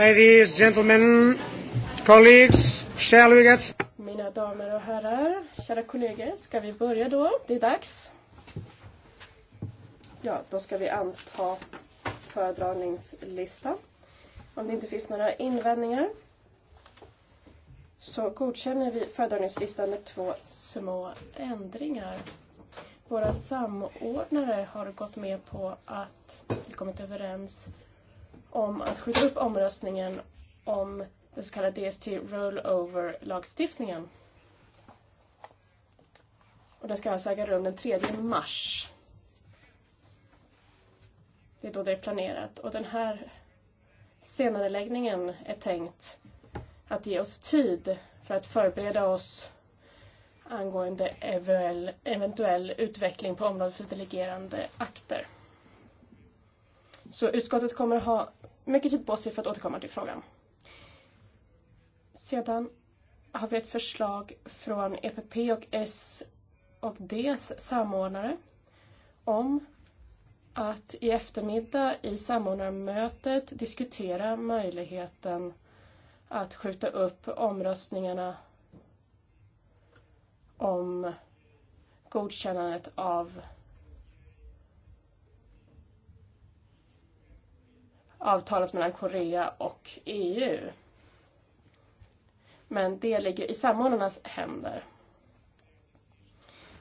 Ladies, gentlemen, colleagues, shall we get... Mina damer och herrar, kära kollegor, ska vi börja då? Det är dags. Ja, då ska vi anta föredragningslistan. Om det inte finns några invändningar så godkänner vi föredragningslistan med två små ändringar. Våra samordnare har gått med på att, vi kommit överens om att skjuta upp omröstningen om den så kallade DST Rollover-lagstiftningen. Och den ska alltså äga rum den 3 mars. Det är då det är planerat. Och den här senare läggningen är tänkt att ge oss tid för att förbereda oss angående eventuell, eventuell utveckling på området för delegerande akter. Så utskottet kommer ha mycket tid på sig för att återkomma till frågan. Sedan har vi ett förslag från EPP och S och Ds samordnare om att i eftermiddag i samordnarmötet diskutera möjligheten att skjuta upp omröstningarna om godkännandet av avtalet mellan Korea och EU. Men det ligger i samordnarnas händer.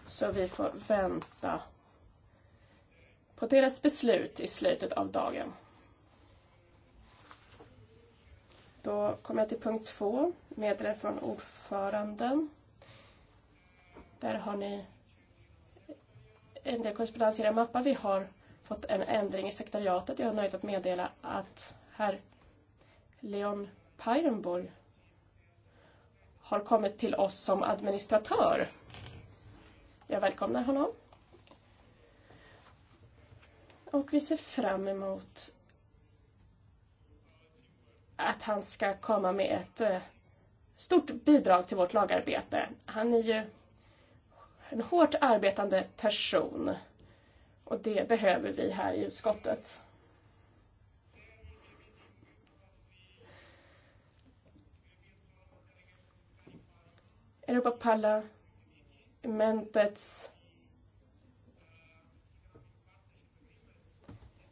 Så vi får vänta på deras beslut i slutet av dagen. Då kommer jag till punkt två, meddelande från ordföranden. Där har ni en del korrespondens i den mappa vi har fått en ändring i sekretariatet. Jag har nöjt att meddela att herr Leon Peirenborg har kommit till oss som administratör. Jag välkomnar honom. Och vi ser fram emot att han ska komma med ett eh, stort bidrag till vårt lagarbete. Han är ju en hårt arbetande person. Och det behöver vi här i utskottet. Europaparlamentets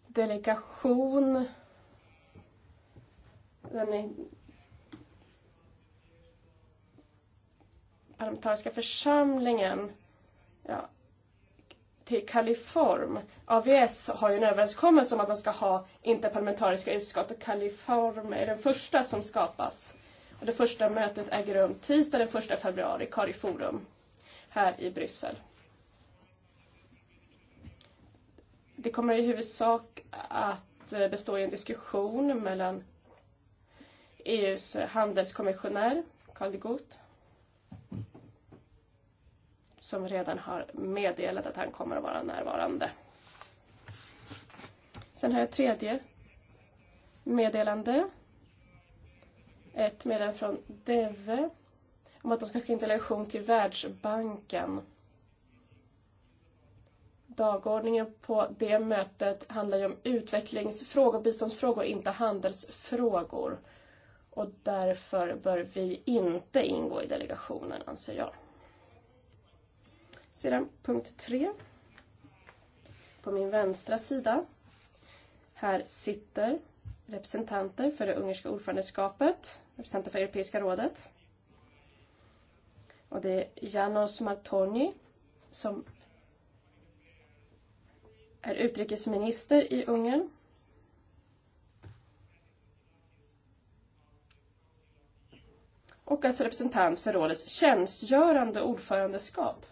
delegation. Den är parlamentariska församlingen ja, till kaliform. AVS har ju en överenskommelse om att man ska ha interparlamentariska utskott och kaliform är den första som skapas. Och det första mötet äger rum tisdag den 1 februari, Kariforum, här i Bryssel. Det kommer i huvudsak att eh, bestå i en diskussion mellan EUs handelskommissionär, Karl de Gucht, som redan har meddelat att han kommer att vara närvarande. Sen har jag tredje meddelande. Ett meddelande från DEVE om att de ska skicka en till Världsbanken. Dagordningen på det mötet handlar ju om utvecklingsfrågor, biståndsfrågor, inte handelsfrågor. Och därför bör vi inte ingå i delegationen, anser jag. Sedan punkt 3. På min vänstra sida. Här sitter representanter för det ungerska ordförandeskapet, representanter för Europeiska rådet. Och det är Janos Martoni som är utrikesminister i Ungern. Och alltså representant för rådets tjänstgörande ordförandeskap.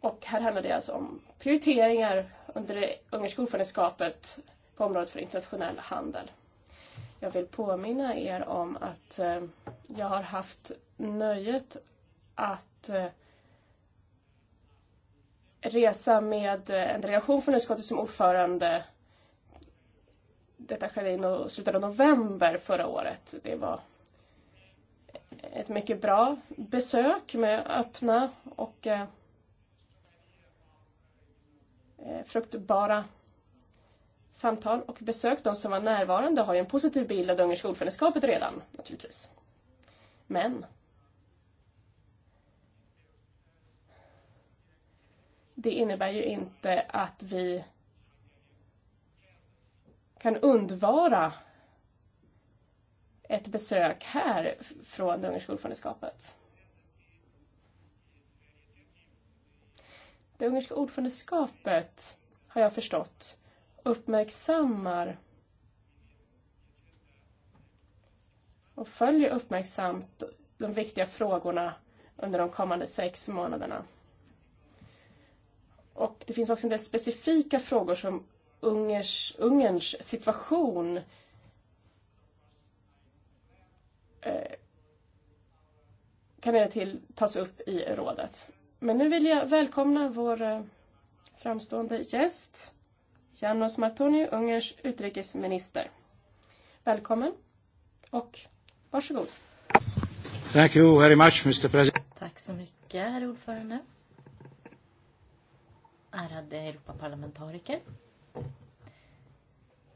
Och här handlar det alltså om prioriteringar under det ungerska ordförandeskapet på området för internationell handel. Jag vill påminna er om att eh, jag har haft nöjet att eh, resa med en delegation från utskottet som ordförande. Detta skedde i slutet av november förra året. Det var ett mycket bra besök med öppna och eh, fruktbara samtal och besök. De som var närvarande har ju en positiv bild av det ungerska ordförandeskapet redan, naturligtvis. Men det innebär ju inte att vi kan undvara ett besök här från det ungerska ordförandeskapet. Det ungerska ordförandeskapet, har jag förstått, uppmärksammar och följer uppmärksamt de viktiga frågorna under de kommande sex månaderna. Och det finns också en del specifika frågor som Ungers, Ungerns situation eh, kan leda till tas upp i rådet. Men nu vill jag välkomna vår eh, framstående gäst, Janos Martoni, Ungerns utrikesminister. Välkommen och varsågod. Thank you very much, Mr. President. Tack så mycket, herr ordförande. Ärade Europaparlamentariker.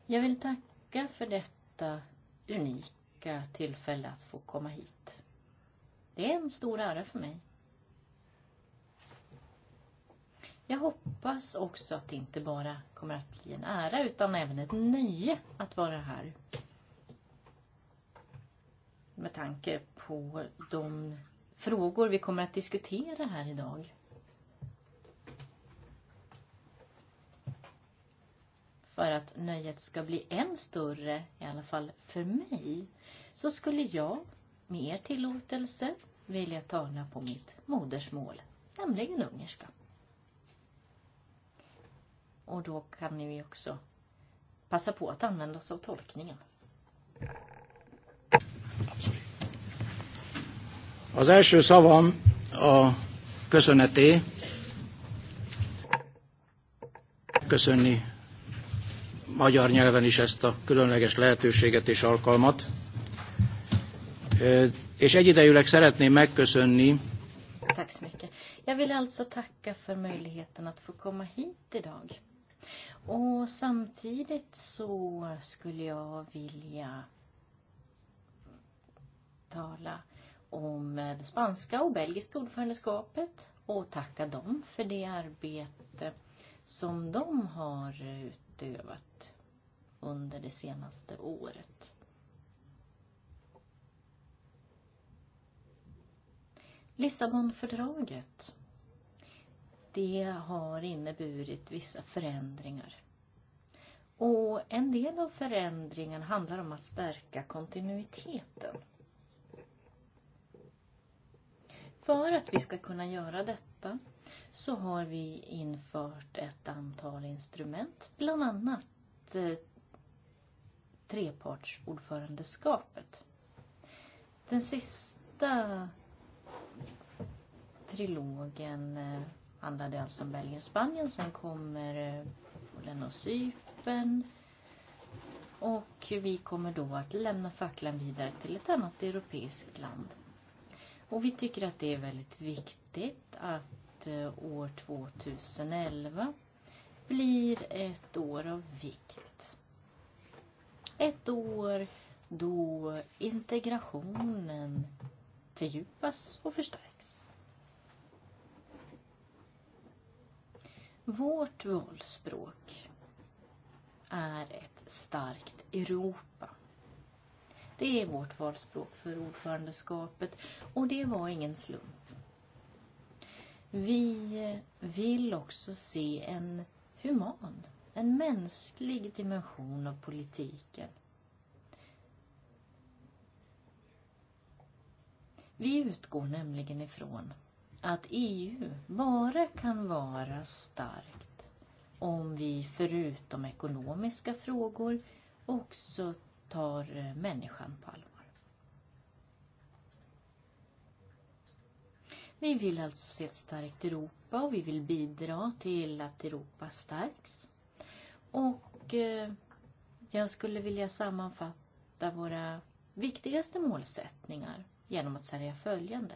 Jag vill tacka för detta unika tillfälle att få komma hit. Det är en stor ära för mig. Jag hoppas också att det inte bara kommer att bli en ära utan även ett nöje att vara här. Med tanke på de frågor vi kommer att diskutera här idag. För att nöjet ska bli än större, i alla fall för mig, så skulle jag med er tillåtelse vilja tala på mitt modersmål, nämligen ungerska. Och då kan ni ju också passa på att använda oss av tolkningen. Az első szavam a köszöneté. Köszönni magyar nyelven is ezt a különleges lehetőséget és alkalmat. És egyidejűleg szeretném megköszönni. Tack så mycket. Jag vill alltså tacka för möjligheten att få komma hit idag. Och samtidigt så skulle jag vilja tala om det spanska och belgiska ordförandeskapet och tacka dem för det arbete som de har utövat under det senaste året. Lissabonfördraget det har inneburit vissa förändringar. Och en del av förändringen handlar om att stärka kontinuiteten. För att vi ska kunna göra detta så har vi infört ett antal instrument, bland annat eh, trepartsordförandeskapet. Den sista trilogen eh, handlade alltså om Belgien och Spanien. Sen kommer Polen och Cypern. Och vi kommer då att lämna facklan vidare till ett annat europeiskt land. Och vi tycker att det är väldigt viktigt att eh, år 2011 blir ett år av vikt. Ett år då integrationen fördjupas och förstärks. Vårt valspråk är ett starkt Europa. Det är vårt valspråk för ordförandeskapet och det var ingen slump. Vi vill också se en human, en mänsklig dimension av politiken. Vi utgår nämligen ifrån att EU bara kan vara starkt om vi förutom ekonomiska frågor också tar eh, människan på allvar. Vi vill alltså se ett starkt Europa och vi vill bidra till att Europa stärks. Och eh, jag skulle vilja sammanfatta våra viktigaste målsättningar genom att säga följande.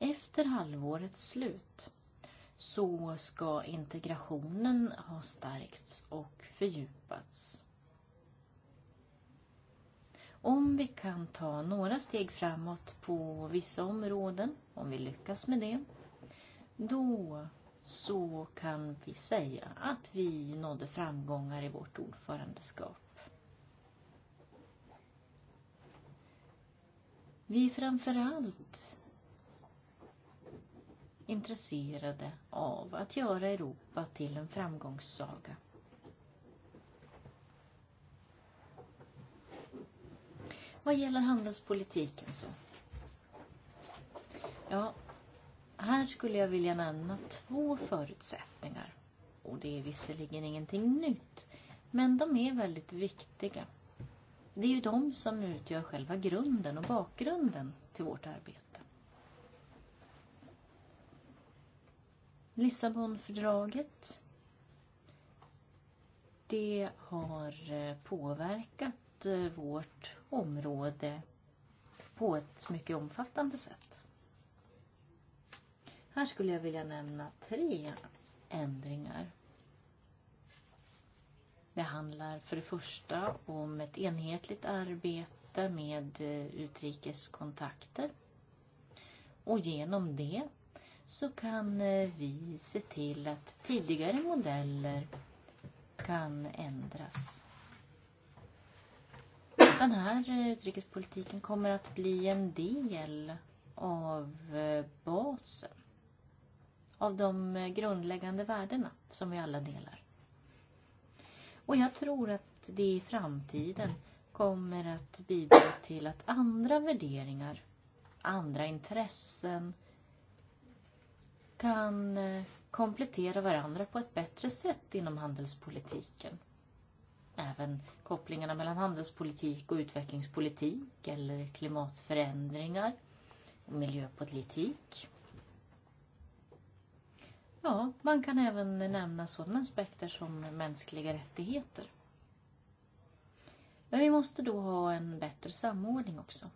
Efter halvårets slut så ska integrationen ha stärkts och fördjupats. Om vi kan ta några steg framåt på vissa områden, om vi lyckas med det, då så kan vi säga att vi nådde framgångar i vårt ordförandeskap. Vi framförallt intresserade av att göra Europa till en framgångssaga. Vad gäller handelspolitiken så? Ja, här skulle jag vilja nämna två förutsättningar. Och det är visserligen ingenting nytt, men de är väldigt viktiga. Det är ju de som utgör själva grunden och bakgrunden till vårt arbete. Lissabonfördraget det har påverkat eh, vårt område på ett mycket omfattande sätt. Här skulle jag vilja nämna tre ändringar. Det handlar för det första om ett enhetligt arbete med eh, utrikeskontakter och genom det så kan eh, vi se till att tidigare modeller kan ändras. Den här eh, utrikespolitiken kommer att bli en del av eh, basen av de grundläggande värdena som vi alla delar. Och jag tror att det i framtiden kommer att bidra till att andra värderingar, andra intressen, kan eh, komplettera varandra på ett bättre sätt inom handelspolitiken. Även kopplingarna mellan handelspolitik och utvecklingspolitik eller klimatförändringar, och miljöpolitik. Ja, man kan även nämna sådana aspekter som mänskliga rättigheter. Men vi måste då ha en bättre samordning också.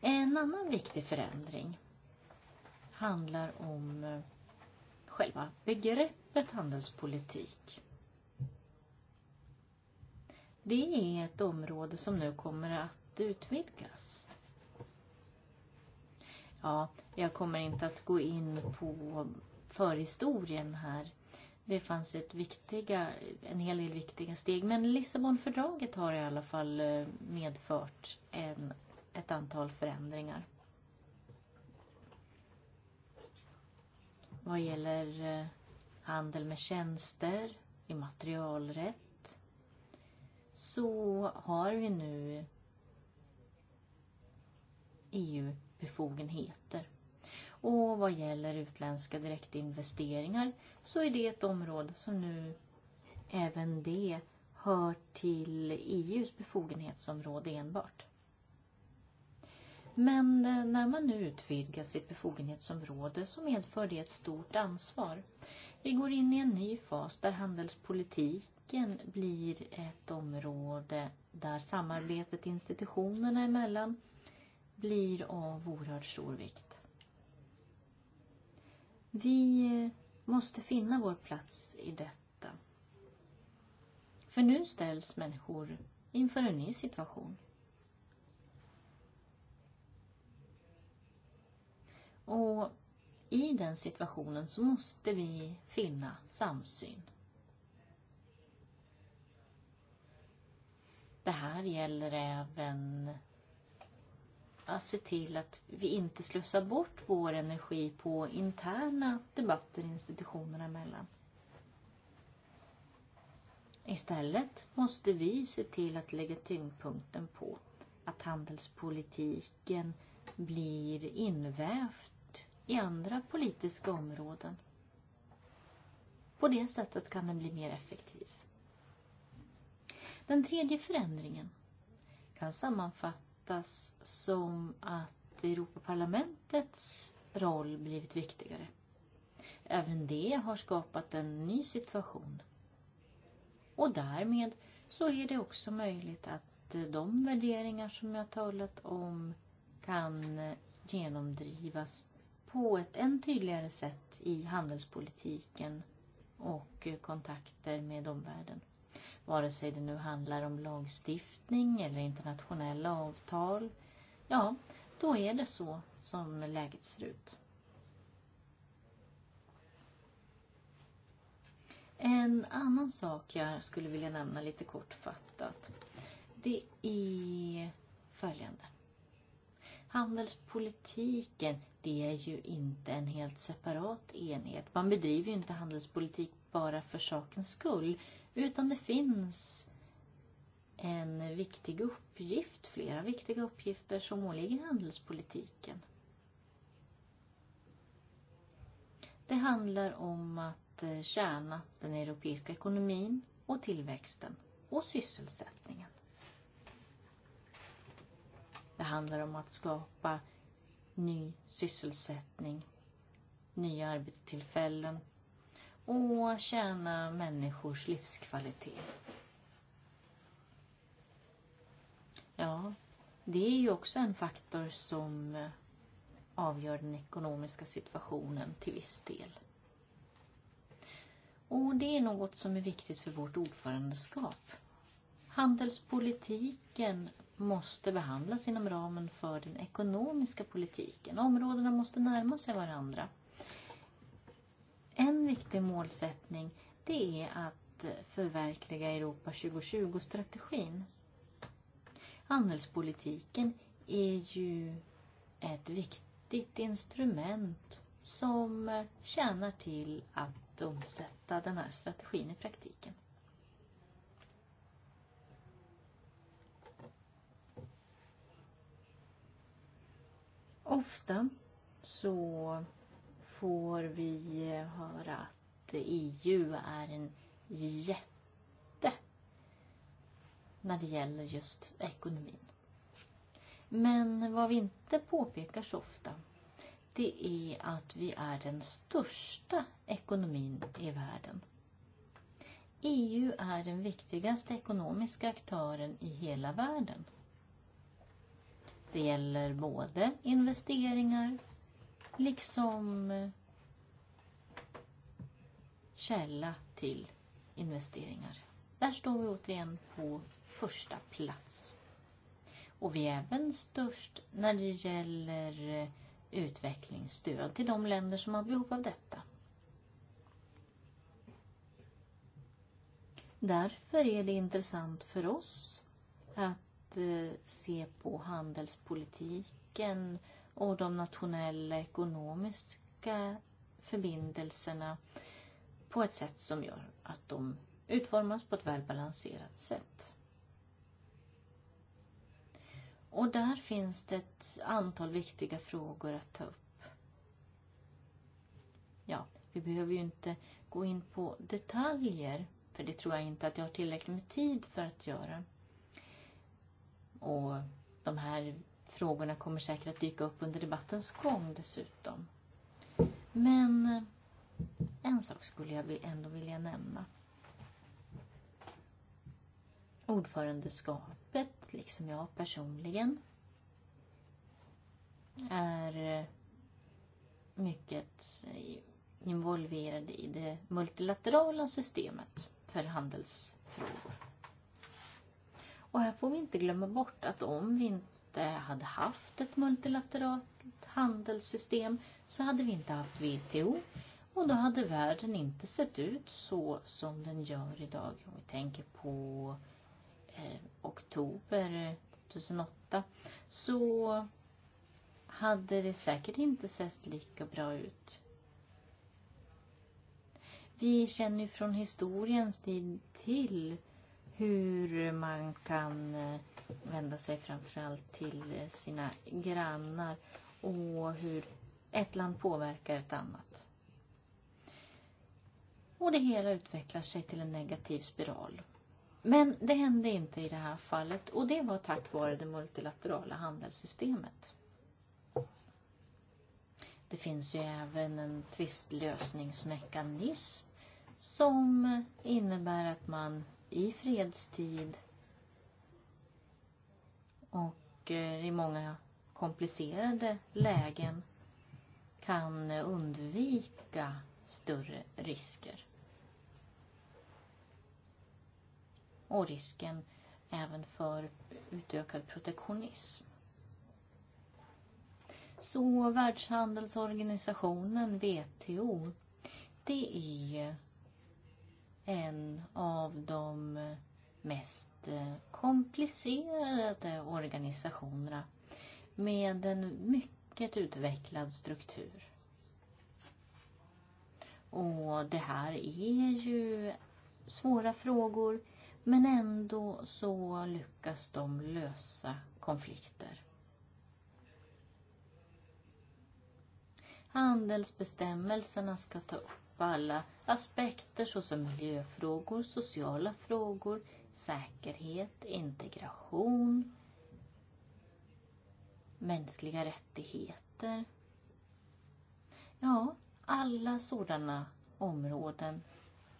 En annan viktig förändring handlar om eh, själva begreppet handelspolitik. Det är ett område som nu kommer att utvidgas. Ja, jag kommer inte att gå in på förhistorien här. Det fanns ett viktiga, en hel del viktiga steg, men Lissabonfördraget har i alla fall eh, medfört en, ett antal förändringar. vad gäller eh, handel med tjänster, immaterialrätt, så har vi nu EU-befogenheter. Och vad gäller utländska direktinvesteringar så är det ett område som nu även det hör till EUs befogenhetsområde enbart. Men eh, när man nu utvidgar sitt befogenhetsområde så medför det ett stort ansvar. Vi går in i en ny fas där handelspolitiken blir ett område där samarbetet institutionerna emellan blir av oerhört stor vikt. Vi eh, måste finna vår plats i detta. För nu ställs människor inför en ny situation. Och i den situationen så måste vi finna samsyn. Det här gäller även att se till att vi inte slussar bort vår energi på interna debatter institutionerna emellan. Istället måste vi se till att lägga tyngdpunkten på att handelspolitiken blir invävt i andra politiska områden. På det sättet kan den bli mer effektiv. Den tredje förändringen kan sammanfattas som att Europaparlamentets roll blivit viktigare. Även det har skapat en ny situation. Och därmed så är det också möjligt att de värderingar som jag talat om kan genomdrivas på ett än tydligare sätt i handelspolitiken och kontakter med omvärlden. Vare sig det nu handlar om lagstiftning eller internationella avtal, ja, då är det så som läget ser ut. En annan sak jag skulle vilja nämna lite kortfattat, det är följande. Handelspolitiken, det är ju inte en helt separat enhet. Man bedriver ju inte handelspolitik bara för sakens skull, utan det finns en viktig uppgift, flera viktiga uppgifter som åligger handelspolitiken. Det handlar om att eh, tjäna den europeiska ekonomin och tillväxten och sysselsättningen. Det handlar om att skapa ny sysselsättning, nya arbetstillfällen och tjäna människors livskvalitet. Ja, det är ju också en faktor som avgör den ekonomiska situationen till viss del. Och det är något som är viktigt för vårt ordförandeskap. Handelspolitiken måste behandlas inom ramen för den ekonomiska politiken. Områdena måste närma sig varandra. En viktig målsättning det är att förverkliga Europa 2020-strategin. Handelspolitiken är ju ett viktigt instrument som tjänar till att omsätta den här strategin i praktiken. Ofta så får vi höra att EU är en jätte när det gäller just ekonomin. Men vad vi inte påpekar så ofta, det är att vi är den största ekonomin i världen. EU är den viktigaste ekonomiska aktören i hela världen. Det gäller både investeringar liksom eh, källa till investeringar. Där står vi återigen på första plats. Och vi är även störst när det gäller eh, utvecklingsstöd till de länder som har behov av detta. Därför är det intressant för oss att Eh, se på handelspolitiken och de nationella ekonomiska förbindelserna på ett sätt som gör att de utformas på ett välbalanserat sätt. Och där finns det ett antal viktiga frågor att ta upp. Ja, vi behöver ju inte gå in på detaljer, för det tror jag inte att jag har tillräckligt med tid för att göra. Och de här frågorna kommer säkert att dyka upp under debattens gång dessutom. Men eh, en sak skulle jag ändå vilja nämna. Ordförandeskapet, liksom jag personligen, är eh, mycket eh, involverade i det multilaterala systemet för handelsfrågor. Och här får vi inte glömma bort att om vi inte hade haft ett multilateralt handelssystem så hade vi inte haft WTO och då hade världen inte sett ut så som den gör idag. Om vi tänker på eh, oktober 2008 så hade det säkert inte sett lika bra ut. Vi känner ju från historiens tid till hur man kan vända sig framförallt till sina grannar och hur ett land påverkar ett annat. Och det hela utvecklar sig till en negativ spiral. Men det hände inte i det här fallet och det var tack vare det multilaterala handelssystemet. Det finns ju även en tvistlösningsmekanism som innebär att man i fredstid. Och eh, i många komplicerade lägen kan undvika större risker. Och risken även för utökad protektionism. Så Världshandelsorganisationen, WTO, det är en av de mest komplicerade organisationerna med en mycket utvecklad struktur. Och det här är ju svåra frågor men ändå så lyckas de lösa konflikter. Handelsbestämmelserna ska ta upp alla aspekter såsom miljöfrågor, sociala frågor, säkerhet, integration, mänskliga rättigheter. Ja, alla sådana områden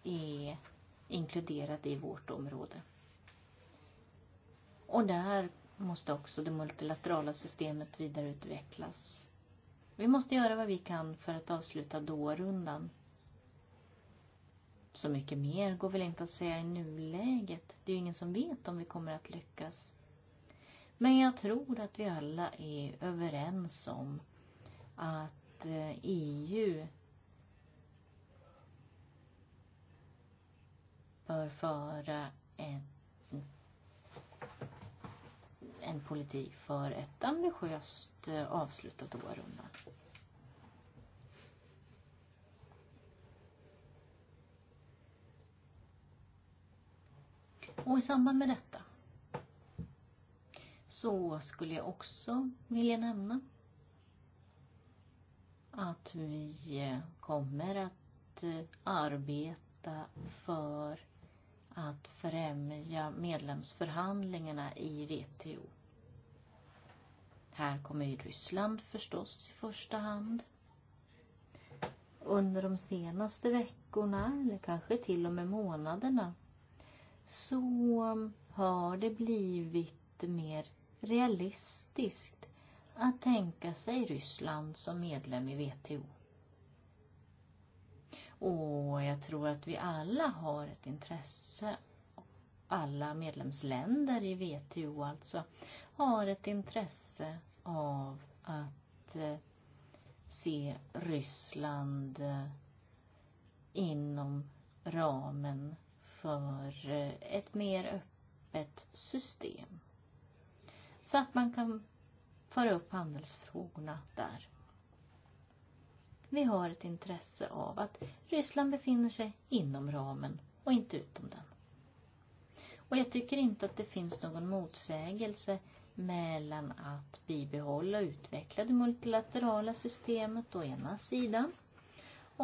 är inkluderade i vårt område. Och där måste också det multilaterala systemet vidareutvecklas. Vi måste göra vad vi kan för att avsluta Doharundan så mycket mer går väl inte att säga i nuläget. Det är ju ingen som vet om vi kommer att lyckas. Men jag tror att vi alla är överens om att EU eh, e bör föra en, en politik för ett ambitiöst eh, avslutat århundrade. Och i samband med detta så skulle jag också vilja nämna att vi eh, kommer att eh, arbeta för att främja medlemsförhandlingarna i WTO. Här kommer ju Ryssland förstås i första hand. Under de senaste veckorna, eller kanske till och med månaderna, så har det blivit mer realistiskt att tänka sig Ryssland som medlem i WTO. Och jag tror att vi alla har ett intresse, alla medlemsländer i WTO alltså, har ett intresse av att eh, se Ryssland eh, inom ramen för eh, ett mer öppet system. Så att man kan föra upp handelsfrågorna där. Vi har ett intresse av att Ryssland befinner sig inom ramen och inte utom den. Och jag tycker inte att det finns någon motsägelse mellan att bibehålla och utveckla det multilaterala systemet å ena sidan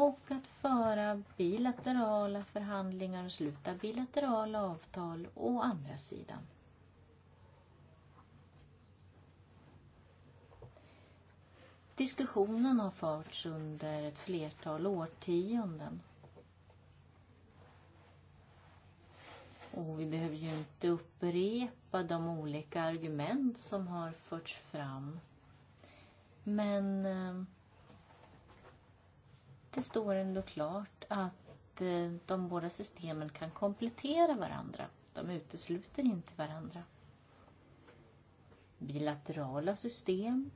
och att föra bilaterala förhandlingar och sluta bilaterala avtal å andra sidan. Diskussionen har förts under ett flertal årtionden. Och vi behöver ju inte upprepa de olika argument som har förts fram. Men eh, Det står ändå klart att eh, de båda systemen kan komplettera varandra. De utesluter inte varandra. Bilaterala system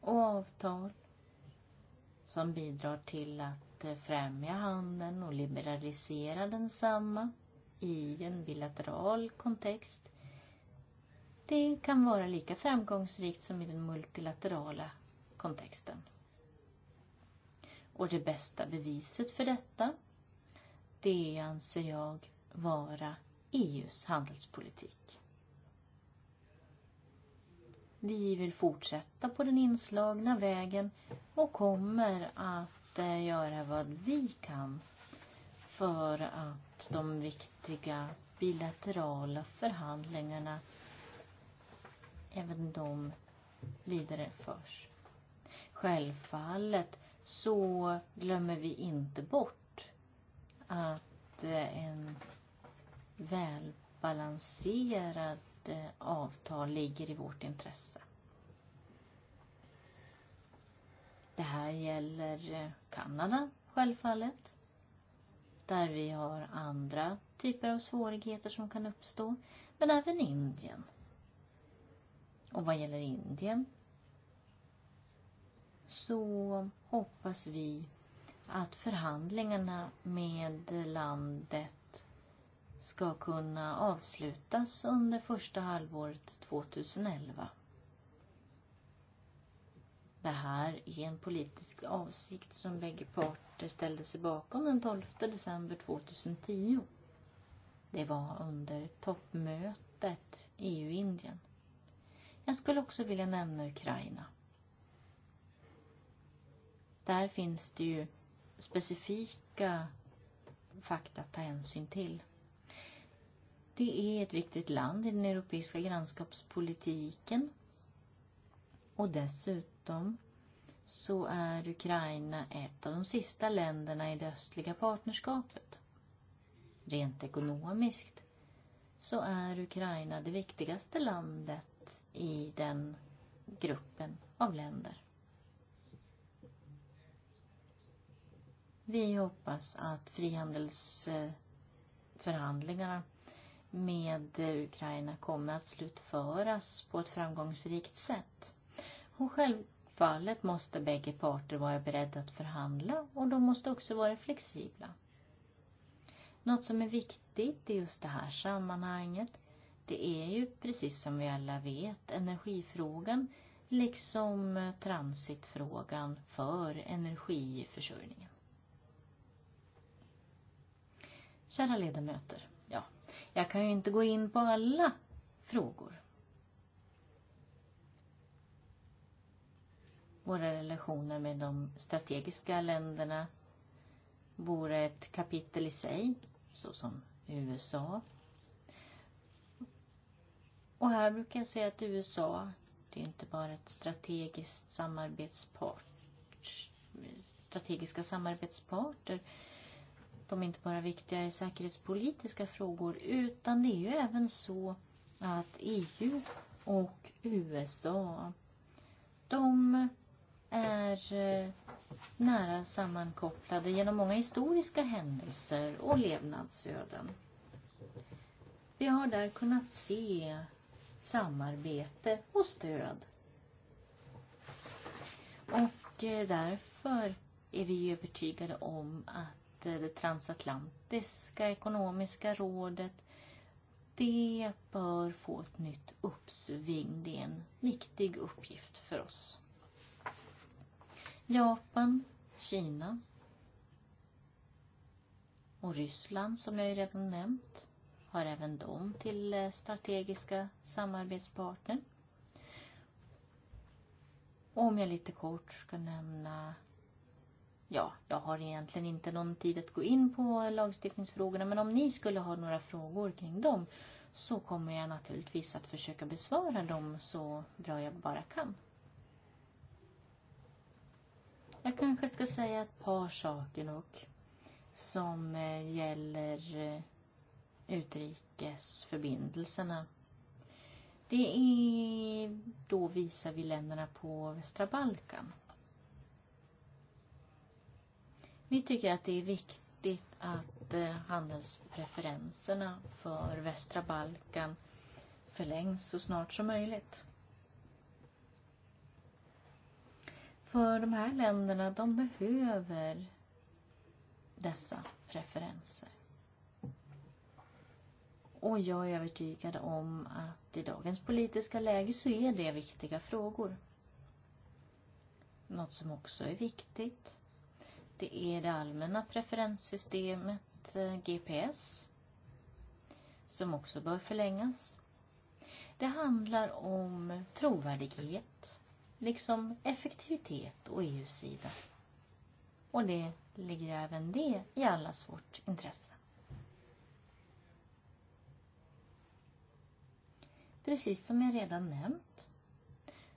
och avtal som bidrar till att eh, främja handeln och liberalisera densamma i en bilateral kontext. Det kan vara lika framgångsrikt som i den multilaterala kontexten. Och det bästa beviset för detta, det anser jag vara EUs handelspolitik. Vi vill fortsätta på den inslagna vägen och kommer att eh, göra vad vi kan för att de viktiga bilaterala förhandlingarna, även de vidareförs. Självfallet så glömmer vi inte bort att en välbalanserad avtal ligger i vårt intresse. Det här gäller Kanada självfallet, där vi har andra typer av svårigheter som kan uppstå, men även Indien. Och vad gäller Indien så hoppas vi att förhandlingarna med landet ska kunna avslutas under första halvåret 2011. Det här är en politisk avsikt som bägge parter ställde sig bakom den 12 december 2010. Det var under toppmötet EU-Indien. Jag skulle också vilja nämna Ukraina. Där finns det ju specifika fakta att ta hänsyn till. Det är ett viktigt land i den europeiska grannskapspolitiken. Och dessutom så är Ukraina ett av de sista länderna i det östliga partnerskapet. Rent ekonomiskt så är Ukraina det viktigaste landet i den gruppen av länder. Vi hoppas att frihandelsförhandlingarna med Ukraina kommer att slutföras på ett framgångsrikt sätt. Och självfallet måste bägge parter vara beredda att förhandla och de måste också vara flexibla. Något som är viktigt i just det här sammanhanget det är ju precis som vi alla vet energifrågan liksom transitfrågan för energiförsörjningen. Kära ledamöter, ja, jag kan ju inte gå in på alla frågor. Våra relationer med de strategiska länderna vore ett kapitel i sig, såsom USA. Och här brukar jag säga att USA, det är inte bara ett strategiskt samarbetspart, strategiska samarbetsparter de inte bara viktiga i säkerhetspolitiska frågor utan det är ju även så att EU och USA de är eh, nära sammankopplade genom många historiska händelser och levnadsöden. Vi har där kunnat se samarbete och stöd. Och eh, därför är vi övertygade om att det transatlantiska ekonomiska rådet, det bör få ett nytt uppsving. Det är en viktig uppgift för oss. Japan, Kina och Ryssland, som jag ju redan nämnt, har även de till eh, strategiska samarbetspartner. Om jag lite kort ska nämna ja, jag har egentligen inte någon tid att gå in på lagstiftningsfrågorna, men om ni skulle ha några frågor kring dem så kommer jag naturligtvis att försöka besvara dem så bra jag bara kan. Jag kanske ska säga ett par saker nog som eh, gäller eh, utrikesförbindelserna. Det är, då visar vi länderna på västra Balkan. Vi tycker att det är viktigt att eh, handelspreferenserna för västra Balkan förlängs så snart som möjligt. För de här länderna, de behöver dessa preferenser. Och jag är övertygad om att i dagens politiska läge så är det viktiga frågor. Något som också är viktigt Det är er det allmänna preferenssystemet eh, GPS som också bör förlängas. Det handlar om trovärdighet liksom effektivitet och eu sida. Och det ligger även det i allas vårt intresse. Precis som jag redan nämnt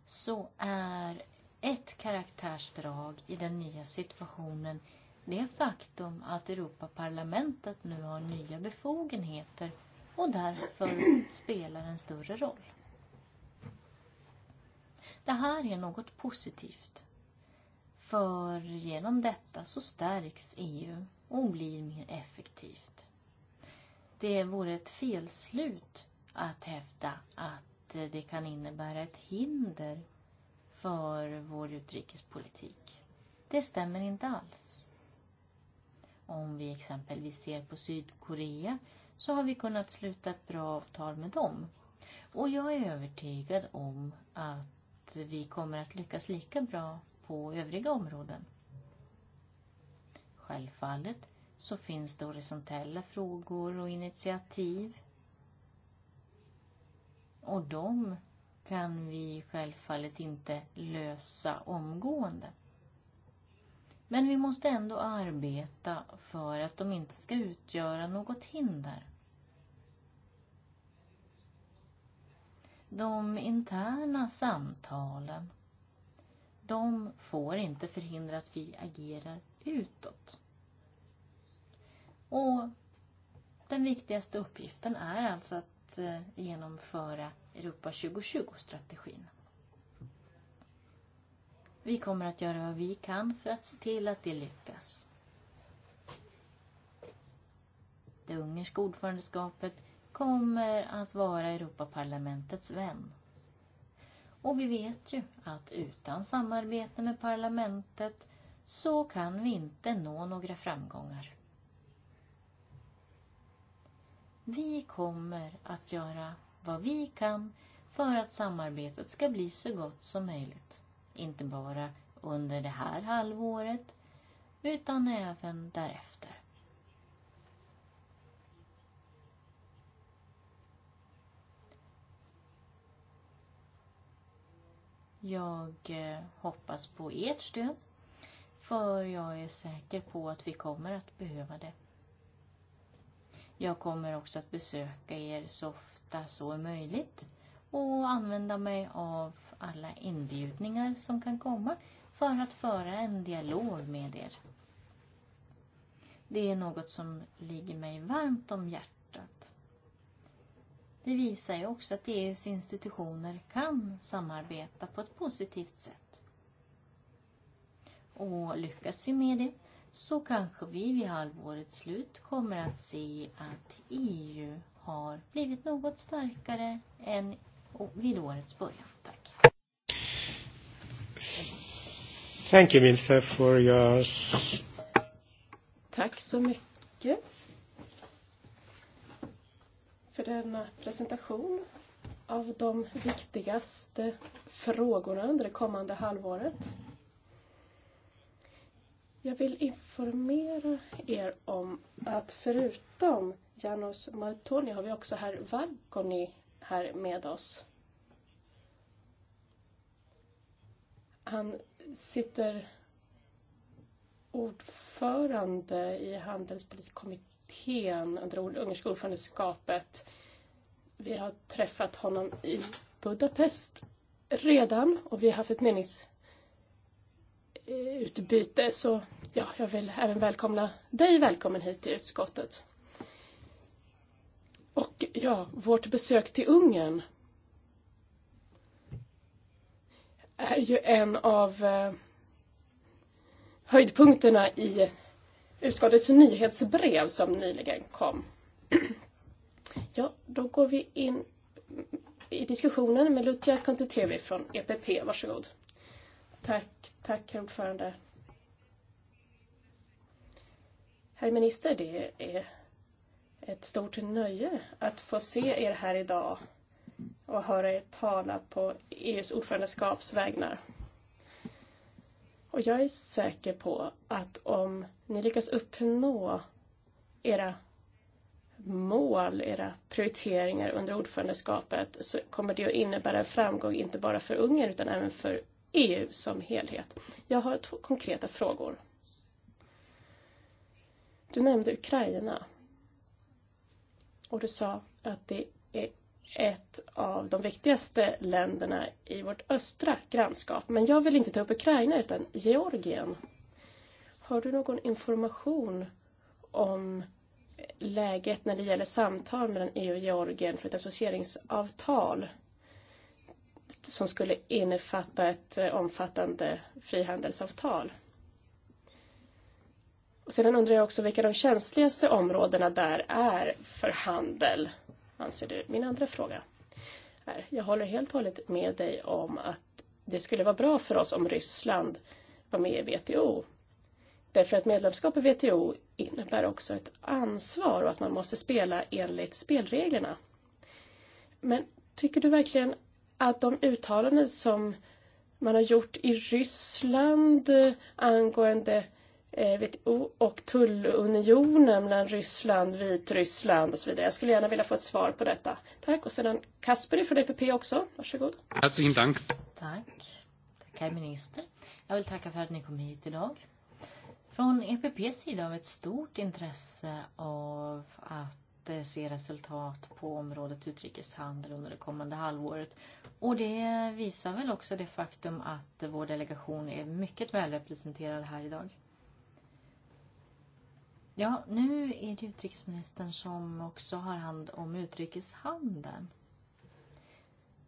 så är er Ett karaktärsdrag i den nya situationen det faktum att Europaparlamentet nu har nya befogenheter och därför spelar en större roll. Det här är något positivt. För genom detta så stärks EU och blir mer effektivt. Det vore ett felslut att hävda att det kan innebära ett hinder för vår utrikespolitik. Det stämmer inte alls. Om vi exempelvis ser på Sydkorea så har vi kunnat sluta ett bra avtal med dem. Och jag är övertygad om att vi kommer att lyckas lika bra på övriga områden. Självfallet så finns det horisontella frågor och initiativ. Och de kan vi självfallet inte lösa omgående. Men vi måste ändå arbeta för att de inte ska utgöra något hinder. De interna samtalen, de får inte förhindra att vi agerar utåt. Och den viktigaste uppgiften är alltså att eh, genomföra Europa 2020-strategin. Vi kommer att göra vad vi kan för att se till att det lyckas. Det ungerska ordförandeskapet kommer att vara Europaparlamentets vän. Och vi vet ju att utan samarbete med parlamentet så kan vi inte nå några framgångar. Vi kommer att göra vad vi kan för att samarbetet ska bli så gott som möjligt. Inte bara under det här halvåret utan även därefter. Jag eh, hoppas på ert stöd för jag är säker på att vi kommer att behöva det Jag kommer också att besöka er så ofta så är möjligt och använda mig av alla inbjudningar som kan komma för att föra en dialog med er. Det är något som ligger mig varmt om hjärtat. Det visar ju också att EUs institutioner kan samarbeta på ett positivt sätt. Och lyckas vi med det så kanske vi vid halvårets slut kommer att se att EU har blivit något starkare än vid årets början. Tack. Thank you, Milse, for yours. Tack så mycket för denna presentation av de viktigaste frågorna under det kommande halvåret. Jag vill informera er om att förutom Janos Martoni har vi också herr Vagoni här med oss. Han sitter ordförande i handelspolitiska kommittén under ungerska ordförandeskapet. Vi har träffat honom i Budapest redan och vi har haft ett menings utbyte så ja, jag vill även välkomna dig välkommen hit till utskottet. Och ja, vårt besök till Ungern är ju en av eh, höjdpunkterna i utskottets nyhetsbrev som nyligen kom. ja, då går vi in i diskussionen med Lutja Kontetevi från EPP. Varsågod. Tack, tack herr ordförande. Herr minister, det är ett stort nöje att få se er här idag och höra er tala på EUs ordförandeskaps vägnar. Och jag är säker på att om ni lyckas uppnå era mål, era prioriteringar under ordförandeskapet så kommer det att innebära framgång inte bara för Ungern utan även för EU som helhet. Jag har två konkreta frågor. Du nämnde Ukraina. Och du sa att det är ett av de viktigaste länderna i vårt östra grannskap. Men jag vill inte ta upp Ukraina utan Georgien. Har du någon information om läget när det gäller samtal mellan EU och Georgien för ett associeringsavtal? som skulle innefatta ett eh, omfattande frihandelsavtal. Och sedan undrar jag också vilka de känsligaste områdena där är för handel, anser du? Min andra fråga är, jag håller helt och hållet med dig om att det skulle vara bra för oss om Ryssland var med i WTO. Därför att medlemskap i WTO innebär också ett ansvar och att man måste spela enligt spelreglerna. Men tycker du verkligen att de uttalanden som man har gjort i Ryssland angående WTO eh, och tullunionen mellan Ryssland, Vitryssland och så vidare. Jag skulle gärna vilja få ett svar på detta. Tack. Och sedan Kasper från EPP också. Varsågod. Herzlichen Dank. Tack. Tack, herr minister. Jag vill tacka för att ni kom hit idag. Från EPPs sida har vi ett stort intresse av att Eh, se resultat på området utrikeshandel under det kommande halvåret. Och det visar väl också det faktum att vår delegation är mycket väl representerad här idag. Ja, nu är det utrikesministern som också har hand om utrikeshandeln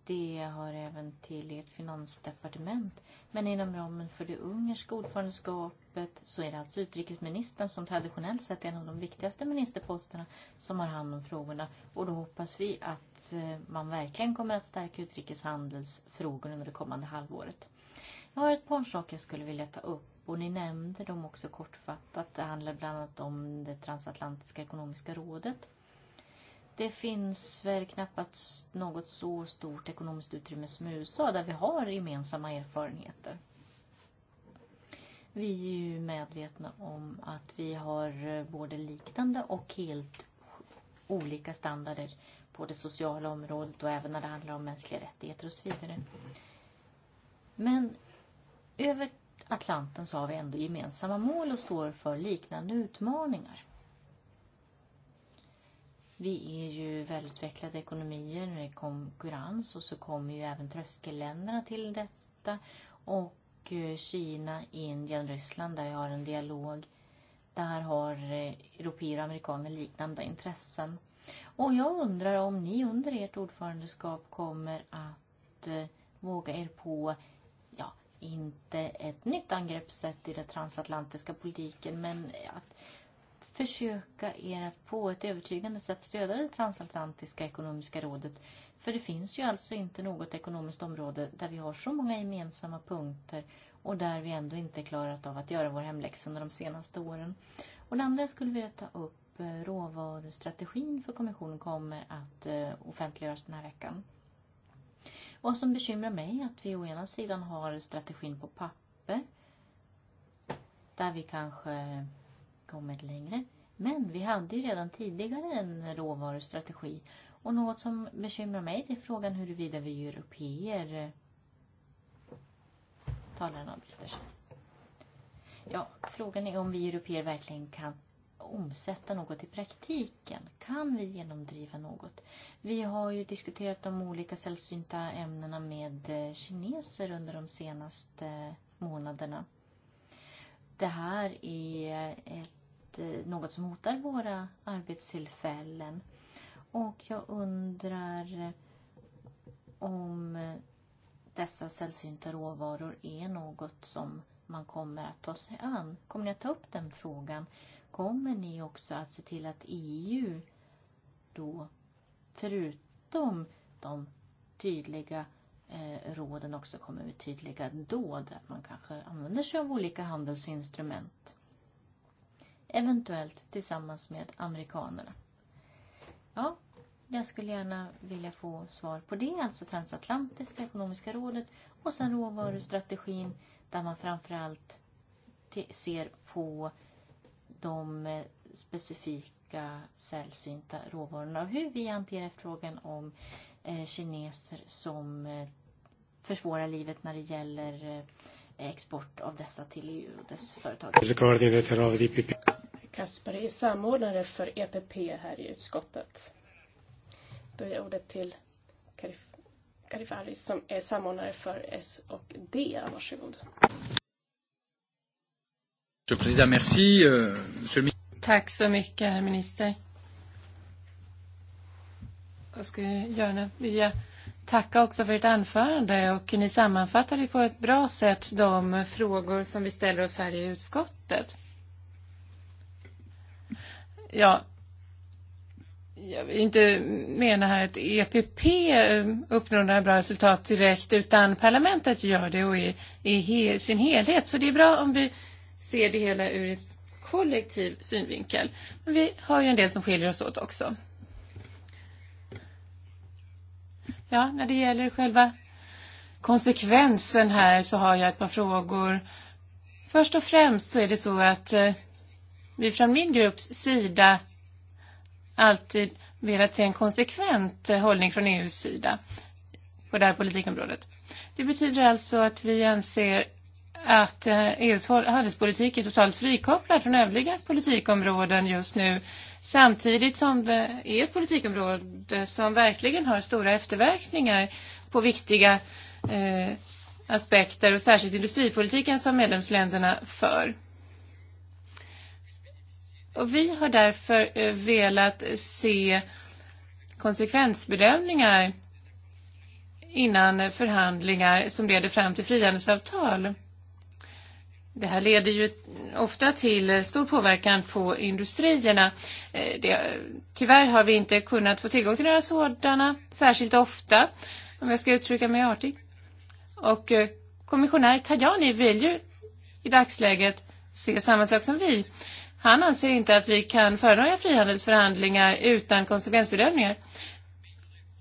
det har även till ert finansdepartement. Men inom ramen för det ungerska ordförandeskapet så är det alltså utrikesministern som traditionellt sett är en av de viktigaste ministerposterna som har hand om frågorna. Och då hoppas vi att eh, man verkligen kommer att stärka utrikeshandelsfrågor under det kommande halvåret. Jag har ett par saker jag skulle vilja ta upp och ni nämnde dem också kortfattat. Det handlar bland annat om det transatlantiska ekonomiska rådet det finns väl knappast något så stort ekonomiskt utrymme som USA där vi har gemensamma erfarenheter. Vi är ju medvetna om att vi har eh, både liknande och helt olika standarder på det sociala området och även när det handlar om mänskliga rättigheter och så vidare. Men över Atlanten så har vi ändå gemensamma mål och står för liknande utmaningar. Vi är ju välutvecklade ekonomier med konkurrens och så kommer ju även tröskelländerna till detta. Och eh, Kina, Indien, Ryssland där vi har en dialog. Där har eh, europeer och amerikaner liknande intressen. Och jag undrar om ni under ert ordförandeskap kommer att eh, våga er på, ja, inte ett nytt angreppssätt i den transatlantiska politiken, men att försöka er att på ett övertygande sätt stödja det transatlantiska ekonomiska rådet. För det finns ju alltså inte något ekonomiskt område där vi har så många gemensamma punkter och där vi ändå inte klarat av att göra vår hemläxa under de senaste åren. Och det andra skulle vi ta upp, eh, råvarustrategin för kommissionen kommer att eh, offentliggöras den här veckan. Vad som bekymrar mig är att vi å ena sidan har strategin på papper där vi kanske kommit längre. Men vi hade ju redan tidigare en råvarustrategi och något som bekymrar mig är frågan huruvida vi europeer talaren avbryter sig. Ja, frågan är om vi europeer e verkligen kan omsätta något i praktiken. Kan vi genomdriva något? Vi har ju diskuterat de olika sällsynta ämnena med eh, kineser under de senaste eh, månaderna. Det här är eh, ett att eh, något som hotar våra arbetstillfällen. Och jag undrar om eh, dessa sällsynta råvaror är något som man kommer att ta sig an. Kommer ni att ta upp den frågan? Kommer ni också att se till att EU då, förutom de tydliga eh, råden, också kommer med tydliga dåd? Att man kanske använder sig av olika handelsinstrument? eventuellt tillsammans med amerikanerna. Ja, jag skulle gärna vilja få svar på det, alltså transatlantiska ekonomiska rådet och sen råvarustrategin där man framförallt ser på de eh, specifika sällsynta råvarorna och hur vi hanterar frågan om eh, kineser som eh, försvårar livet när det gäller eh, export av dessa till EU och dess företag. Kasper är samordnare för EPP här i utskottet. Då ger jag ordet till Karifaris som är samordnare för S och D. Varsågod. Euh, Tack så mycket, herr minister. Jag skulle gärna vilja tacka också för ert anförande och ni sammanfattade på ett bra sätt de frågor som vi ställer oss här i utskottet. Ja, jag vill inte mena här att EPP eh, uppnår några bra resultat direkt utan parlamentet gör det och i, i hel, sin helhet. Så det är bra om vi ser det hela ur ett kollektiv synvinkel. Men vi har ju en del som skiljer oss åt också. Ja, när det gäller själva konsekvensen här så har jag ett par frågor. Först och främst så är det så att eh, vi från min grupps sida alltid velat se en konsekvent eh, hållning från EUs sida på det här politikområdet. Det betyder alltså att vi anser att EUs eh, e handelspolitik är totalt frikopplad från övriga politikområden just nu Samtidigt som det är ett politikområde som verkligen har stora efterverkningar på viktiga eh, aspekter och särskilt industripolitiken som medlemsländerna för. Och vi har därför eh, velat se konsekvensbedömningar innan förhandlingar som leder fram till frihandelsavtal. Det här leder ju ofta till stor påverkan på industrierna. Eh, det, tyvärr har vi inte kunnat få tillgång till några sådana särskilt ofta, om jag ska uttrycka mig artigt. Och eh, kommissionär Tajani vill ju i dagsläget se samma sak som vi. Han anser inte att vi kan föra några frihandelsförhandlingar utan konsekvensbedömningar.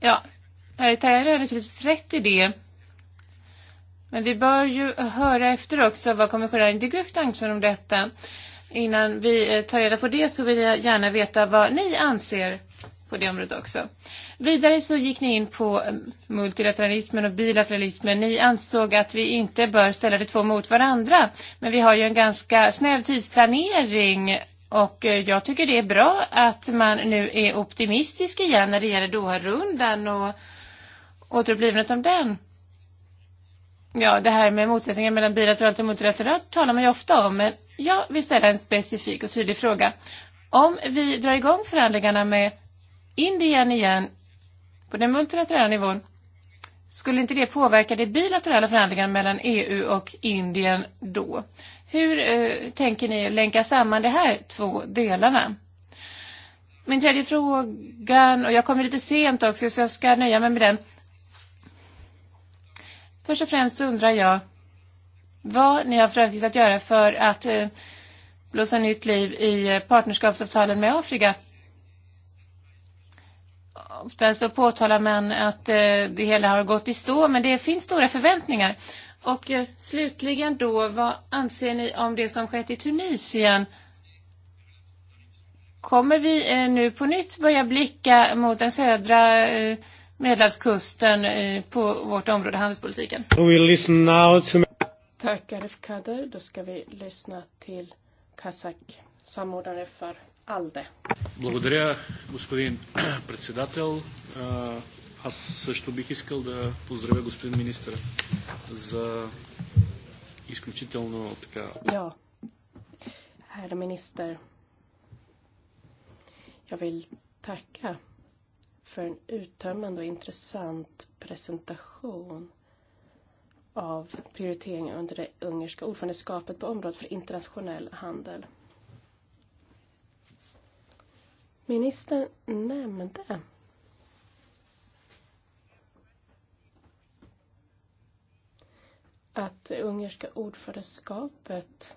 Ja, herr Tajani har naturligtvis rätt i det Men vi bör ju höra efter också vad kommissionären de Gucht anser om detta. Innan vi eh, tar reda på det så vill jag gärna veta vad ni anser på det området också. Vidare så gick ni in på eh, multilateralismen och bilateralismen. Ni ansåg att vi inte bör ställa det två mot varandra. Men vi har ju en ganska snäv tidsplanering och eh, jag tycker det är bra att man nu är optimistisk igen när det gäller Doha-rundan och återupplivandet om den. Ja, det här med motsättningen mellan bilateralt och multilateralt talar man ju ofta om, men jag vill ställa en specifik och tydlig fråga. Om vi drar igång förhandlingarna med Indien igen på den multilaterala nivån, skulle inte det påverka de bilaterala förhandlingarna mellan EU och Indien då? Hur eh, tänker ni länka samman de här två delarna? Min tredje fråga, och jag kommer lite sent också så jag ska nöja mig med den. Först och främst undrar jag vad ni har för att göra för att eh, blåsa nytt liv i eh, partnerskapsavtalen med Afrika. Ofta så påtalar man att eh, det hela har gått i stå, men det finns stora förväntningar. Och eh, slutligen då, vad anser ni om det som skett i Tunisien? Kommer vi eh, nu på nytt börja blicka mot den södra eh, Medelhavskusten eh, på vårt område, handelspolitiken. We'll listen now to... Tack Arif Kader. Då ska vi lyssna till Kazak, samordnare för ALDE. Благодаря, господин председател. Аз също бих искал да поздравя господин министър за изключително така... Ja, herr minister. Jag vill tacka för en uttömmande och intressant presentation av prioriteringar under det ungerska ordförandeskapet på området för internationell handel. Ministern nämnde att det ungerska ordförandeskapet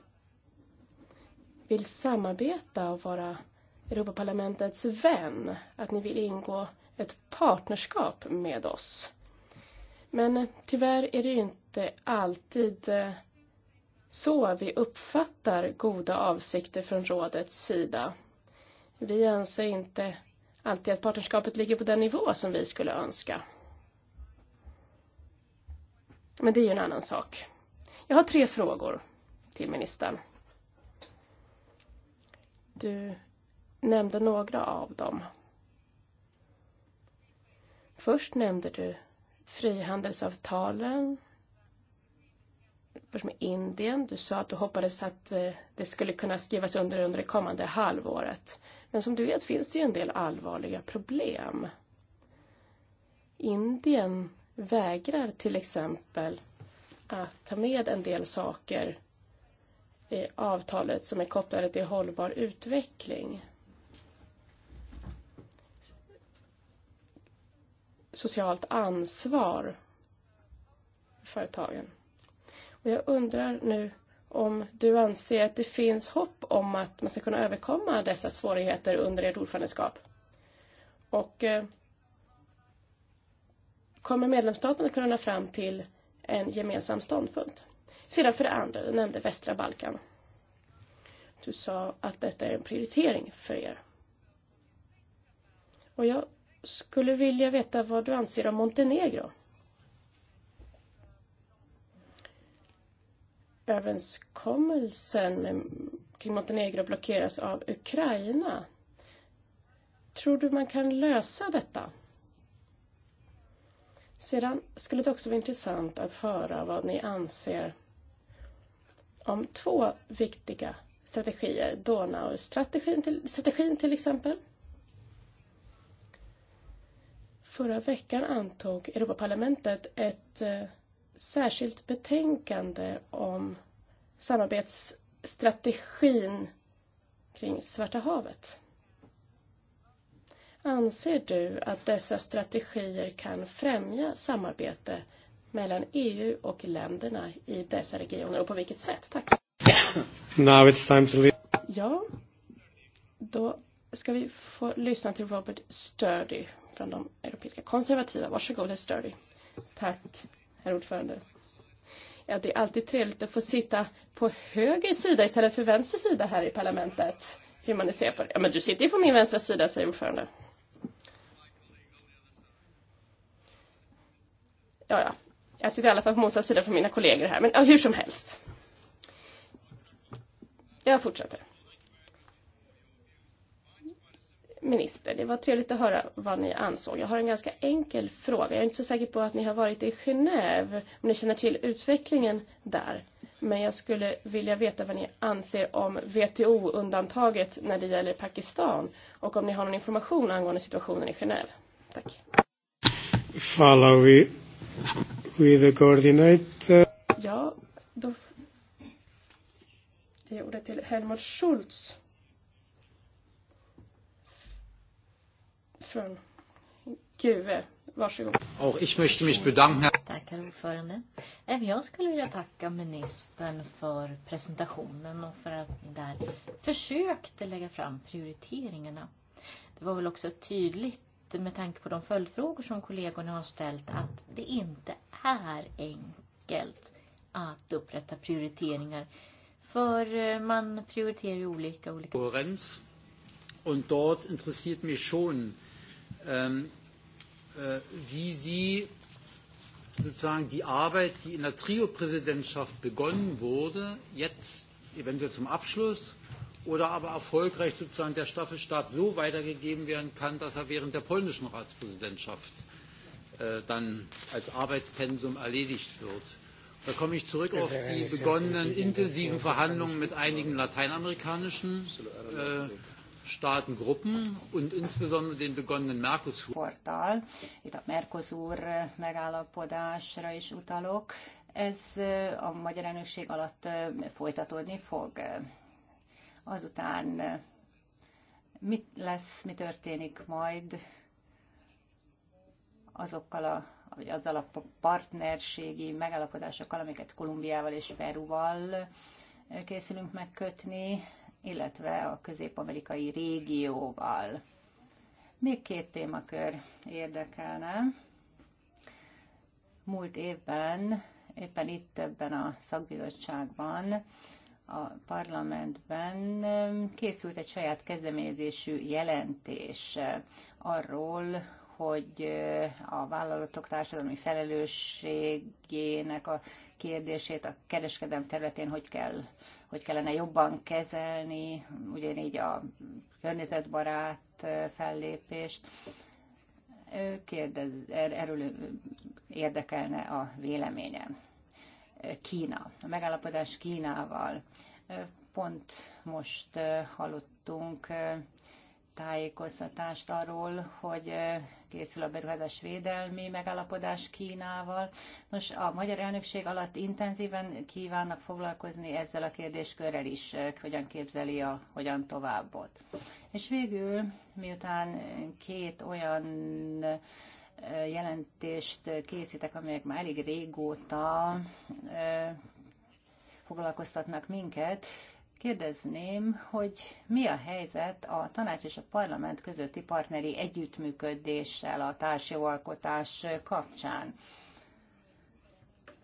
vill samarbeta och vara Europaparlamentets vän. Att ni vill ingå ett partnerskap med oss. Men tyvärr är det ju inte alltid eh, så vi uppfattar goda avsikter från rådets sida. Vi anser inte alltid att partnerskapet ligger på den nivå som vi skulle önska. Men det är ju en annan sak. Jag har tre frågor till ministern. Du nämnde några av dem. Först nämnde du frihandelsavtalen först med Indien. Du sa att du hoppades att eh, det skulle kunna skrivas under under det kommande halvåret. Men som du vet finns det ju en del allvarliga problem. Indien vägrar till exempel att ta med en del saker i avtalet som är kopplade till hållbar utveckling. socialt ansvar för företagen. Och jag undrar nu om du anser att det finns hopp om att man ska kunna överkomma dessa svårigheter under ert ordförandeskap? Och eh, kommer medlemsstaterna kunna nå fram till en gemensam ståndpunkt? Sedan för det andra, du nämnde västra Balkan. Du sa att detta är en prioritering för er. Och jag skulle vilja veta vad du anser om Montenegro. Överenskommelsen med, kring Montenegro blockeras av Ukraina. Tror du man kan lösa detta? Sedan skulle det också vara intressant att höra vad ni anser om två viktiga strategier. Donau-strategin till, strategin till exempel. Förra veckan antog Europaparlamentet ett eh, särskilt betänkande om samarbetsstrategin kring Svarta havet. Anser du att dessa strategier kan främja samarbete mellan EU och länderna i dessa regioner och på vilket sätt? Tack. Now it's time to leave. Ja, då ska vi få lyssna till Robert Sturdy från de europeiska konservativa. Varsågod, herr Sturdy. Tack, herr ordförande. Ja, det är alltid trevligt att få sitta på höger sida istället för vänster sida här i parlamentet. Hur man nu ser på det. Ja, men du sitter ju på min vänstra sida, säger ordförande. Ja, ja. Jag sitter i alla fall på motsatt sida för mina kollegor här, men ja, hur som helst. Jag fortsätter. minister. Det var trevligt att höra vad ni ansåg. Jag har en ganska enkel fråga. Jag är inte så säker på att ni har varit i Genève, om ni känner till utvecklingen där. Men jag skulle vilja veta vad ni anser om WTO-undantaget när det gäller Pakistan och om ni har någon information angående situationen i Genève. Tack. Follow with, with the coordinator. Ja, då... Det är ordet till Helmut Schultz. från Kuve. Varsågod. Och ich möchte mich bedanken. Tackar ordförande. Även jag skulle vilja tacka ministern för presentationen och för att ni där försökte lägga fram prioriteringarna. Det var väl också tydligt med tanke på de följdfrågor som kollegorna har ställt att det inte är enkelt att upprätta prioriteringar. För eh, man prioriterar ju olika olika... Och Und dort interessiert mich schon, ähm, äh, wie Sie sozusagen die Arbeit, die in der Trio-Präsidentschaft begonnen wurde, jetzt eventuell zum Abschluss oder aber erfolgreich sozusagen der Staffelstab so weitergegeben werden kann, dass er während der polnischen Ratspräsidentschaft äh, dann als Arbeitspensum erledigt wird. Da komme ich zurück auf die begonnenen intensiven Verhandlungen mit einigen lateinamerikanischen äh, Staatengruppen und insbesondere den begonnenen Mercosur. Portal, itt a Mercosur megállapodásra is utalok, ez a magyar elnökség alatt folytatódni fog. Azután mit lesz, mi történik majd azokkal a vagy azzal a partnerségi megállapodásokkal, amiket Kolumbiával és Peruval készülünk megkötni, illetve a közép-amerikai régióval. Még két témakör érdekelne. Múlt évben, éppen itt ebben a szakbizottságban, a parlamentben készült egy saját kezdeményezésű jelentés arról, hogy eh, a vállalatok társadalmi felelősségének a kérdését a kereskedelm területén hogy, kell, hogy kellene jobban kezelni, ugyanígy a környezetbarát eh, fellépést. Eh, kérdez, er-, erről érdekelne a véleményem. Kína. A megállapodás Kínával. Pont most hallottunk tájékoztatást arról, hogy készül a beruházás védelmi megállapodás Kínával. Nos, a magyar elnökség alatt intenzíven kívánnak foglalkozni ezzel a kérdéskörrel is, hogyan képzeli a hogyan továbbot. És végül, miután két olyan jelentést készítek, amelyek már elég régóta foglalkoztatnak minket, Kérdezném, hogy mi a helyzet a tanács és a parlament közötti partneri együttműködéssel a társjóalkotás kapcsán?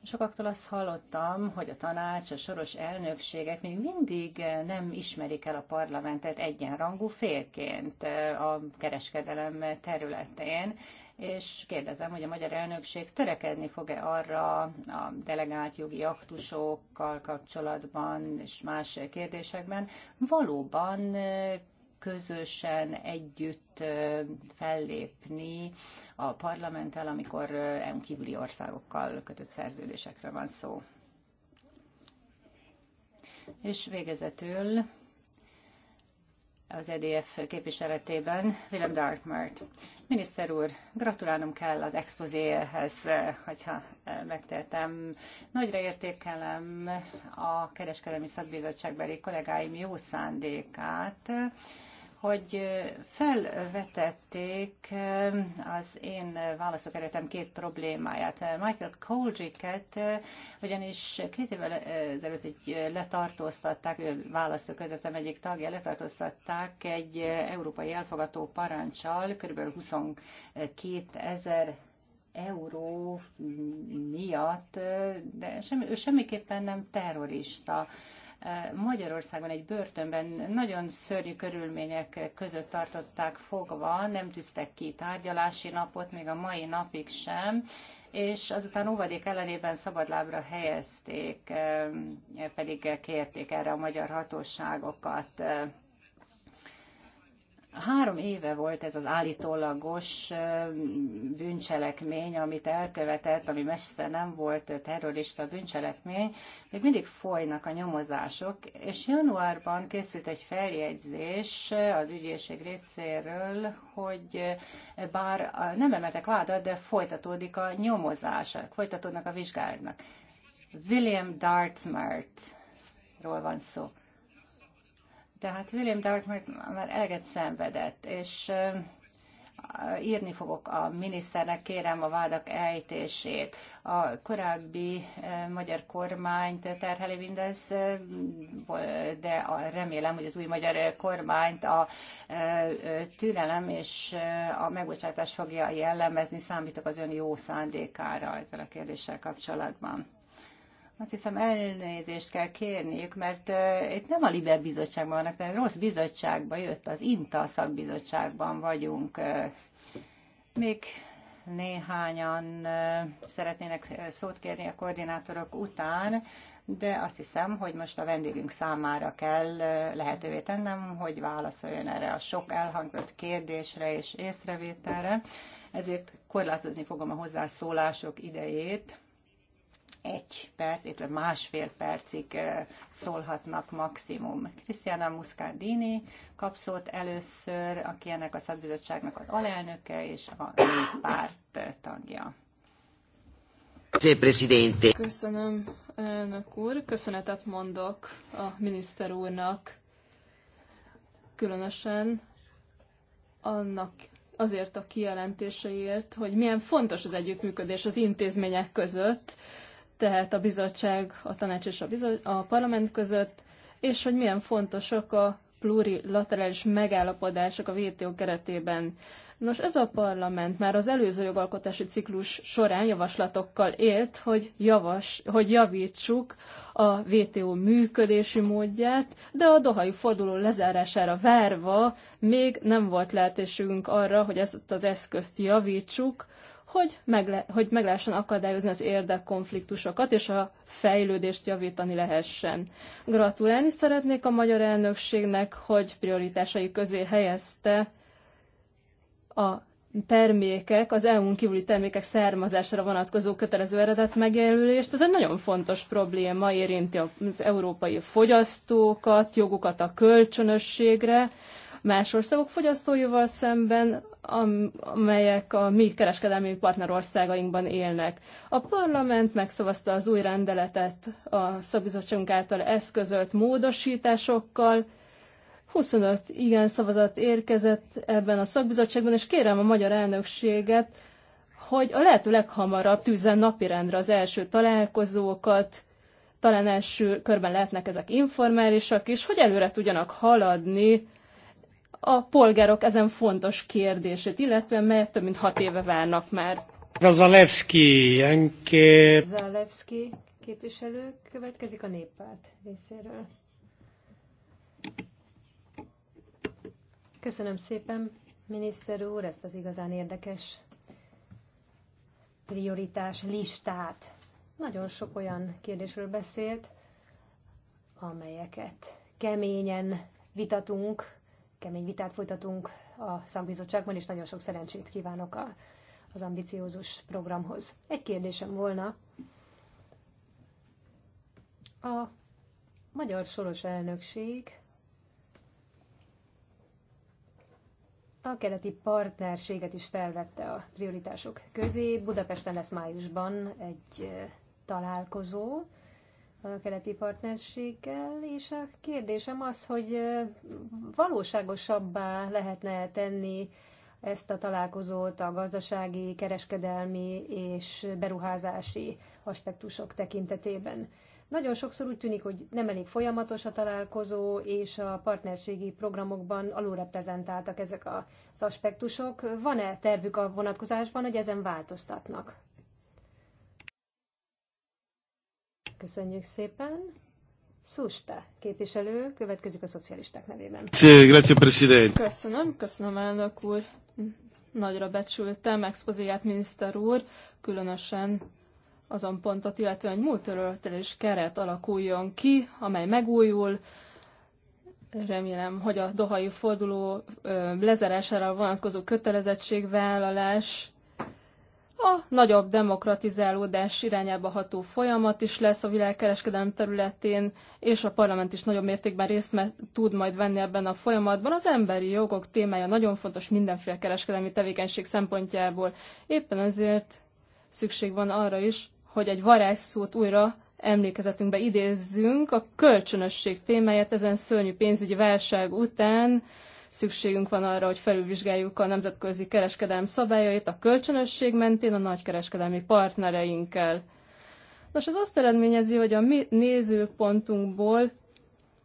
Sokaktól azt hallottam, hogy a tanács, a soros elnökségek még mindig nem ismerik el a parlamentet egyenrangú félként a kereskedelem területén, és kérdezem, hogy a magyar elnökség törekedni fog-e arra a delegált jogi aktusokkal kapcsolatban és más kérdésekben valóban közösen együtt fellépni a parlamenttel, amikor EU kívüli országokkal kötött szerződésekre van szó. És végezetül az EDF képviseletében, William Dartmart. Miniszter úr, gratulálnom kell az expozéhez, hogyha megtehetem. Nagyra értékelem a kereskedelmi szakbizottságbeli kollégáim jó szándékát, hogy felvetették eh, az én válaszokeretem két problémáját. Michael Koldricket eh, ugyanis két évvel ezelőtt egy eh, letartóztatták, ő választókeretem egyik tagja, letartóztatták egy európai elfogató parancsal, kb. 22 ezer euró miatt, de semmi, ő semmiképpen nem terrorista Magyarországon egy börtönben nagyon szörnyű körülmények között tartották fogva, nem tűztek ki tárgyalási napot, még a mai napig sem, és azután óvadék ellenében szabadlábra helyezték, pedig kérték erre a magyar hatóságokat. Három éve volt ez az állítólagos bűncselekmény, amit elkövetett, ami messze nem volt terrorista bűncselekmény. Még mindig folynak a nyomozások, és januárban készült egy feljegyzés az ügyészség részéről, hogy bár nem emeltek vádat, de folytatódik a nyomozás, folytatódnak a vizsgálatnak. William Dartmouth ról van szó. Tehát William Dark meg már eleget szenvedett, és írni fogok a miniszternek, kérem a vádak ejtését. A korábbi magyar kormányt terheli mindez, de remélem, hogy az új magyar kormányt a türelem és a megbocsátás fogja jellemezni. Számítok az ön jó szándékára ezzel a kérdéssel kapcsolatban. Azt hiszem elnézést kell kérniük, mert uh, itt nem a Liber bizottságban vannak, hanem rossz bizottságban, jött, az INTA szakbizottságban vagyunk. Uh, még néhányan uh, szeretnének szót kérni a koordinátorok után, de azt hiszem, hogy most a vendégünk számára kell lehetővé tennem, hogy válaszoljon erre a sok elhangzott kérdésre és észrevételre. Ezért korlátozni fogom a hozzászólások idejét egy perc, illetve másfél percig szólhatnak maximum. Krisztiana Muscardini kapszót először, aki ennek a szakbizottságnak az alelnöke és a párt tagja. Köszönöm, elnök úr. Köszönetet mondok a miniszter úrnak, különösen annak azért a kijelentéseért, hogy milyen fontos az együttműködés az intézmények között, tehát a bizottság, a tanács és a, bizot, a parlament között, és hogy milyen fontosak a plurilaterális megállapodások a WTO keretében. Nos, ez a parlament már az előző jogalkotási ciklus során javaslatokkal élt, hogy, javas, hogy javítsuk a WTO működési módját, de a dohai forduló lezárására várva még nem volt lehetőségünk arra, hogy ezt az eszközt javítsuk, hogy, megle- hogy meg lehessen akadályozni az érdekkonfliktusokat, és a fejlődést javítani lehessen. Gratulálni szeretnék a magyar elnökségnek, hogy prioritásai közé helyezte a termékek, az EU-n kívüli termékek származásra vonatkozó kötelező eredet megjelölést. Ez egy nagyon fontos probléma, érinti az európai fogyasztókat, jogukat a kölcsönösségre, más országok fogyasztóival szemben, amelyek a mi kereskedelmi partnerországainkban élnek. A parlament megszavazta az új rendeletet a szabizottságunk által eszközölt módosításokkal, 25 igen szavazat érkezett ebben a szakbizottságban, és kérem a magyar elnökséget, hogy a lehető leghamarabb tűzzen napirendre az első találkozókat, talán első körben lehetnek ezek informálisak is, hogy előre tudjanak haladni a polgárok ezen fontos kérdését, illetve melyet több mint hat éve várnak már. Zalewski, anche... Zalewski képviselő következik a néppárt részéről. Köszönöm szépen, miniszter úr, ezt az igazán érdekes prioritás listát. Nagyon sok olyan kérdésről beszélt, amelyeket keményen vitatunk kemény vitát folytatunk a szakbizottságban, és nagyon sok szerencsét kívánok a, az ambiciózus programhoz. Egy kérdésem volna. A magyar soros elnökség a keleti partnerséget is felvette a prioritások közé. Budapesten lesz májusban egy eh, találkozó, a keleti partnerséggel, és a kérdésem az, hogy valóságosabbá lehetne tenni ezt a találkozót a gazdasági, kereskedelmi és beruházási aspektusok tekintetében. Nagyon sokszor úgy tűnik, hogy nem elég folyamatos a találkozó, és a partnerségi programokban alulreprezentáltak ezek az aspektusok. Van-e tervük a vonatkozásban, hogy ezen változtatnak? Köszönjük szépen. Susta, képviselő következik a szocialisták nevében. Grazie, Presidente. Köszönöm, köszönöm elnök úr. Nagyra becsültem expozíját miniszter úr, különösen azon pontot, illetve egy és keret alakuljon ki, amely megújul. Remélem, hogy a dohai forduló lezárására vonatkozó kötelezettségvállalás a nagyobb demokratizálódás irányába ható folyamat is lesz a világkereskedelem területén, és a parlament is nagyobb mértékben részt me- tud majd venni ebben a folyamatban. Az emberi jogok témája nagyon fontos mindenféle kereskedelmi tevékenység szempontjából. Éppen ezért szükség van arra is, hogy egy varázsszót újra emlékezetünkbe idézzünk a kölcsönösség témáját ezen szörnyű pénzügyi válság után, Szükségünk van arra, hogy felülvizsgáljuk a nemzetközi kereskedelem szabályait a kölcsönösség mentén a nagykereskedelmi partnereinkkel. Nos, ez azt eredményezi, hogy a mi nézőpontunkból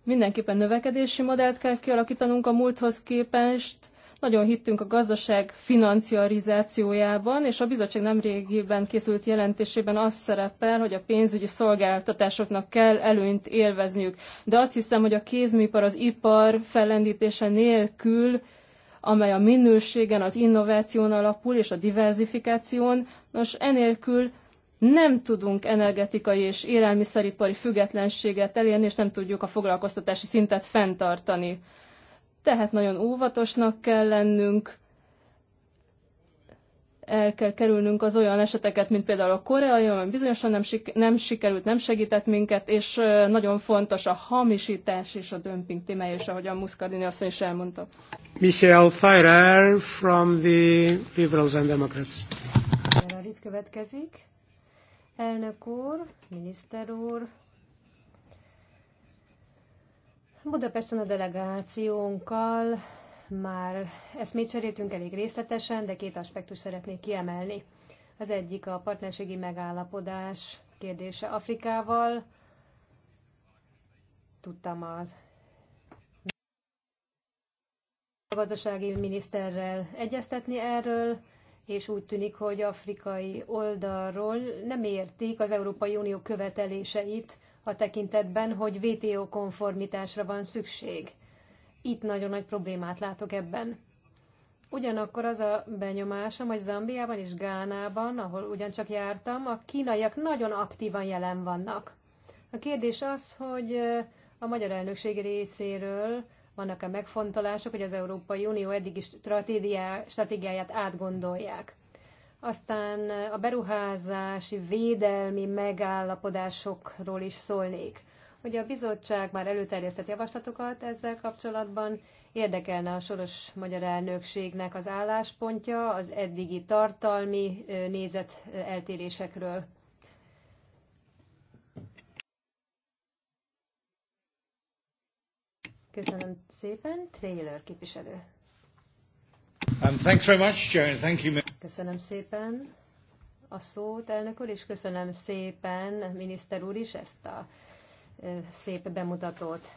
mindenképpen növekedési modellt kell kialakítanunk a múlthoz képest, nagyon hittünk a gazdaság financiarizációjában, és a bizottság nemrégiben készült jelentésében az szerepel, hogy a pénzügyi szolgáltatásoknak kell előnyt élvezniük. De azt hiszem, hogy a kézműipar az ipar fellendítése nélkül amely a minőségen, az innováción alapul és a diversifikáción. Nos, enélkül nem tudunk energetikai és élelmiszeripari függetlenséget elérni, és nem tudjuk a foglalkoztatási szintet fenntartani. Tehát nagyon óvatosnak kell lennünk, el kell kerülnünk az olyan eseteket, mint például a koreai, amely bizonyosan nem, sik- nem sikerült, nem segített minket, és nagyon fontos a hamisítás és a dömping témája, és ahogy a Muscardini asszony is elmondta. Michel Feirer from the Liberals and Democrats. Itt következik. Elnök úr, miniszter úr, Budapesten a delegációnkkal már eszmét cseréltünk elég részletesen, de két aspektus szeretnék kiemelni. Az egyik a partnerségi megállapodás kérdése Afrikával. Tudtam az a gazdasági miniszterrel egyeztetni erről, és úgy tűnik, hogy afrikai oldalról nem értik az Európai Unió követeléseit a tekintetben, hogy WTO konformitásra van szükség. Itt nagyon nagy problémát látok ebben. Ugyanakkor az a benyomásom, hogy Zambiában és Gánában, ahol ugyancsak jártam, a kínaiak nagyon aktívan jelen vannak. A kérdés az, hogy a magyar elnökség részéről vannak-e megfontolások, hogy az Európai Unió eddigi stratégiáját átgondolják. Aztán a beruházási védelmi megállapodásokról is szólnék. Ugye a bizottság már előterjesztett javaslatokat ezzel kapcsolatban. Érdekelne a soros magyar elnökségnek az álláspontja az eddigi tartalmi nézet eltérésekről. Köszönöm szépen. Trailer képviselő. Köszönöm szépen a szót, elnök úr, és köszönöm szépen, miniszter úr is, ezt a szép bemutatót.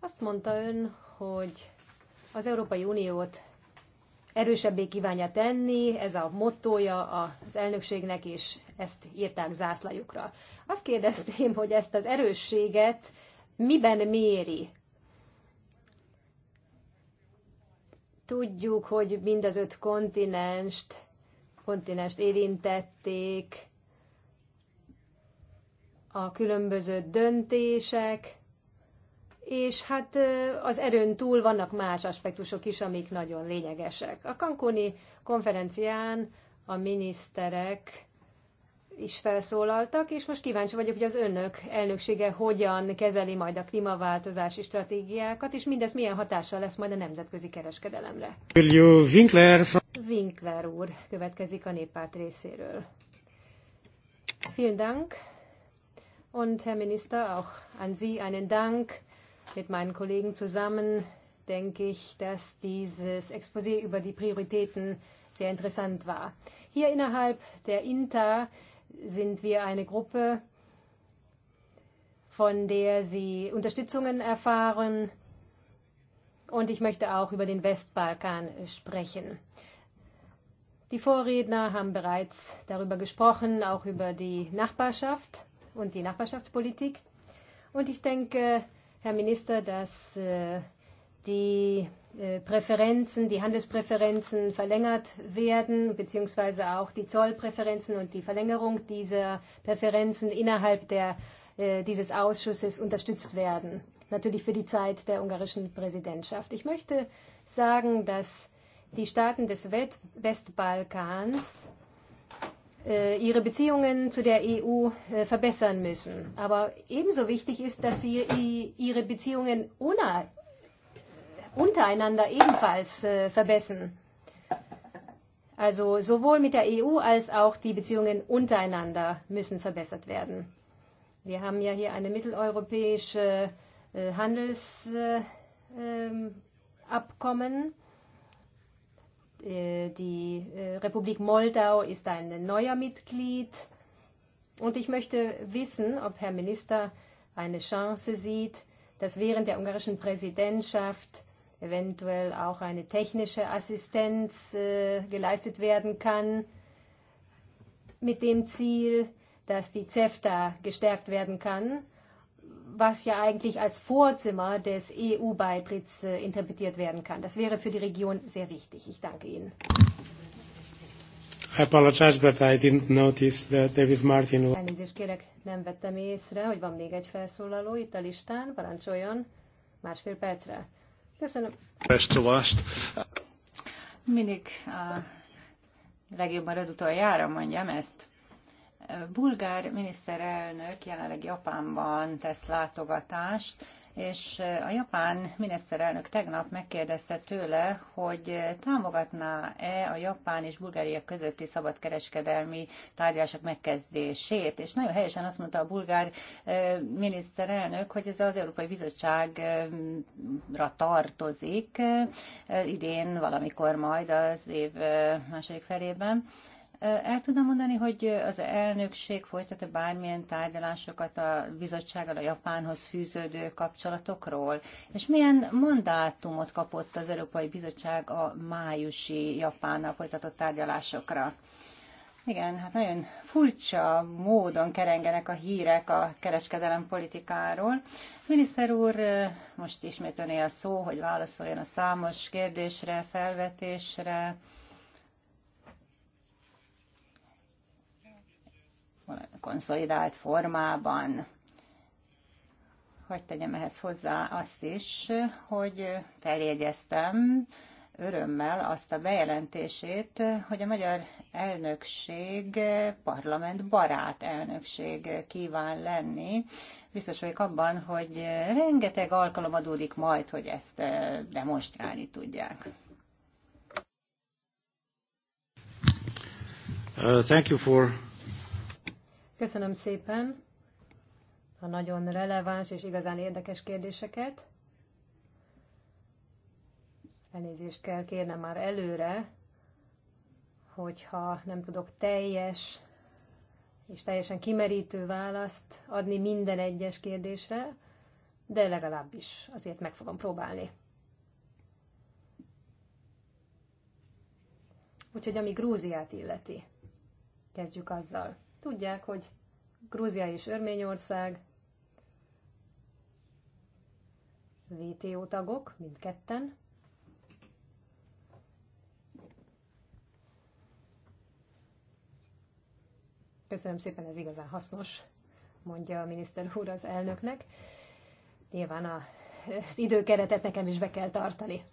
Azt mondta ön, hogy az Európai Uniót erősebbé kívánja tenni, ez a mottoja az elnökségnek, és ezt írták zászlajukra. Azt kérdezném, hogy ezt az erősséget miben méri? Tudjuk, hogy mind az öt kontinenst, kontinenst érintették a különböző döntések, és hát az erőn túl vannak más aspektusok is, amik nagyon lényegesek. A Cancúni konferencián a miniszterek is felszólaltak, és most kíváncsi vagyok, hogy az önök elnöksége hogyan kezeli majd a klímaváltozási stratégiákat, és mindez milyen hatással lesz majd a nemzetközi kereskedelemre. Winkler, Winkler úr következik a néppárt részéről. Vielen Dank und Herr Minister, auch an Sie einen Dank. Mit meinen Kollegen zusammen denke ich, dass dieses Exposé über die Prioritäten sehr interessant war. Hier innerhalb der INTA sind wir eine Gruppe, von der Sie Unterstützungen erfahren. Und ich möchte auch über den Westbalkan sprechen. Die Vorredner haben bereits darüber gesprochen, auch über die Nachbarschaft und die Nachbarschaftspolitik. Und ich denke, Herr Minister, dass äh, die Präferenzen, die Handelspräferenzen verlängert werden, beziehungsweise auch die Zollpräferenzen und die Verlängerung dieser Präferenzen innerhalb der, äh, dieses Ausschusses unterstützt werden. Natürlich für die Zeit der ungarischen Präsidentschaft. Ich möchte sagen, dass die Staaten des Westbalkans äh, ihre Beziehungen zu der EU äh, verbessern müssen. Aber ebenso wichtig ist, dass sie ihre Beziehungen ohne untereinander ebenfalls äh, verbessern. Also sowohl mit der EU als auch die Beziehungen untereinander müssen verbessert werden. Wir haben ja hier eine mitteleuropäische äh, Handelsabkommen. Ähm, äh, die äh, Republik Moldau ist ein neuer Mitglied. Und ich möchte wissen, ob Herr Minister eine Chance sieht, dass während der ungarischen Präsidentschaft eventuell auch eine technische Assistenz äh, geleistet werden kann, mit dem Ziel, dass die CEFTA gestärkt werden kann, was ja eigentlich als Vorzimmer des EU-Beitritts äh, interpretiert werden kann. Das wäre für die Region sehr wichtig. Ich danke Ihnen. I apologize, but I didn't notice that David Martin. Elnézést kérek, nem vettem észre, hogy van még egy felszólaló itt a listán. Parancsoljon másfél percre. Köszönöm. Best to last. Mindig a legjobb marad utoljára mondjam ezt. Bulgár miniszterelnök jelenleg Japánban tesz látogatást, és a japán miniszterelnök tegnap megkérdezte tőle, hogy támogatná-e a Japán és Bulgária közötti szabadkereskedelmi tárgyalások megkezdését, és nagyon helyesen azt mondta a bulgár miniszterelnök, hogy ez az Európai Bizottságra tartozik idén, valamikor majd az év második felében, el tudom mondani, hogy az elnökség folytatta bármilyen tárgyalásokat a bizottsággal, a Japánhoz fűződő kapcsolatokról, és milyen mandátumot kapott az Európai Bizottság a májusi Japánnal folytatott tárgyalásokra? Igen, hát nagyon furcsa módon kerengenek a hírek a kereskedelem politikáról. Miniszter úr, most ismét öné a szó, hogy válaszoljon a számos kérdésre, felvetésre konszolidált formában. Hogy tegyem ehhez hozzá azt is, hogy feljegyeztem örömmel azt a bejelentését, hogy a magyar elnökség parlament barát elnökség kíván lenni. Biztos vagyok abban, hogy rengeteg alkalom adódik majd, hogy ezt demonstrálni tudják. Uh, thank you for Köszönöm szépen a nagyon releváns és igazán érdekes kérdéseket. Elnézést kell kérnem már előre, hogyha nem tudok teljes és teljesen kimerítő választ adni minden egyes kérdésre, de legalábbis azért meg fogom próbálni. Úgyhogy ami Grúziát illeti, kezdjük azzal. Tudják, hogy Grúzia és Örményország VTO tagok, mindketten. Köszönöm szépen, ez igazán hasznos, mondja a miniszter úr az elnöknek. Nyilván a, az időkeretet nekem is be kell tartani.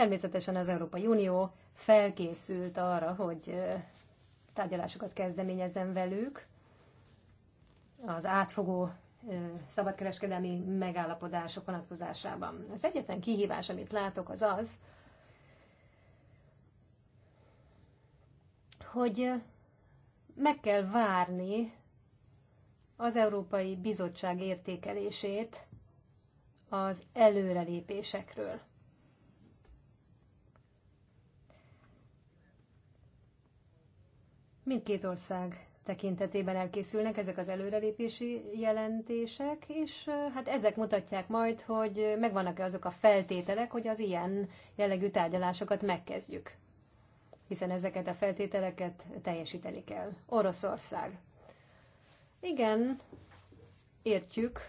Természetesen az Európai Unió felkészült arra, hogy tárgyalásokat kezdeményezzen velük az átfogó szabadkereskedelmi megállapodások vonatkozásában. Az egyetlen kihívás, amit látok, az az, hogy meg kell várni az Európai Bizottság értékelését az előrelépésekről. Mindkét ország tekintetében elkészülnek ezek az előrelépési jelentések, és hát ezek mutatják majd, hogy megvannak-e azok a feltételek, hogy az ilyen jellegű tárgyalásokat megkezdjük. Hiszen ezeket a feltételeket teljesíteni kell. Oroszország. Igen, értjük,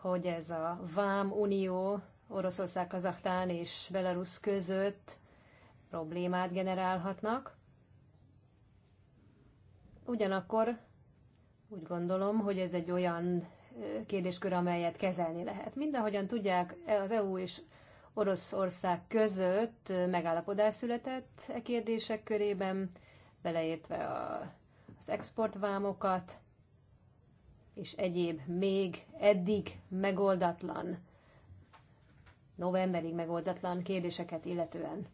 hogy ez a Vám Unió Oroszország, Kazahtán és Belarus között problémát generálhatnak, Ugyanakkor úgy gondolom, hogy ez egy olyan kérdéskör, amelyet kezelni lehet. Mindenhogyan tudják, e az EU és Oroszország között megállapodás született e kérdések körében, beleértve a, az exportvámokat és egyéb még eddig megoldatlan, novemberig megoldatlan kérdéseket illetően.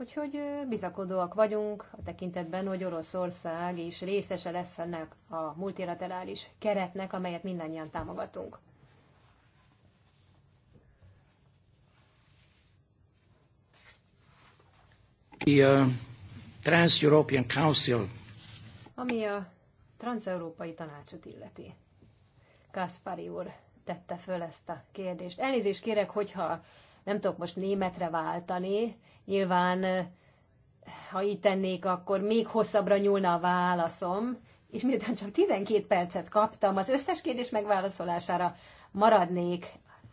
Úgyhogy bizakodóak vagyunk a tekintetben, hogy Oroszország is részese lesz ennek a multilaterális keretnek, amelyet mindannyian támogatunk. The uh, Trans-European Council. Ami a Transeurópai Tanácsot illeti. Kaspari úr tette föl ezt a kérdést. Elnézést kérek, hogyha nem tudok most németre váltani, Nyilván, eh, ha így tennék, akkor még hosszabbra nyúlna a válaszom, és miután csak 12 percet kaptam, az összes kérdés megválaszolására maradnék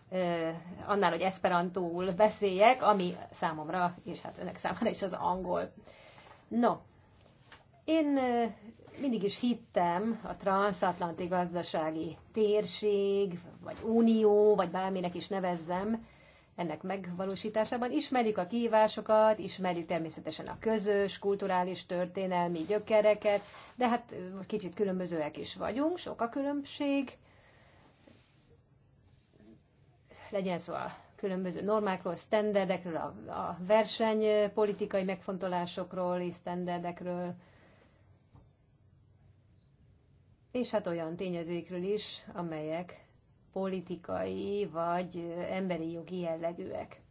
eh, annál, hogy esperantóul beszéljek, ami számomra, és hát önök számára is az angol. No, én eh, mindig is hittem a transatlanti gazdasági térség, vagy unió, vagy bárminek is nevezzem, ennek megvalósításában. Ismerjük a kihívásokat, ismerjük természetesen a közös, kulturális, történelmi gyökereket, de hát kicsit különbözőek is vagyunk, sok a különbség. Legyen szó a különböző normákról, sztenderdekről, a, a versenypolitikai megfontolásokról és sztenderdekről, és hát olyan tényezőkről is, amelyek politikai vagy emberi jogi jellegűek.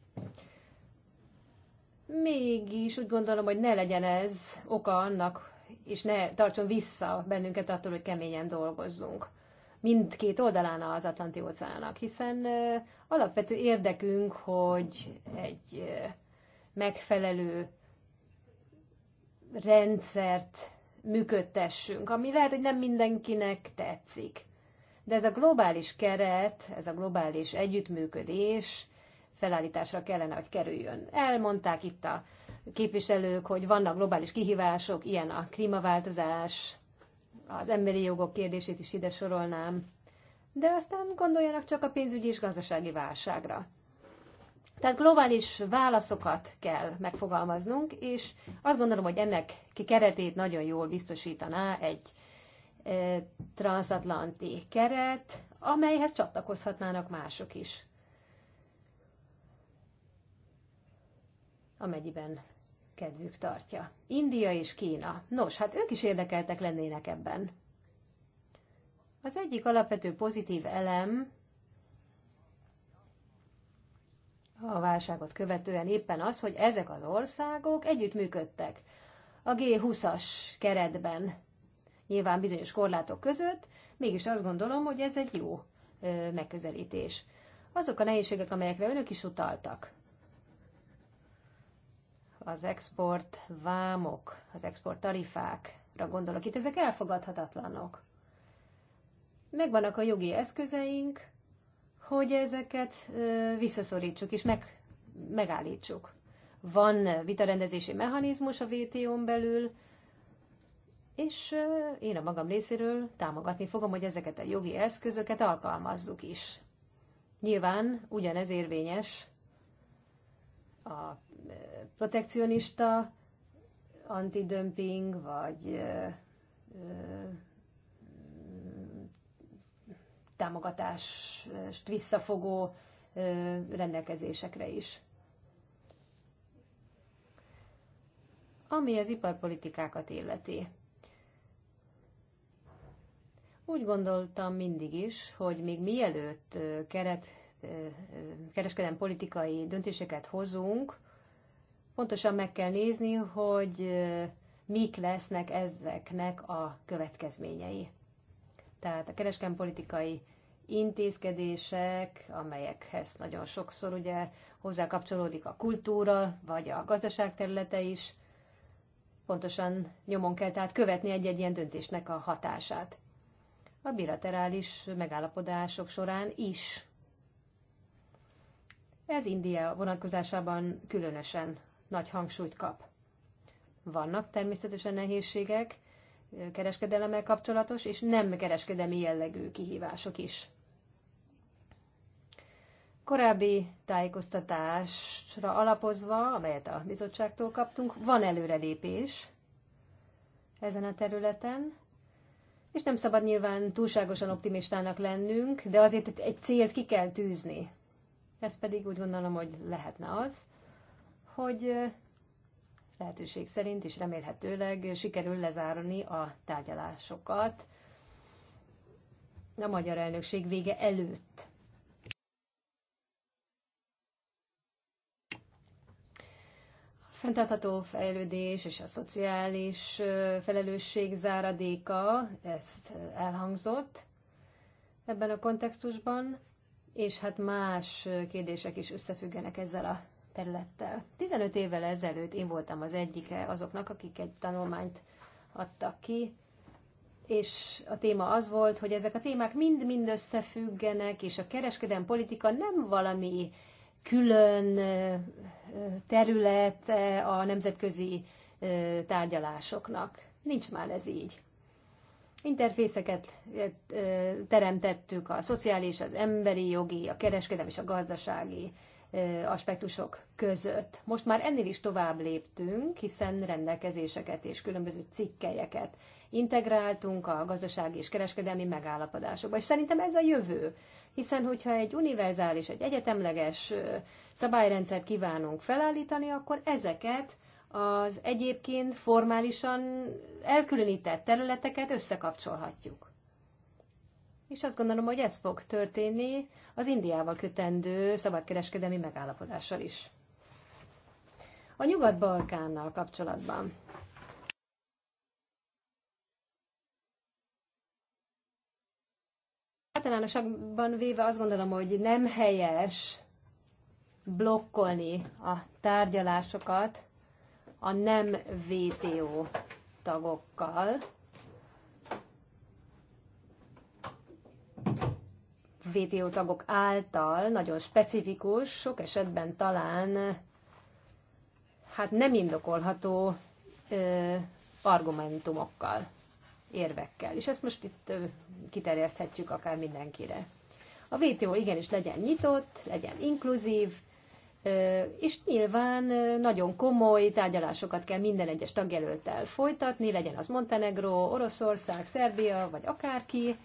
Mégis úgy gondolom, hogy ne legyen ez oka annak, és ne tartson vissza bennünket attól, hogy keményen dolgozzunk. Mindkét oldalán az Atlanti óceának, hiszen alapvető érdekünk, hogy egy megfelelő rendszert működtessünk, ami lehet, hogy nem mindenkinek tetszik. De ez a globális keret, ez a globális együttműködés felállításra kellene, hogy kerüljön. Elmondták itt a képviselők, hogy vannak globális kihívások, ilyen a klímaváltozás, az emberi jogok kérdését is ide sorolnám, de aztán gondoljanak csak a pénzügyi és gazdasági válságra. Tehát globális válaszokat kell megfogalmaznunk, és azt gondolom, hogy ennek ki keretét nagyon jól biztosítaná egy transatlanti keret, amelyhez csatlakozhatnának mások is. Amennyiben kedvük tartja. India és Kína. Nos, hát ők is érdekeltek lennének ebben. Az egyik alapvető pozitív elem a válságot követően éppen az, hogy ezek az országok együttműködtek a G20-as keretben nyilván bizonyos korlátok között, mégis azt gondolom, hogy ez egy jó megközelítés. Azok a nehézségek, amelyekre önök is utaltak, az export vámok, az export tarifákra gondolok itt, ezek elfogadhatatlanok. Megvannak a jogi eszközeink, hogy ezeket visszaszorítsuk és meg, megállítsuk. Van vitarendezési mechanizmus a WTO-n belül, és én a magam részéről támogatni fogom, hogy ezeket a jogi eszközöket alkalmazzuk is. Nyilván ugyanez érvényes a protekcionista, antidömping, vagy támogatást visszafogó rendelkezésekre is. Ami az iparpolitikákat illeti. Úgy gondoltam mindig is, hogy még mielőtt keret, kereskedelmi politikai döntéseket hozunk, pontosan meg kell nézni, hogy mik lesznek ezeknek a következményei. Tehát a kereskedelmi politikai intézkedések, amelyekhez nagyon sokszor ugye hozzá kapcsolódik a kultúra, vagy a gazdaság területe is, pontosan nyomon kell tehát követni egy-egy ilyen döntésnek a hatását a bilaterális megállapodások során is. Ez India vonatkozásában különösen nagy hangsúlyt kap. Vannak természetesen nehézségek, kereskedelemmel kapcsolatos és nem kereskedelmi jellegű kihívások is. Korábbi tájékoztatásra alapozva, amelyet a bizottságtól kaptunk, van előrelépés ezen a területen, és nem szabad nyilván túlságosan optimistának lennünk, de azért egy célt ki kell tűzni. Ez pedig úgy gondolom, hogy lehetne az, hogy lehetőség szerint és remélhetőleg sikerül lezárni a tárgyalásokat a magyar elnökség vége előtt. fenntartható fejlődés és a szociális felelősség záradéka, ez elhangzott ebben a kontextusban, és hát más kérdések is összefüggenek ezzel a területtel. 15 évvel ezelőtt én voltam az egyike azoknak, akik egy tanulmányt adtak ki, és a téma az volt, hogy ezek a témák mind-mind összefüggenek, és a kereskedelmi politika nem valami külön terület a nemzetközi tárgyalásoknak. Nincs már ez így. Interfészeket teremtettük a szociális, az emberi jogi, a kereskedelmi és a gazdasági aspektusok között. Most már ennél is tovább léptünk, hiszen rendelkezéseket és különböző cikkelyeket integráltunk a gazdasági és kereskedelmi megállapodásokba, és szerintem ez a jövő hiszen hogyha egy univerzális, egy egyetemleges szabályrendszert kívánunk felállítani, akkor ezeket az egyébként formálisan elkülönített területeket összekapcsolhatjuk. És azt gondolom, hogy ez fog történni az Indiával kötendő szabadkereskedelmi megállapodással is. A Nyugat-Balkánnal kapcsolatban általánosakban véve azt gondolom, hogy nem helyes blokkolni a tárgyalásokat a nem VTO tagokkal. VTO tagok által nagyon specifikus, sok esetben talán hát nem indokolható ö, argumentumokkal érvekkel. És ezt most itt kiterjeszthetjük akár mindenkire. A VTO igenis legyen nyitott, legyen inkluzív, és nyilván nagyon komoly tárgyalásokat kell minden egyes tagjelölttel folytatni, legyen az Montenegro, Oroszország, Szerbia, vagy akárki,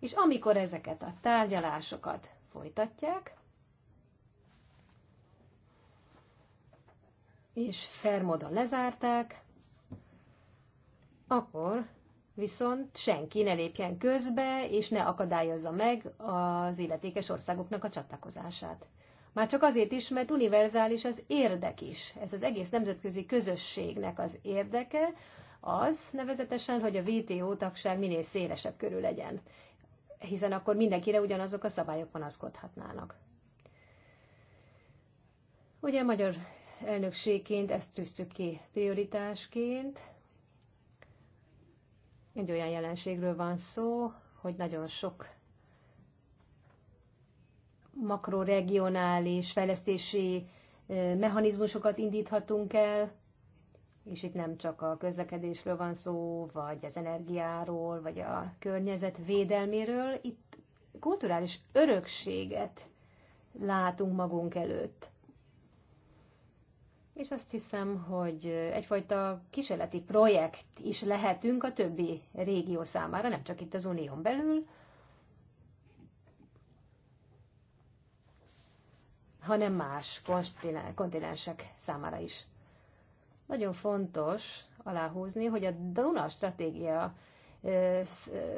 és amikor ezeket a tárgyalásokat folytatják, és fair módon lezárták, akkor viszont senki ne lépjen közbe, és ne akadályozza meg az illetékes országoknak a csatlakozását. Már csak azért is, mert univerzális az érdek is. Ez az egész nemzetközi közösségnek az érdeke, az nevezetesen, hogy a WTO tagság minél szélesebb körül legyen, hiszen akkor mindenkire ugyanazok a szabályok vonaszkodhatnának. Ugye magyar elnökségként ezt tűztük ki prioritásként, egy olyan jelenségről van szó, hogy nagyon sok makroregionális fejlesztési mechanizmusokat indíthatunk el, és itt nem csak a közlekedésről van szó, vagy az energiáról, vagy a környezet védelméről, itt kulturális örökséget látunk magunk előtt és azt hiszem, hogy egyfajta kísérleti projekt is lehetünk a többi régió számára, nem csak itt az Unión belül, hanem más kontinensek számára is. Nagyon fontos aláhúzni, hogy a Duna stratégia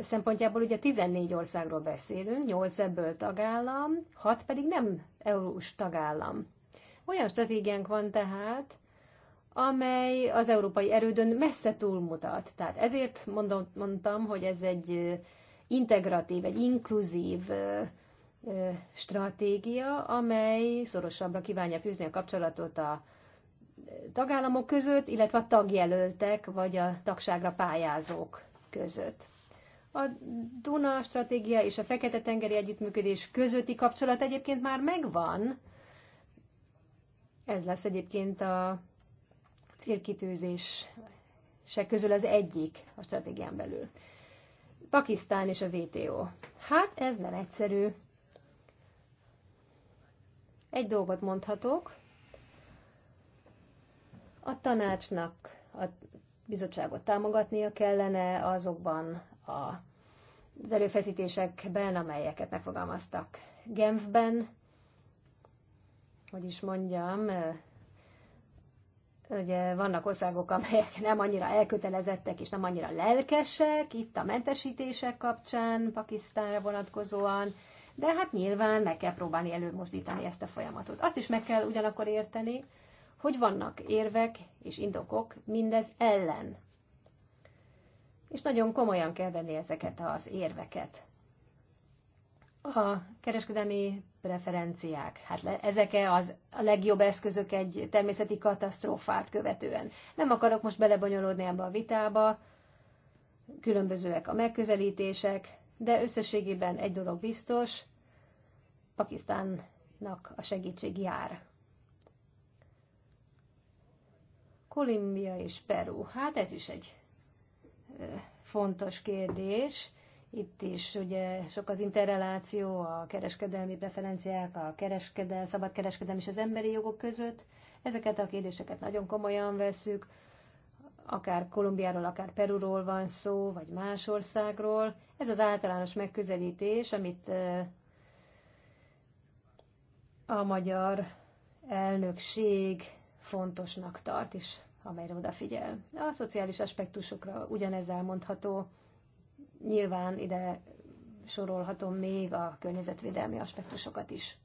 szempontjából ugye 14 országról beszélünk, 8 ebből tagállam, 6 pedig nem EU-s tagállam. Olyan stratégiánk van tehát, amely az európai erődön messze túlmutat. Tehát ezért mondom, mondtam, hogy ez egy integratív, egy inkluzív stratégia, amely szorosabbra kívánja fűzni a kapcsolatot a tagállamok között, illetve a tagjelöltek vagy a tagságra pályázók között. A Duna stratégia és a Fekete-tengeri együttműködés közötti kapcsolat egyébként már megvan, ez lesz egyébként a se közül az egyik a stratégián belül. Pakisztán és a VTO. Hát ez nem egyszerű. Egy dolgot mondhatok. A tanácsnak a bizottságot támogatnia kellene azokban a, az erőfeszítésekben, amelyeket megfogalmaztak Genfben, hogy is mondjam, ugye vannak országok, amelyek nem annyira elkötelezettek és nem annyira lelkesek, itt a mentesítések kapcsán, Pakisztánra vonatkozóan, de hát nyilván meg kell próbálni előmozdítani ezt a folyamatot. Azt is meg kell ugyanakkor érteni, hogy vannak érvek és indokok mindez ellen. És nagyon komolyan kell venni ezeket az érveket. A kereskedelmi preferenciák. Hát le, ezeke az a legjobb eszközök egy természeti katasztrófát követően. Nem akarok most belebonyolódni ebbe a vitába, különbözőek a megközelítések, de összességében egy dolog biztos, Pakisztánnak a segítség jár. Kolumbia és Peru. Hát ez is egy fontos kérdés. Itt is ugye sok az interreláció, a kereskedelmi preferenciák, a kereskedel, szabad kereskedelem és az emberi jogok között. Ezeket a kérdéseket nagyon komolyan veszük, akár Kolumbiáról, akár Peruról van szó, vagy más országról. Ez az általános megközelítés, amit a magyar elnökség fontosnak tart, és amelyre odafigyel. A szociális aspektusokra ugyanez elmondható. Nyilván ide sorolhatom még a környezetvédelmi aspektusokat is.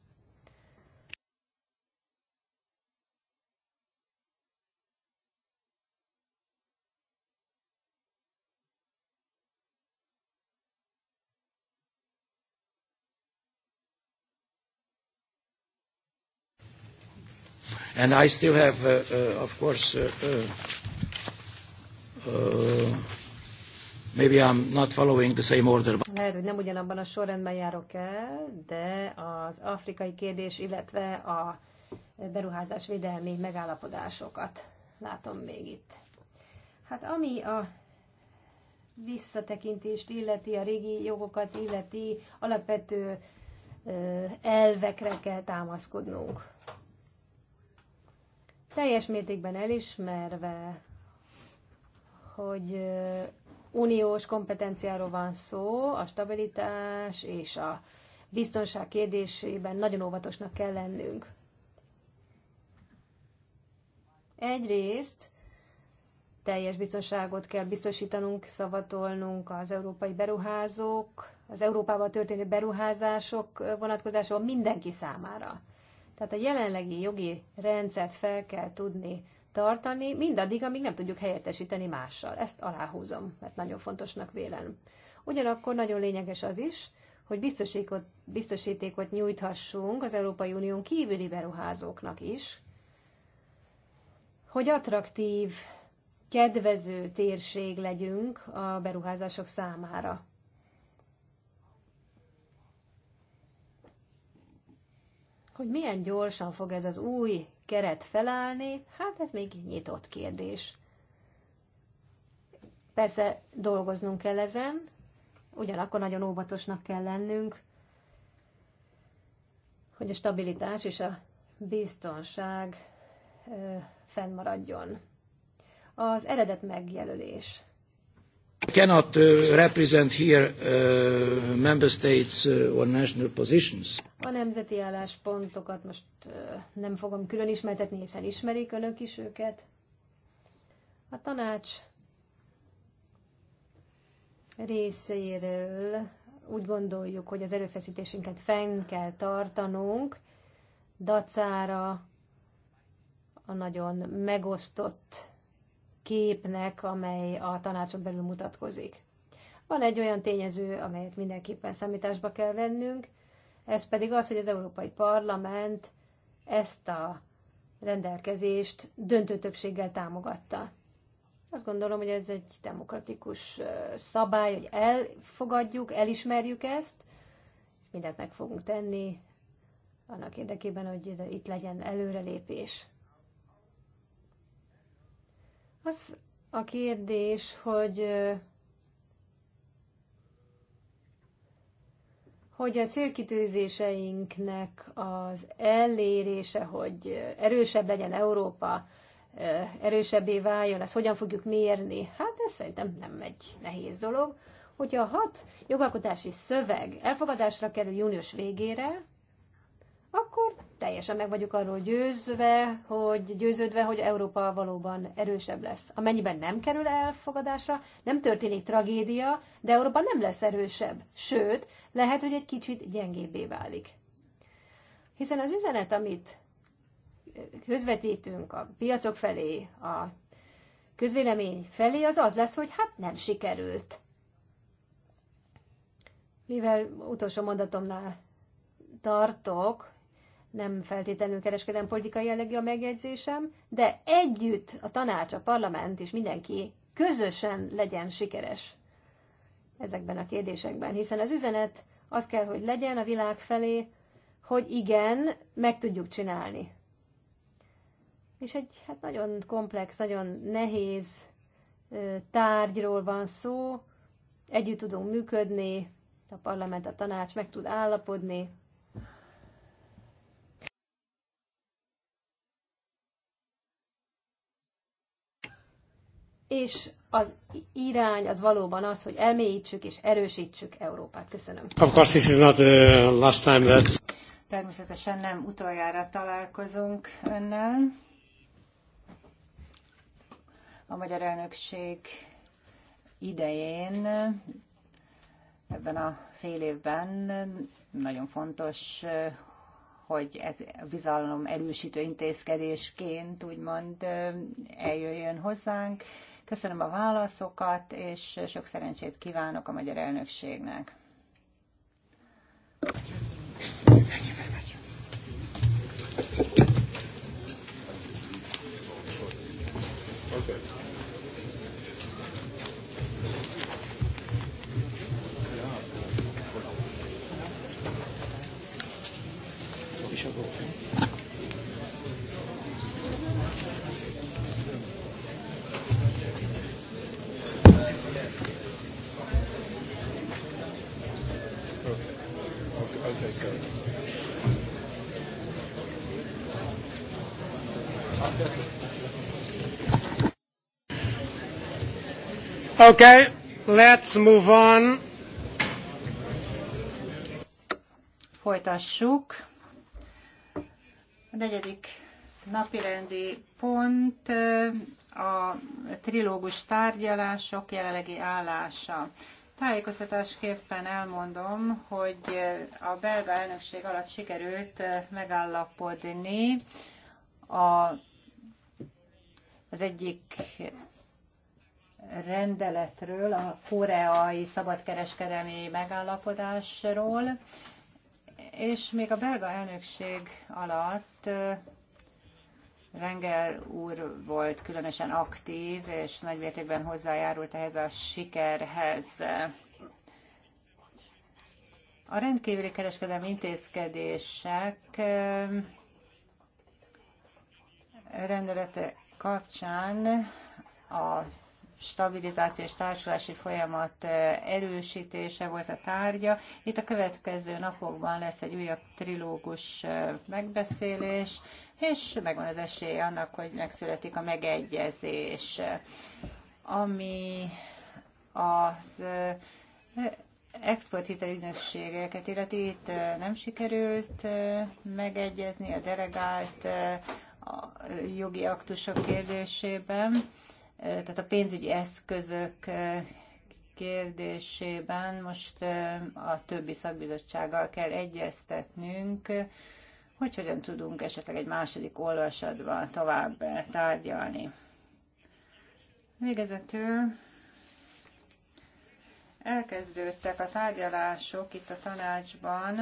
And I still have, uh, uh, of course, uh, uh, uh Maybe I'm not following the same order. Lehet, hogy nem ugyanabban a sorrendben járok el, de az afrikai kérdés, illetve a beruházás védelmi megállapodásokat látom még itt. Hát ami a visszatekintést illeti, a régi jogokat illeti, alapvető elvekre kell támaszkodnunk. Teljes mértékben elismerve, hogy uniós kompetenciáról van szó, a stabilitás és a biztonság kérdésében nagyon óvatosnak kell lennünk. Egyrészt teljes biztonságot kell biztosítanunk, szavatolnunk az európai beruházók, az Európában történő beruházások vonatkozásában mindenki számára. Tehát a jelenlegi jogi rendszert fel kell tudni tartani, mindaddig, amíg nem tudjuk helyettesíteni mással. Ezt aláhúzom, mert nagyon fontosnak vélem. Ugyanakkor nagyon lényeges az is, hogy biztosítékot, biztosítékot nyújthassunk az Európai Unión kívüli beruházóknak is, hogy attraktív, kedvező térség legyünk a beruházások számára. Hogy milyen gyorsan fog ez az új keret felállni, hát ez még egy nyitott kérdés. Persze dolgoznunk kell ezen, ugyanakkor nagyon óvatosnak kell lennünk, hogy a stabilitás és a biztonság fennmaradjon. Az eredet megjelölés. I cannot uh, represent here uh, member states uh, or national positions. A nemzeti álláspontokat most nem fogom külön ismertetni, hiszen ismerik önök is őket. A tanács részéről úgy gondoljuk, hogy az erőfeszítésünket fenn kell tartanunk, dacára a nagyon megosztott képnek, amely a tanácson belül mutatkozik. Van egy olyan tényező, amelyet mindenképpen számításba kell vennünk, ez pedig az, hogy az Európai Parlament ezt a rendelkezést döntő többséggel támogatta. Azt gondolom, hogy ez egy demokratikus szabály, hogy elfogadjuk, elismerjük ezt, és mindent meg fogunk tenni annak érdekében, hogy itt legyen előrelépés. Az a kérdés, hogy hogy a célkitűzéseinknek az elérése, hogy erősebb legyen Európa, erősebbé váljon, ezt hogyan fogjuk mérni? Hát ez szerintem nem egy nehéz dolog. Hogyha a hat jogalkotási szöveg elfogadásra kerül június végére, akkor teljesen meg vagyok arról győzve, hogy győződve, hogy Európa valóban erősebb lesz. Amennyiben nem kerül elfogadásra, nem történik tragédia, de Európa nem lesz erősebb. Sőt, lehet, hogy egy kicsit gyengébbé válik. Hiszen az üzenet, amit közvetítünk a piacok felé, a közvélemény felé, az az lesz, hogy hát nem sikerült. Mivel utolsó mondatomnál tartok, nem feltétlenül kereskedem politikai jellegű a megjegyzésem, de együtt a tanács, a parlament és mindenki közösen legyen sikeres ezekben a kérdésekben, hiszen az üzenet az kell, hogy legyen a világ felé, hogy igen, meg tudjuk csinálni. És egy hát nagyon komplex, nagyon nehéz tárgyról van szó, együtt tudunk működni, a parlament, a tanács meg tud állapodni, és az irány az valóban az, hogy elmélyítsük és erősítsük Európát. Köszönöm. Of course, this is not the uh, last time that... Természetesen nem utoljára találkozunk önnel. A magyar elnökség idején ebben a fél évben nagyon fontos, hogy ez a bizalom erősítő intézkedésként úgymond uh, eljöjjön hozzánk, Köszönöm a válaszokat, és sok szerencsét kívánok a magyar elnökségnek. Okay, let's move on. Folytassuk. A negyedik napirendi pont a trilógus tárgyalások jelenlegi állása. Tájékoztatásképpen elmondom, hogy a belga elnökség alatt sikerült megállapodni a, az egyik rendeletről, a koreai szabadkereskedelmi megállapodásról, és még a belga elnökség alatt Rengel úr volt különösen aktív, és nagymértékben hozzájárult ehhez a sikerhez. A rendkívüli kereskedelmi intézkedések rendelete kapcsán a stabilizáció és társulási folyamat erősítése volt a tárgya. Itt a következő napokban lesz egy újabb trilógus megbeszélés, és megvan az esély annak, hogy megszületik a megegyezés, ami az exporthitel ügynökségeket, illeti itt nem sikerült megegyezni a delegált jogi aktusok kérdésében. Tehát a pénzügyi eszközök kérdésében most a többi szakbizottsággal kell egyeztetnünk, hogy hogyan tudunk esetleg egy második olvasatban tovább tárgyalni. Végezetül elkezdődtek a tárgyalások itt a tanácsban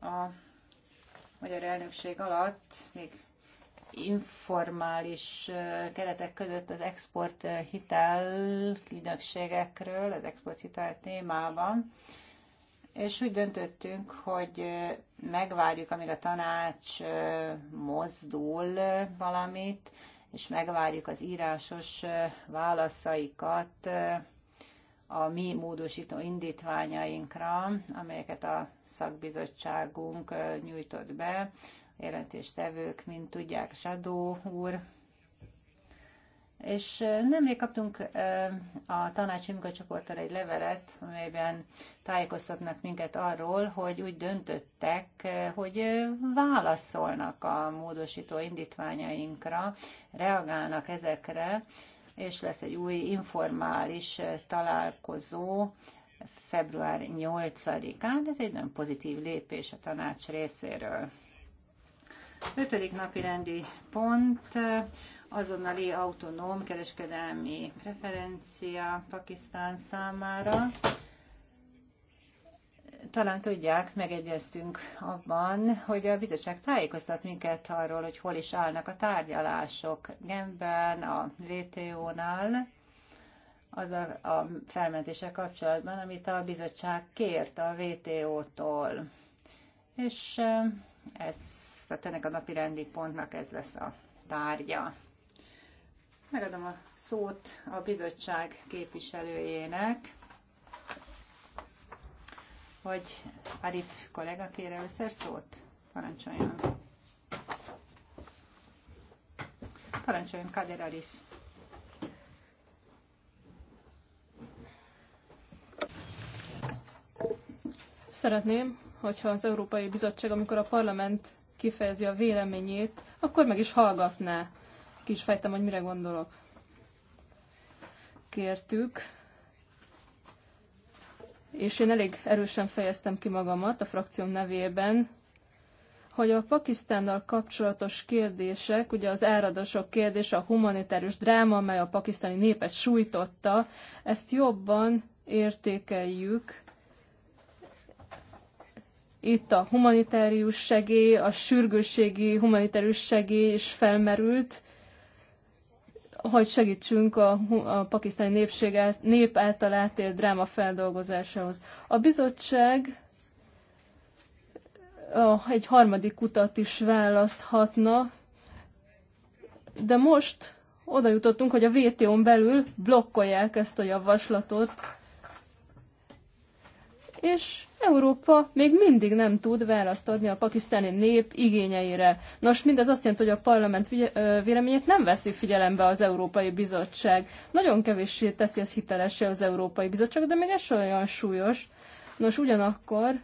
a magyar elnökség alatt, még informális keretek között az export hitel ügynökségekről, az export hitel témában, és úgy döntöttünk, hogy megvárjuk, amíg a tanács mozdul valamit, és megvárjuk az írásos válaszaikat a mi módosító indítványainkra, amelyeket a szakbizottságunk nyújtott be jelentéstevők, mint tudják, Sadó úr, és nemrég kaptunk a tanácsi munkacsoporttal egy levelet, amelyben tájékoztatnak minket arról, hogy úgy döntöttek, hogy válaszolnak a módosító indítványainkra, reagálnak ezekre, és lesz egy új informális találkozó február 8-án. Ez egy nagyon pozitív lépés a tanács részéről. Ötödik napi rendi pont, azonnali autonóm kereskedelmi preferencia Pakisztán számára. Talán tudják, megegyeztünk abban, hogy a bizottság tájékoztat minket arról, hogy hol is állnak a tárgyalások Genben, a WTO-nál, az a, a felmentése kapcsolatban, amit a bizottság kért a WTO-tól. És eh, ez tehát ennek a napi rendi pontnak ez lesz a tárgya. Megadom a szót a bizottság képviselőjének, hogy Arif kollega kére először szót. Parancsoljon. Parancsoljon, Kader Arif. Szeretném, hogyha az Európai Bizottság, amikor a parlament kifejezi a véleményét, akkor meg is hallgatná. Ki is fejtem, hogy mire gondolok. Kértük, és én elég erősen fejeztem ki magamat a frakcióm nevében, hogy a Pakisztánnal kapcsolatos kérdések, ugye az áradosok kérdése, a humanitárius dráma, amely a pakisztáni népet sújtotta, ezt jobban értékeljük, itt a humanitárius segély, a sürgősségi humanitárius segély is felmerült, hogy segítsünk a, a pakisztáni népség nép által átélt dráma feldolgozásához. A bizottság a, egy harmadik utat is választhatna, de most oda jutottunk, hogy a WTO-n belül blokkolják ezt a javaslatot, és Európa még mindig nem tud választ adni a pakisztáni nép igényeire. Nos, mindez azt jelenti, hogy a parlament véleményét nem veszi figyelembe az Európai Bizottság. Nagyon kevéssé teszi ez hitelessé az Európai Bizottság, de még ez sem olyan súlyos. Nos, ugyanakkor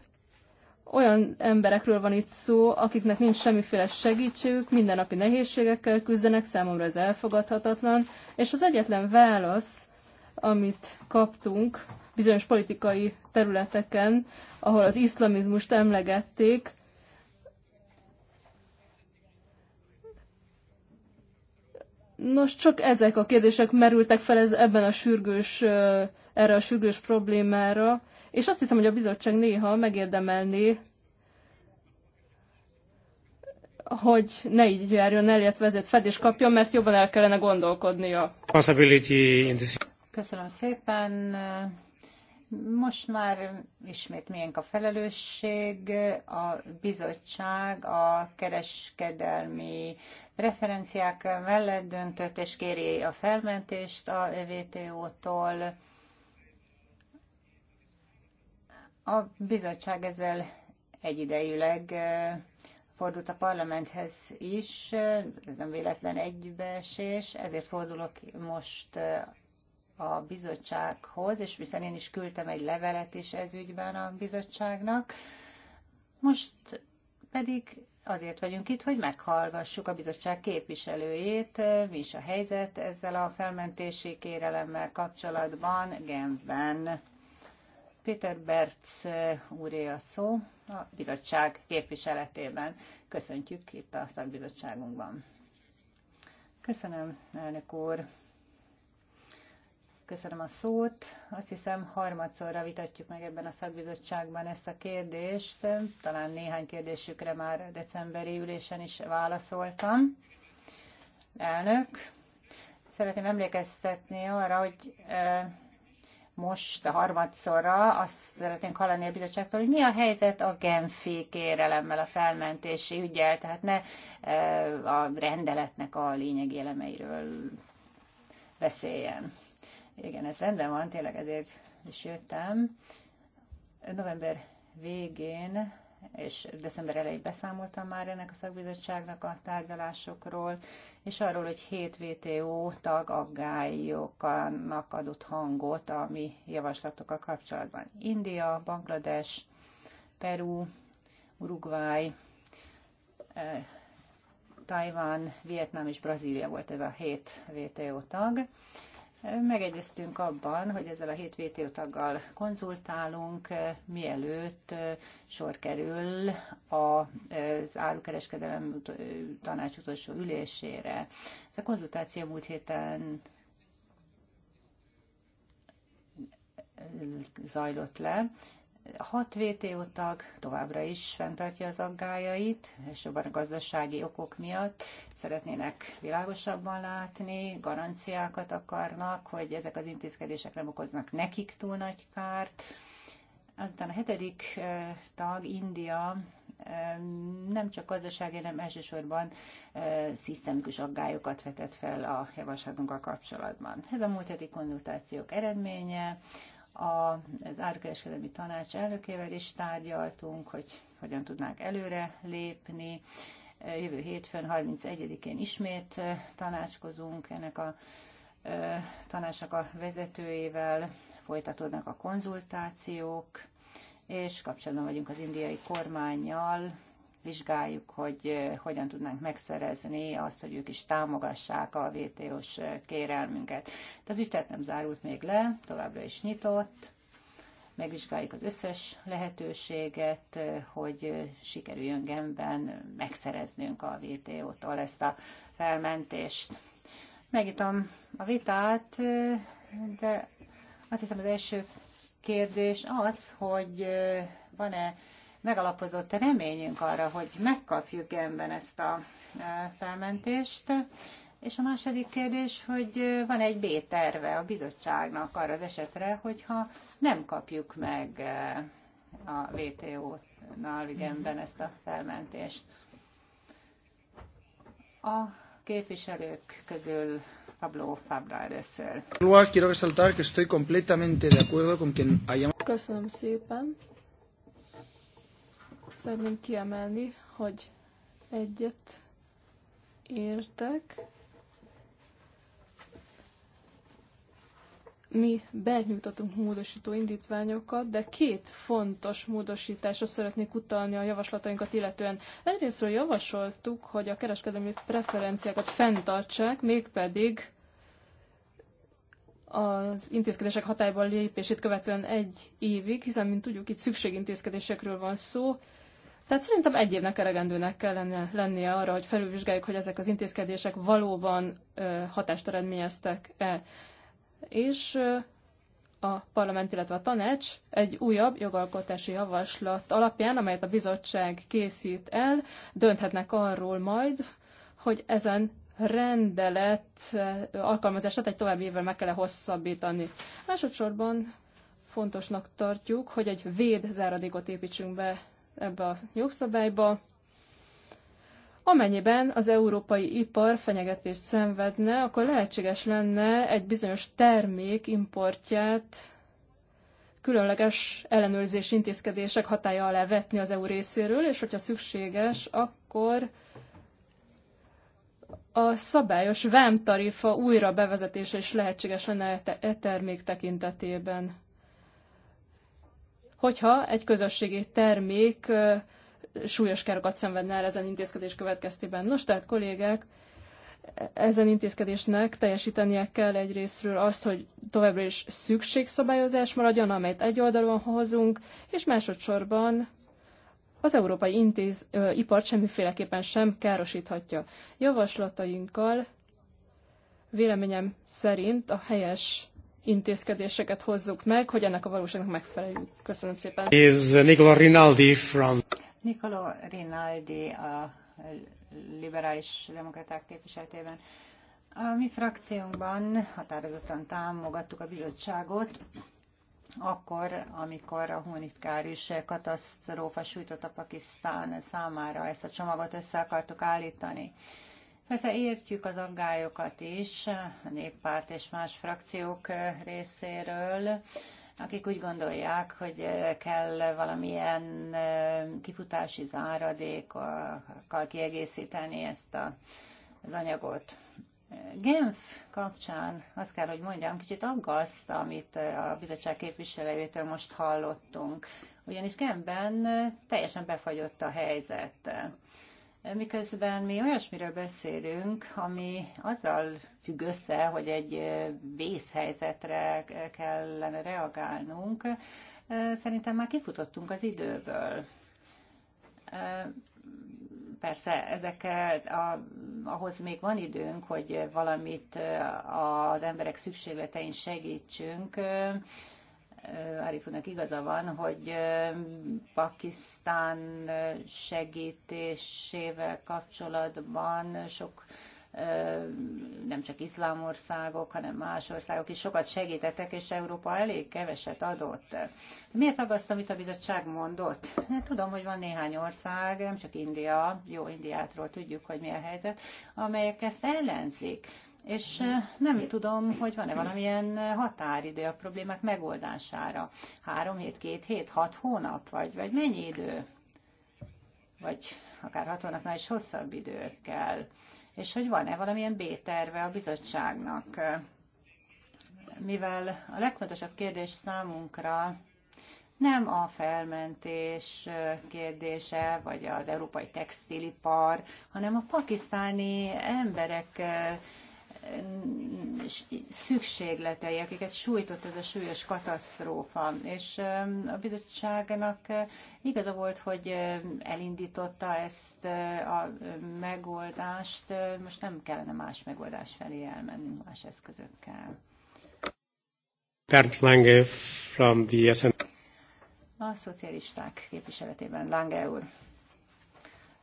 olyan emberekről van itt szó, akiknek nincs semmiféle segítségük, mindennapi nehézségekkel küzdenek, számomra ez elfogadhatatlan, és az egyetlen válasz, amit kaptunk bizonyos politikai területeken, ahol az iszlamizmust emlegették, Nos, csak ezek a kérdések merültek fel ez, ebben a sürgős, erre a sürgős problémára, és azt hiszem, hogy a bizottság néha megérdemelné, hogy ne így járjon el, illetve ezért fedés kapjon, mert jobban el kellene gondolkodnia. Köszönöm szépen. Most már ismét milyen a felelősség, a bizottság a kereskedelmi preferenciák mellett döntött, és kéri a felmentést a VTO-tól. A bizottság ezzel egyidejűleg eh, fordult a parlamenthez is, ez nem véletlen egybeesés, ezért fordulok most eh, a bizottsághoz, és viszont én is küldtem egy levelet is ez ügyben a bizottságnak. Most pedig azért vagyunk itt, hogy meghallgassuk a bizottság képviselőjét, mi is a helyzet ezzel a felmentési kérelemmel kapcsolatban Genfben. Péter Berc úré a szó a bizottság képviseletében. Köszöntjük itt a szakbizottságunkban. Köszönöm, elnök úr. Köszönöm a szót. Azt hiszem, harmadszorra vitatjuk meg ebben a szakbizottságban ezt a kérdést. Talán néhány kérdésükre már decemberi ülésen is válaszoltam. Elnök, szeretném emlékeztetni arra, hogy most a harmadszorra azt szeretnénk hallani a bizottságtól, hogy mi a helyzet a Genfi kérelemmel, a felmentési ügyel, tehát ne a rendeletnek a lényegi elemeiről beszéljen. Igen, ez rendben van, tényleg ezért is jöttem. November végén és december elején beszámoltam már ennek a szakbizottságnak a tárgyalásokról, és arról, hogy 7 VTO tag aggályoknak adott hangot a mi javaslatokkal kapcsolatban. India, Banglades, Peru, Uruguay, eh, Taiwan, Vietnám és Brazília volt ez a 7 VTO tag. Megegyeztünk abban, hogy ezzel a hét VTO taggal konzultálunk, mielőtt sor kerül az árukereskedelem tanács utolsó ülésére. Ez a konzultáció múlt héten zajlott le, Hat VTO tag továbbra is fenntartja az aggájait, és a gazdasági okok miatt szeretnének világosabban látni, garanciákat akarnak, hogy ezek az intézkedések nem okoznak nekik túl nagy kárt. Azután a hetedik eh, tag, India, eh, nem csak gazdasági, hanem elsősorban eh, szisztemikus aggályokat vetett fel a javaslatunkkal kapcsolatban. Ez a múlt heti konzultációk eredménye, az árkereskedelmi tanács elnökével is tárgyaltunk, hogy hogyan tudnánk előre lépni. Jövő hétfőn, 31-én ismét tanácskozunk ennek a tanácsnak a vezetőjével, folytatódnak a konzultációk, és kapcsolatban vagyunk az indiai kormányjal, vizsgáljuk, hogy hogyan tudnánk megszerezni azt, hogy ők is támogassák a VTO-s kérelmünket. De az ügyet nem zárult még le, továbbra is nyitott. Megvizsgáljuk az összes lehetőséget, hogy sikerüljön Genben megszereznünk a VTO-tól ezt a felmentést. Megítom a vitát, de azt hiszem az első kérdés az, hogy van-e megalapozott reményünk arra, hogy megkapjuk ebben ezt a e, felmentést. És a második kérdés, hogy e, van egy B-terve a bizottságnak arra az esetre, hogyha nem kapjuk meg e, a WTO-nál igenben ezt a felmentést. A képviselők közül Pablo Fabra először. Köszönöm szépen. Szeretném kiemelni, hogy egyet értek. Mi benyújtatunk módosító indítványokat, de két fontos módosításra szeretnék utalni a javaslatainkat illetően. Egyrésztről javasoltuk, hogy a kereskedelmi preferenciákat fenntartsák, mégpedig az intézkedések hatályban lépését követően egy évig, hiszen, mint tudjuk, itt szükségintézkedésekről van szó, tehát szerintem egy évnek elegendőnek kellene lennie arra, hogy felülvizsgáljuk, hogy ezek az intézkedések valóban ö, hatást eredményeztek-e. És ö, a parlament, illetve a tanács egy újabb jogalkotási javaslat alapján, amelyet a bizottság készít el, dönthetnek arról majd, hogy ezen rendelet alkalmazását egy további évvel meg kell -e hosszabbítani. Másodszorban fontosnak tartjuk, hogy egy véd záradékot építsünk be ebbe a jogszabályba, Amennyiben az európai ipar fenyegetést szenvedne, akkor lehetséges lenne egy bizonyos termék importját különleges ellenőrzés intézkedések hatája alá vetni az EU részéről, és hogyha szükséges, akkor a szabályos vámtarifa újra bevezetése is lehetséges lenne e, e termék tekintetében hogyha egy közösségi termék súlyos károkat szenvedne el ezen intézkedés következtében. Nos, tehát kollégák, ezen intézkedésnek teljesítenie kell egyrésztről azt, hogy továbbra is szükségszabályozás maradjon, amelyet egy oldalon hozunk, és másodszorban az európai intéz, ö, ipart semmiféleképpen sem károsíthatja. Javaslatainkkal véleményem szerint a helyes intézkedéseket hozzuk meg, hogy ennek a valóságnak megfeleljünk. Köszönöm szépen. Is Nicola Rinaldi from... Nicola Rinaldi a liberális demokraták képviseletében. A mi frakciónkban határozottan támogattuk a bizottságot, akkor, amikor a humanitárius katasztrófa sújtotta Pakisztán számára, ezt a csomagot össze akartuk állítani. Persze értjük az aggályokat is a néppárt és más frakciók részéről, akik úgy gondolják, hogy kell valamilyen kifutási záradékkal kiegészíteni ezt a, az anyagot. Genf kapcsán azt kell, hogy mondjam, kicsit aggaszt, amit a bizottság képviselőjétől most hallottunk, ugyanis Genfben teljesen befagyott a helyzet miközben mi olyasmiről beszélünk, ami azzal függ össze, hogy egy vészhelyzetre kellene reagálnunk, szerintem már kifutottunk az időből. Persze ezekkel a, ahhoz még van időnk, hogy valamit az emberek szükségletein segítsünk, Arifunak igaza van, hogy Pakisztán segítésével kapcsolatban sok nem csak iszlám országok, hanem más országok is sokat segítettek, és Európa elég keveset adott. Miért aggasztom, amit a bizottság mondott? Hát tudom, hogy van néhány ország, nem csak India, jó Indiátról tudjuk, hogy mi a helyzet, amelyek ezt ellenzik és nem tudom, hogy van-e valamilyen határidő a problémák megoldására. Három hét, két hét, hat hónap, vagy, vagy mennyi idő? Vagy akár hat hónapnál is hosszabb idő kell. És hogy van-e valamilyen B-terve a bizottságnak? Mivel a legfontosabb kérdés számunkra nem a felmentés kérdése, vagy az európai textilipar, hanem a pakisztáni emberek szükségletei, akiket sújtott ez a súlyos katasztrófa. És a bizottságnak eh, igaza volt, hogy elindította ezt eh, a megoldást, eh, most nem kellene más megoldás felé elmenni más eszközökkel. Bernd Lange from the SN. A szocialisták képviseletében Lange úr.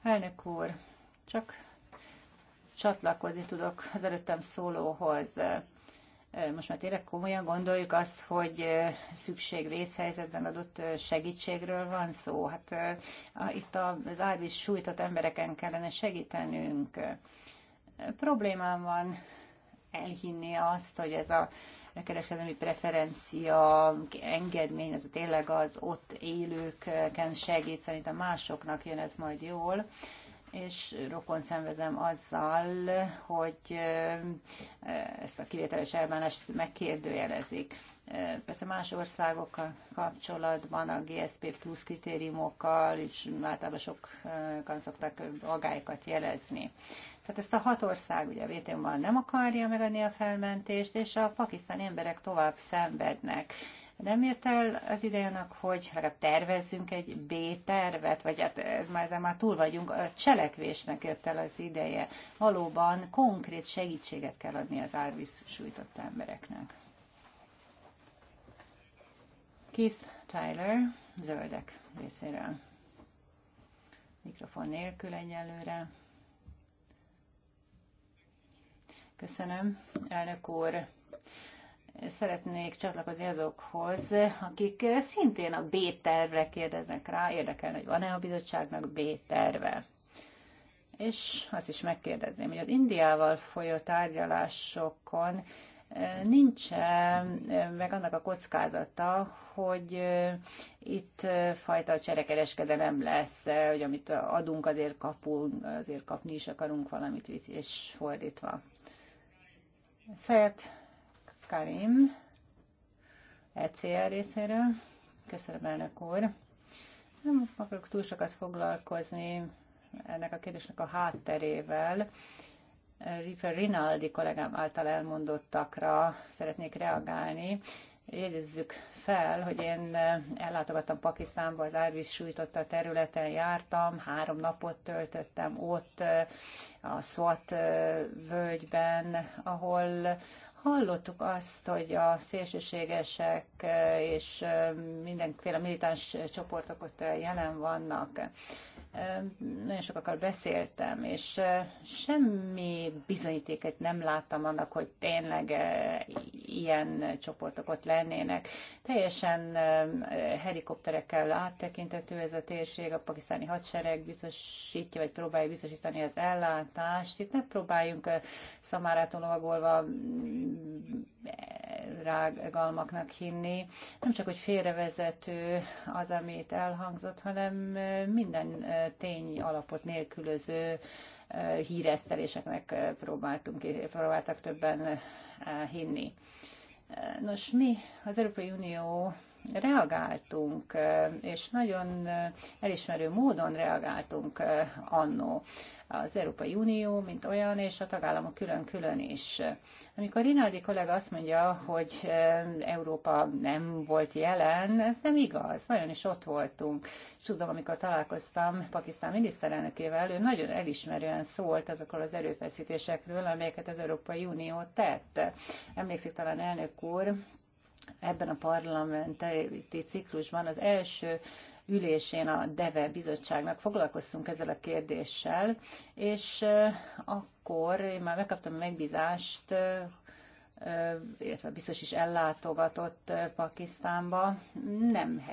Elnök úr, csak csatlakozni tudok az előttem szólóhoz. Most már tényleg komolyan gondoljuk azt, hogy szükség vészhelyzetben adott segítségről van szó. Hát itt az árvíz sújtott embereken kellene segítenünk. Problémám van elhinni azt, hogy ez a kereskedelmi preferencia engedmény, ez tényleg az ott élőken segít, szerintem másoknak jön ez majd jól és rokon szenvezem azzal, hogy ezt a kivételes elbánást megkérdőjelezik. Persze más országokkal kapcsolatban a GSP plusz kritériumokkal is általában sokan szoktak agályokat jelezni. Tehát ezt a hat ország ugye a vtm nem akarja megadni a felmentést, és a pakisztáni emberek tovább szenvednek. Nem jött el az ideje hogy legalább tervezzünk egy B-tervet, vagy hát ez már, ez már túl vagyunk, a cselekvésnek jött el az ideje. Valóban konkrét segítséget kell adni az árvíz sújtott embereknek. Keith Tyler, zöldek részéről. Mikrofon nélkül egyelőre. Köszönöm, elnök úr szeretnék csatlakozni azokhoz, akik szintén a B-tervre kérdeznek rá, érdekel, hogy van-e a bizottságnak B-terve. És azt is megkérdezném, hogy az Indiával folyó tárgyalásokon eh, nincs -e eh, meg annak a kockázata, hogy eh, itt fajta cserekereskedelem lesz, hogy amit adunk, azért kapunk, azért kapni is akarunk valamit, és fordítva. Szeret Karim, ECR részéről. Köszönöm, elnök úr. Nem akarok túl sokat foglalkozni ennek a kérdésnek a hátterével. Rifer Rinaldi kollégám által elmondottakra szeretnék reagálni. Jegyezzük fel, hogy én ellátogattam Pakisztánba, az árvíz sújtotta a területen jártam, három napot töltöttem ott a Swat völgyben, ahol Hallottuk azt, hogy a szélsőségesek eh, és eh, mindenféle militáns csoportok ott eh, jelen vannak nagyon sokakkal beszéltem, és semmi bizonyítéket nem láttam annak, hogy tényleg ilyen csoportok ott lennének. Teljesen helikopterekkel áttekintető ez a térség, a pakisztáni hadsereg biztosítja, vagy próbálja biztosítani az ellátást. Itt ne próbáljunk szamárától lovagolva rágalmaknak hinni. Nem csak, hogy félrevezető az, amit elhangzott, hanem minden tény alapot nélkülöző eh, híreszteléseknek eh, próbáltunk, próbáltak többen eh, hinni. Nos, mi az Európai Unió reagáltunk, és nagyon elismerő módon reagáltunk annó az Európai Unió, mint olyan, és a tagállamok külön-külön is. Amikor Rinaldi kollega azt mondja, hogy Európa nem volt jelen, ez nem igaz, nagyon is ott voltunk. És tudom, amikor találkoztam Pakisztán miniszterelnökével, ő nagyon elismerően szólt azokról az erőfeszítésekről, amelyeket az Európai Unió tett. Emlékszik talán elnök úr, ebben a parlamenti ciklusban az első ülésén a DEVE bizottságnak foglalkoztunk ezzel a kérdéssel, és akkor én már megkaptam a megbízást, illetve biztos is ellátogatott Pakisztánba. Nem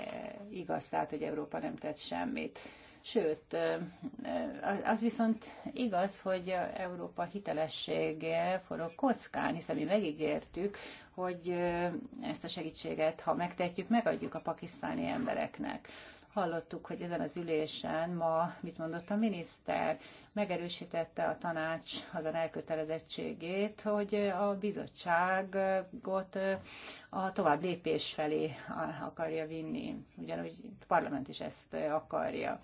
igaz, tehát, hogy Európa nem tett semmit. Sőt, az viszont igaz, hogy Európa hitelessége forog kockán, hiszen mi megígértük, hogy ezt a segítséget, ha megtehetjük, megadjuk a pakisztáni embereknek. Hallottuk, hogy ezen az ülésen ma mit mondott a miniszter, megerősítette a tanács azon elkötelezettségét, hogy a bizottságot a tovább lépés felé akarja vinni. Ugyanúgy a parlament is ezt akarja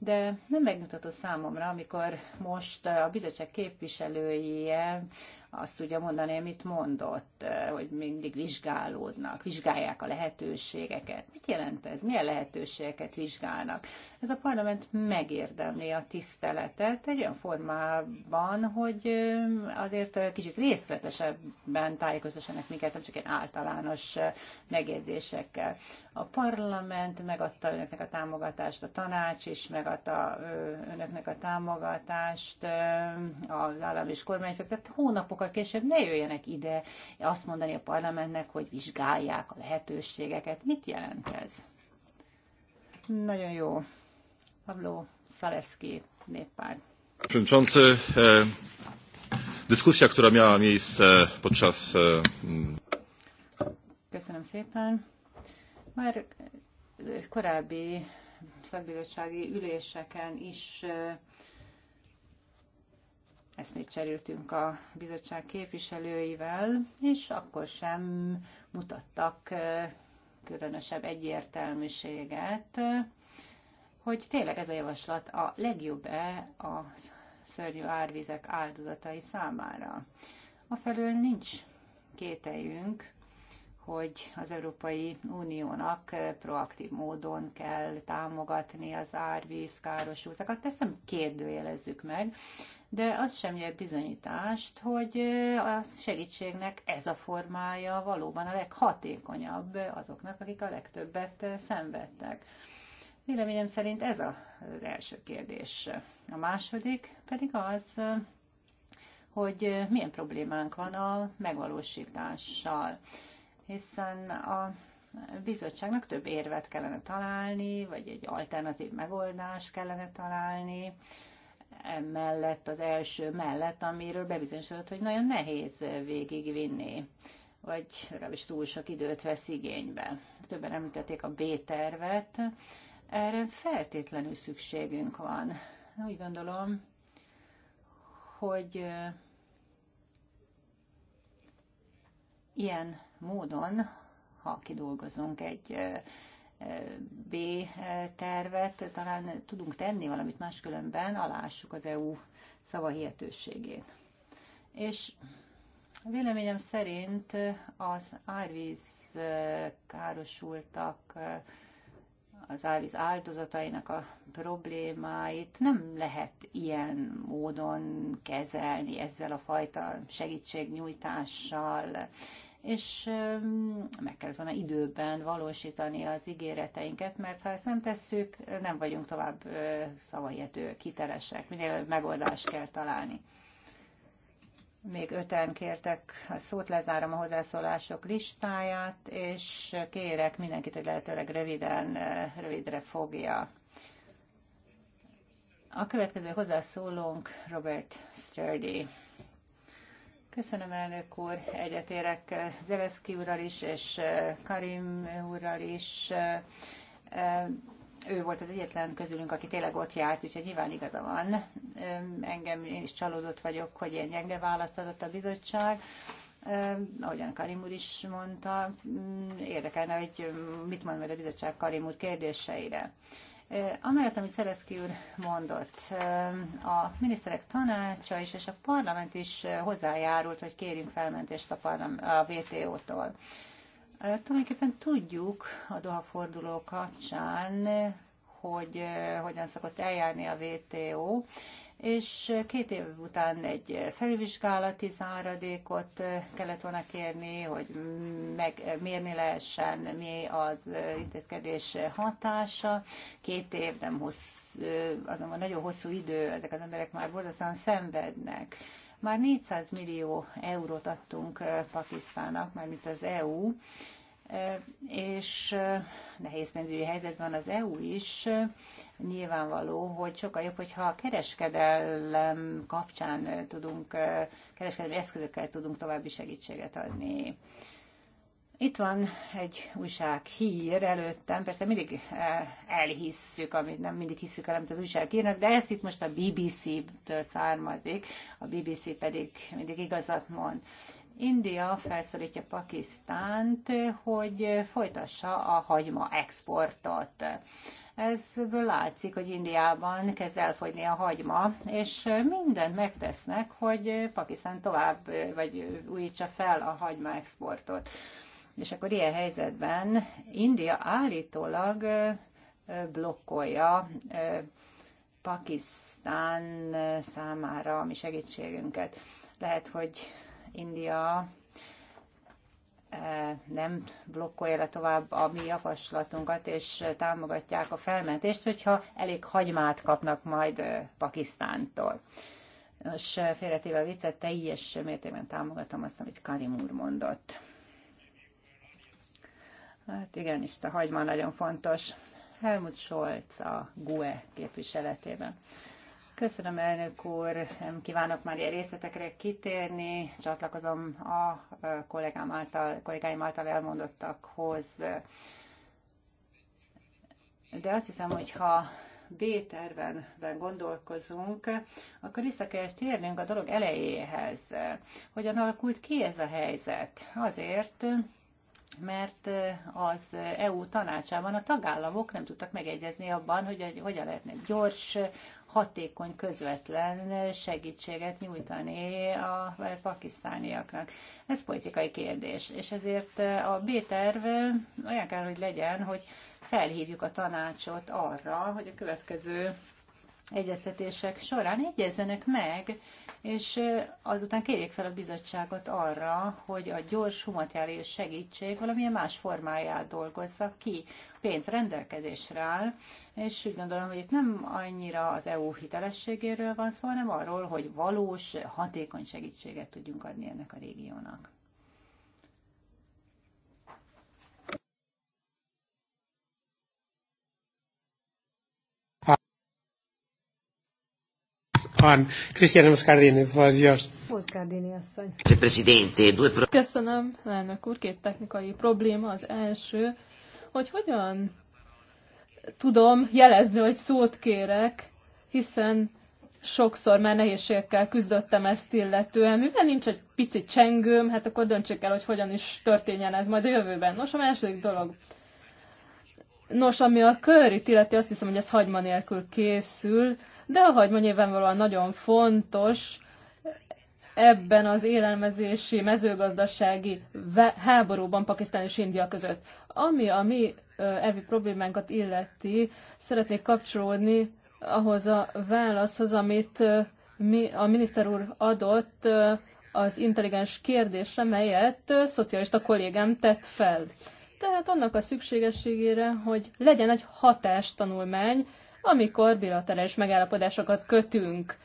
de nem megnyugtató számomra, amikor most a bizottság képviselője azt tudja mondani, amit mondott, eh, hogy mindig vizsgálódnak, vizsgálják a lehetőségeket. Mit jelent ez? Milyen lehetőségeket vizsgálnak? Ez a parlament megérdemli a tiszteletet egy olyan formában, hogy eh, azért eh, kicsit részletesebben tájékoztassanak minket, nem csak ilyen általános megjegyzésekkel. A parlament megadta önöknek a támogatást, a tanács is megadta önöknek a támogatást, az állam és kormányfők, tehát hónapok hónapokkal később ne jöjjenek ide azt mondani a parlamentnek, hogy vizsgálják a lehetőségeket. Mit jelent ez? Nagyon jó. Pablo Szaleszki, néppár. Przewodniczący, e, dyskusja, która miała miejsce podczas... E, Köszönöm szépen. Már korábbi szakbizottsági üléseken is e, még cseréltünk a bizottság képviselőivel, és akkor sem mutattak különösebb egyértelműséget, hogy tényleg ez a javaslat a legjobb-e a szörnyű árvizek áldozatai számára. A felől nincs kételjünk, hogy az Európai Uniónak proaktív módon kell támogatni az árvíz károsultakat. Ezt nem kérdőjelezzük meg, de az sem jel bizonyítást, hogy a segítségnek ez a formája valóban a leghatékonyabb azoknak, akik a legtöbbet szenvedtek. Véleményem szerint ez az első kérdés. A második pedig az, hogy milyen problémánk van a megvalósítással hiszen a bizottságnak több érvet kellene találni, vagy egy alternatív megoldást kellene találni, mellett, az első mellett, amiről bebizonyosodott, hogy nagyon nehéz végigvinni, vagy legalábbis túl sok időt vesz igénybe. Többen említették a B-tervet, erre feltétlenül szükségünk van. Úgy gondolom, hogy Ilyen módon, ha kidolgozunk egy B tervet, talán tudunk tenni valamit, máskülönben alássuk az EU hihetőségét. És véleményem szerint az árvíz károsultak, az árvíz áldozatainak a problémáit nem lehet ilyen módon kezelni ezzel a fajta segítségnyújtással és meg kell volna időben valósítani az ígéreteinket, mert ha ezt nem tesszük, nem vagyunk tovább szavahihető, kiteresek, minél megoldást kell találni. Még öten kértek a szót, lezárom a hozzászólások listáját, és kérek mindenkit, hogy lehetőleg röviden, rövidre fogja. A következő hozzászólónk Robert Sturdy. Köszönöm, elnök úr. Egyetérek eh, Zeleszki úrral is, és eh, Karim úrral is. Eh, ő volt az egyetlen közülünk, aki tényleg ott járt, úgyhogy nyilván igaza van. Engem, én is csalódott vagyok, hogy ilyen gyenge választ adott a bizottság ahogyan Karim úr is mondta, mm, érdekelne, hogy mit mond majd a bizottság Karim úr kérdéseire. Amellett, amit Szeleszki úr mondott, a miniszterek tanácsa is, és a parlament is hozzájárult, hogy kérjünk felmentést a, parlam, a WTO-tól. Tulajdonképpen tudjuk a Doha forduló kapcsán, hogy hogyan szokott eljárni a VTO, és két év után egy felvizsgálati záradékot kellett volna kérni, hogy megmérni lehessen, mi az intézkedés hatása. Két év nem hossz, azonban nagyon hosszú idő, ezek az emberek már borzasztóan szenvednek. Már 400 millió eurót adtunk Pakisztánnak, mármint az EU, és nehéz pénzügyi helyzetben az EU is nyilvánvaló, hogy sokkal jobb, hogyha a kereskedelem kapcsán tudunk, kereskedelmi eszközökkel tudunk további segítséget adni. Itt van egy újság hír előttem, persze mindig elhisszük, amit nem mindig hiszük el, amit az újság írnak, de ez itt most a BBC-től származik, a BBC pedig mindig igazat mond. India felszólítja Pakisztánt, hogy folytassa a hagyma exportot. Ez látszik, hogy Indiában kezd elfogyni a hagyma, és mindent megtesznek, hogy Pakisztán tovább, vagy újítsa fel a hagyma exportot. És akkor ilyen helyzetben India állítólag blokkolja Pakisztán számára a mi segítségünket. Lehet, hogy India eh, nem blokkolja tovább a mi javaslatunkat, és támogatják a felmentést, hogyha elég hagymát kapnak majd eh, Pakisztántól. Nos, eh, félretéve viccet, teljes mértékben támogatom azt, amit Karim úr mondott. Hát igen, is a hagyma nagyon fontos. Helmut Scholz a GUE képviseletében. Köszönöm, elnök úr, kívánok már ilyen részletekre kitérni, csatlakozom a kollégám által, kollégáim által elmondottakhoz. De azt hiszem, hogy ha B-terven gondolkozunk, akkor vissza kell térnünk a dolog elejéhez. Hogyan alakult ki ez a helyzet? Azért, mert az EU tanácsában a tagállamok nem tudtak megegyezni abban, hogy hogyan lehetne gyors, hatékony, közvetlen segítséget nyújtani a pakisztániaknak. Ez politikai kérdés, és ezért a B-terv olyan kell, hogy legyen, hogy felhívjuk a tanácsot arra, hogy a következő egyeztetések során egyezzenek meg, és azután kérjék fel a bizottságot arra, hogy a gyors humanitárius segítség valamilyen más formáját dolgozza ki. Pénz rendelkezésre áll, és úgy gondolom, hogy itt nem annyira az EU hitelességéről van szó, hanem arról, hogy valós, hatékony segítséget tudjunk adni ennek a régiónak. on. Cristiano Muscardini, it was yours. Muscardini asszony. Köszönöm, elnök úr, két technikai probléma. Az első, hogy hogyan tudom jelezni, hogy szót kérek, hiszen sokszor már nehézségekkel küzdöttem ezt illetően. Mivel nincs egy pici csengőm, hát akkor döntsék el, hogy hogyan is történjen ez majd a jövőben. Nos, a második dolog. Nos, ami a körit illeti, azt hiszem, hogy ez hagyma nélkül készül, de a hagyma nyilvánvalóan nagyon fontos ebben az élelmezési, mezőgazdasági háborúban Pakisztán és India között. Ami a mi elvi problémánkat illeti, szeretnék kapcsolódni ahhoz a válaszhoz, amit mi, a miniszter úr adott az intelligens kérdésre, melyet szocialista kollégám tett fel. Tehát annak a szükségességére, hogy legyen egy hatástanulmány, amikor bilaterális megállapodásokat kötünk.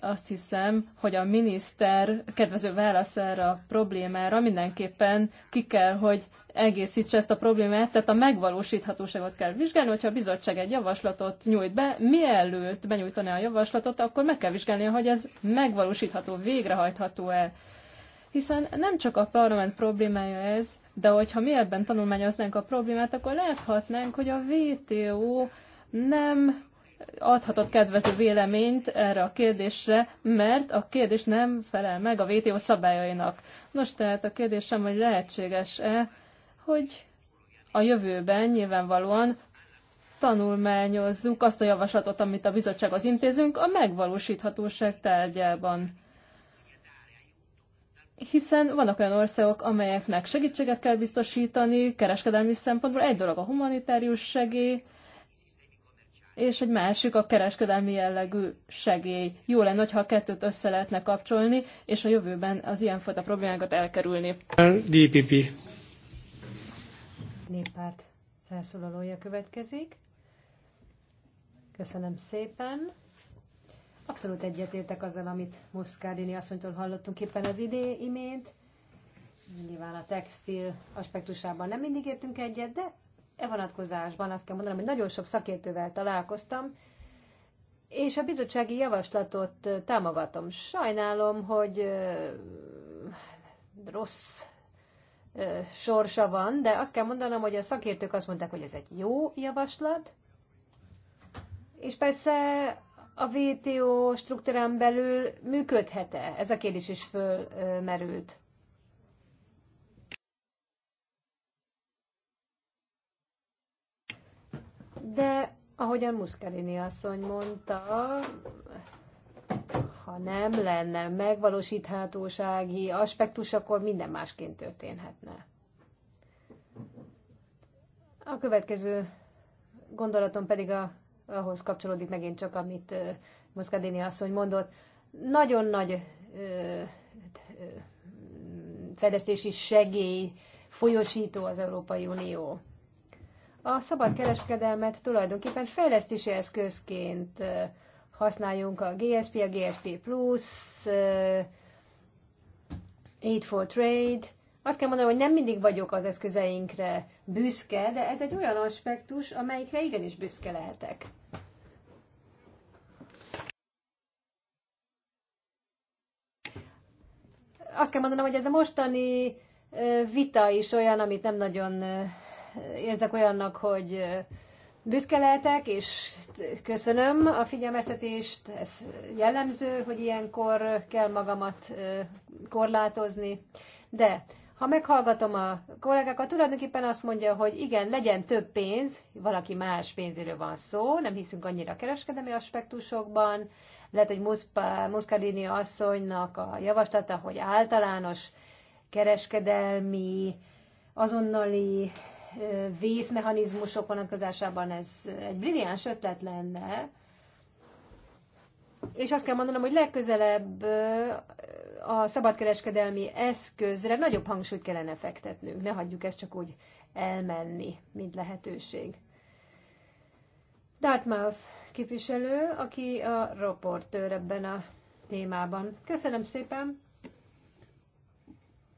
Azt hiszem, hogy a miniszter kedvező válasz erre a problémára mindenképpen ki kell, hogy egészítse ezt a problémát, tehát a megvalósíthatóságot kell vizsgálni, hogyha a bizottság egy javaslatot nyújt be, mielőtt benyújtaná a javaslatot, akkor meg kell vizsgálni, hogy ez megvalósítható, végrehajtható-e. Hiszen nem csak a parlament problémája ez, de hogyha mi ebben tanulmányoznánk a problémát, akkor láthatnánk, hogy a VTO nem adhatott kedvező véleményt erre a kérdésre, mert a kérdés nem felel meg a VTO szabályainak. Nos, tehát a kérdésem, hogy lehetséges-e, hogy a jövőben nyilvánvalóan tanulmányozzuk azt a javaslatot, amit a bizottság az intézünk, a megvalósíthatóság tárgyában hiszen vannak olyan országok, amelyeknek segítséget kell biztosítani, kereskedelmi szempontból egy dolog a humanitárius segély, és egy másik a kereskedelmi jellegű segély. Jó lenne, ha a kettőt össze lehetne kapcsolni, és a jövőben az ilyenfajta problémákat elkerülni. DPP. Néppárt felszólalója következik. Köszönöm szépen. Abszolút egyetértek azzal, amit Moszkárdini asszonytól hallottunk éppen az idé imént. Nyilván a textil aspektusában nem mindig értünk egyet, de e vonatkozásban azt kell mondanom, hogy nagyon sok szakértővel találkoztam, és a bizottsági javaslatot támogatom. Sajnálom, hogy rossz sorsa van, de azt kell mondanom, hogy a szakértők azt mondták, hogy ez egy jó javaslat, és persze a VTO struktúrán belül működhet-e? Ez a kérdés is fölmerült. De ahogyan Muscarini asszony mondta, ha nem lenne megvalósíthatósági aspektus, akkor minden másként történhetne. A következő gondolatom pedig a ahhoz kapcsolódik megint csak, amit Moszkadini asszony mondott. Nagyon nagy fejlesztési segély folyosító az Európai Unió. A szabad kereskedelmet tulajdonképpen fejlesztési eszközként használjunk a GSP, a GSP Plus, Aid for Trade, azt kell mondanom, hogy nem mindig vagyok az eszközeinkre büszke, de ez egy olyan aspektus, amelyikre igenis büszke lehetek. Azt kell mondanom, hogy ez a mostani vita is olyan, amit nem nagyon érzek olyannak, hogy büszke lehetek, és köszönöm a figyelmeztetést. Ez jellemző, hogy ilyenkor kell magamat korlátozni. De ha meghallgatom a kollégákat, tulajdonképpen azt mondja, hogy igen, legyen több pénz, valaki más pénzéről van szó, nem hiszünk annyira kereskedelmi aspektusokban, lehet, hogy Muscadini asszonynak a javaslata, hogy általános kereskedelmi, azonnali vészmechanizmusok vonatkozásában ez egy brilliáns ötlet lenne, és azt kell mondanom, hogy legközelebb a szabadkereskedelmi eszközre nagyobb hangsúlyt kellene fektetnünk, ne hagyjuk ezt csak úgy elmenni, mint lehetőség. Dartmouth képviselő, aki a reportőr ebben a témában. Köszönöm szépen!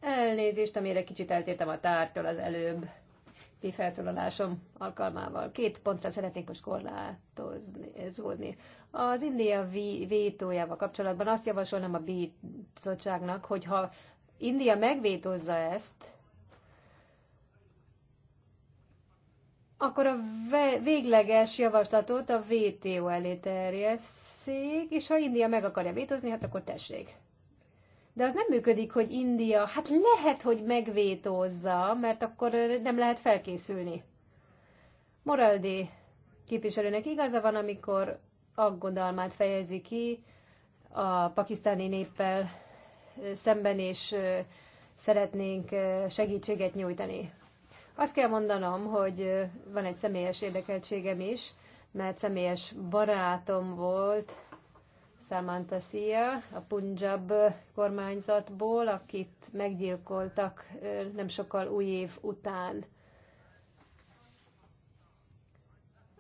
Elnézést, amire kicsit eltértem a tártól az előbb felszólalásom alkalmával. Két pontra szeretnék most korlátozódni. Az India vétójával kapcsolatban azt javasolnám a bizottságnak, hogy ha India megvétózza ezt, akkor a végleges javaslatot a VTO elé terjesszék, és ha India meg akarja vétózni, hát akkor tessék de az nem működik, hogy India, hát lehet, hogy megvétózza, mert akkor nem lehet felkészülni. Moraldi képviselőnek igaza van, amikor aggodalmát fejezi ki a pakisztáni néppel szemben, és szeretnénk segítséget nyújtani. Azt kell mondanom, hogy van egy személyes érdekeltségem is, mert személyes barátom volt, Sia, a Punjab kormányzatból, akit meggyilkoltak nem sokkal új év után.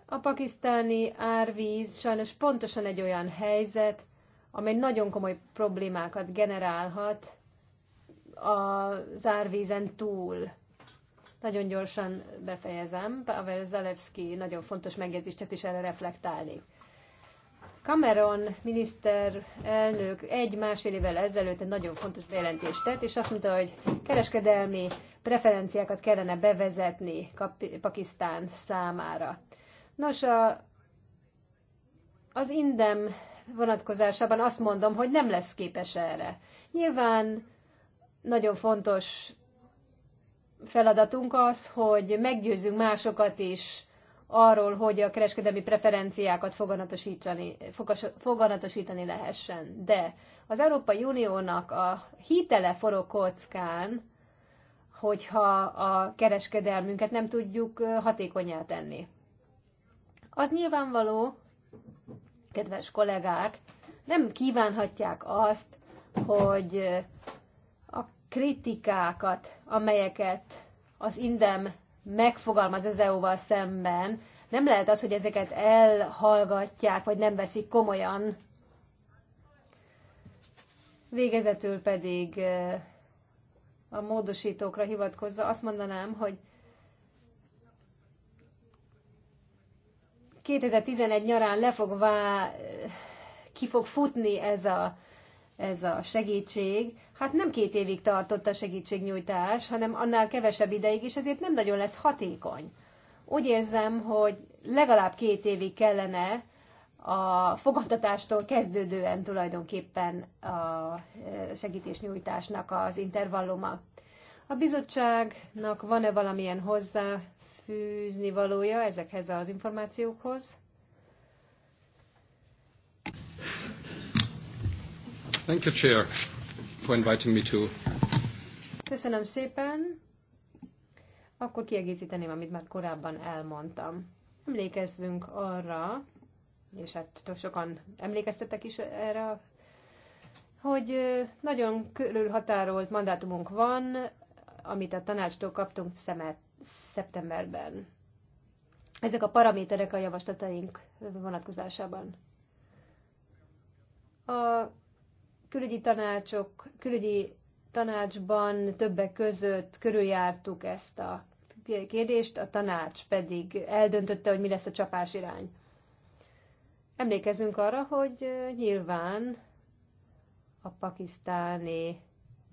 A pakisztáni árvíz sajnos pontosan egy olyan helyzet, amely nagyon komoly problémákat generálhat az árvízen túl. Nagyon gyorsan befejezem, Pavel Zalewski nagyon fontos megjegyzést is erre reflektálni. Cameron miniszterelnök egy-másfél évvel ezelőtt egy nagyon fontos bejelentést tett, és azt mondta, hogy kereskedelmi preferenciákat kellene bevezetni Pakisztán számára. Nos, a, az indem vonatkozásában azt mondom, hogy nem lesz képes erre. Nyilván nagyon fontos feladatunk az, hogy meggyőzzünk másokat is, arról, hogy a kereskedelmi preferenciákat foganatosítani, foganatosítani lehessen. De az Európai Uniónak a hitele forog kockán, hogyha a kereskedelmünket nem tudjuk hatékonyá tenni. Az nyilvánvaló, kedves kollégák, nem kívánhatják azt, hogy a kritikákat, amelyeket az Indem megfogalmaz az EU-val szemben, nem lehet az, hogy ezeket elhallgatják, vagy nem veszik komolyan. Végezetül pedig eh, a módosítókra hivatkozva azt mondanám, hogy 2011 nyarán le fog vá... ki fog futni ez a ez a segítség. Hát nem két évig tartott a segítségnyújtás, hanem annál kevesebb ideig, és ezért nem nagyon lesz hatékony. Úgy érzem, hogy legalább két évig kellene a fogadtatástól kezdődően tulajdonképpen a e, segítésnyújtásnak az intervalluma. A bizottságnak van-e valamilyen hozzáfűzni valója ezekhez az információkhoz? Thank you, Chair, for inviting me to. Köszönöm szépen. Akkor kiegészíteném, amit már korábban elmondtam. Emlékezzünk arra, és hát sokan emlékeztetek is erre, hogy nagyon körülhatárolt mandátumunk van, amit a tanácstól kaptunk szemet szeptemberben. Ezek a paraméterek a javaslataink vonatkozásában. A külügyi tanácsok, külügyi tanácsban többek között körüljártuk ezt a kérdést, a tanács pedig eldöntötte, hogy mi lesz a csapás irány. Emlékezünk arra, hogy nyilván a pakisztáni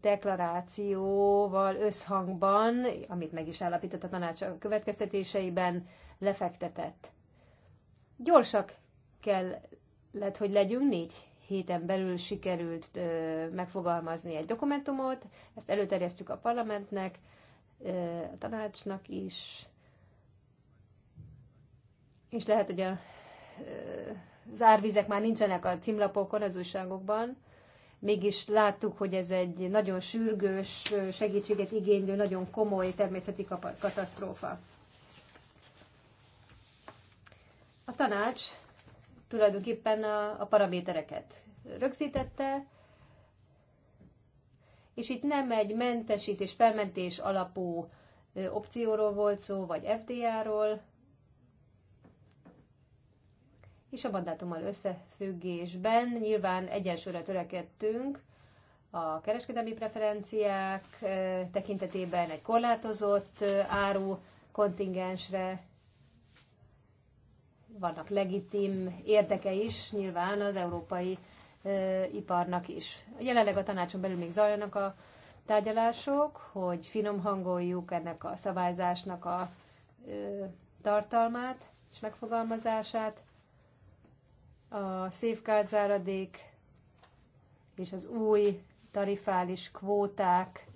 deklarációval összhangban, amit meg is állapított a tanács a következtetéseiben, lefektetett. Gyorsak kellett, hogy legyünk, négy héten belül sikerült megfogalmazni egy dokumentumot, ezt előterjesztjük a parlamentnek, a tanácsnak is, és lehet, hogy a zárvizek már nincsenek a címlapokon, az újságokban, mégis láttuk, hogy ez egy nagyon sürgős, segítséget igénylő, nagyon komoly természeti katasztrófa. A tanács tulajdonképpen a, a paramétereket rögzítette, és itt nem egy mentesítés, felmentés alapú opcióról volt szó, vagy FDA-ról, és a mandátummal összefüggésben nyilván egyensúlyra törekedtünk a kereskedelmi preferenciák tekintetében egy korlátozott áru kontingensre, vannak legitim érdeke is nyilván az európai ö, iparnak is. Jelenleg a tanácson belül még zajlanak a tárgyalások, hogy finom hangoljuk ennek a szabályzásnak a ö, tartalmát és megfogalmazását. A safeguard záradék és az új tarifális kvóták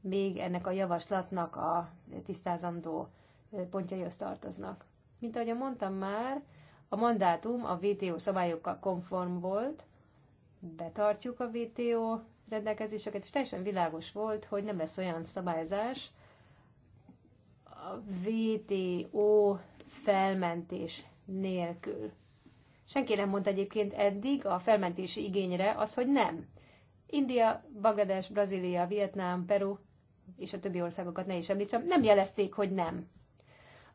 még ennek a javaslatnak a tisztázandó pontjaihoz tartoznak. Mint ahogy mondtam már, a mandátum a WTO szabályokkal konform volt, betartjuk a WTO rendelkezéseket, és teljesen világos volt, hogy nem lesz olyan szabályzás, a VTO felmentés nélkül. Senki nem mondta egyébként eddig a felmentési igényre az, hogy nem. India, Bangladesh, Brazília, Vietnám, Peru és a többi országokat ne is említsem, nem jelezték, hogy nem.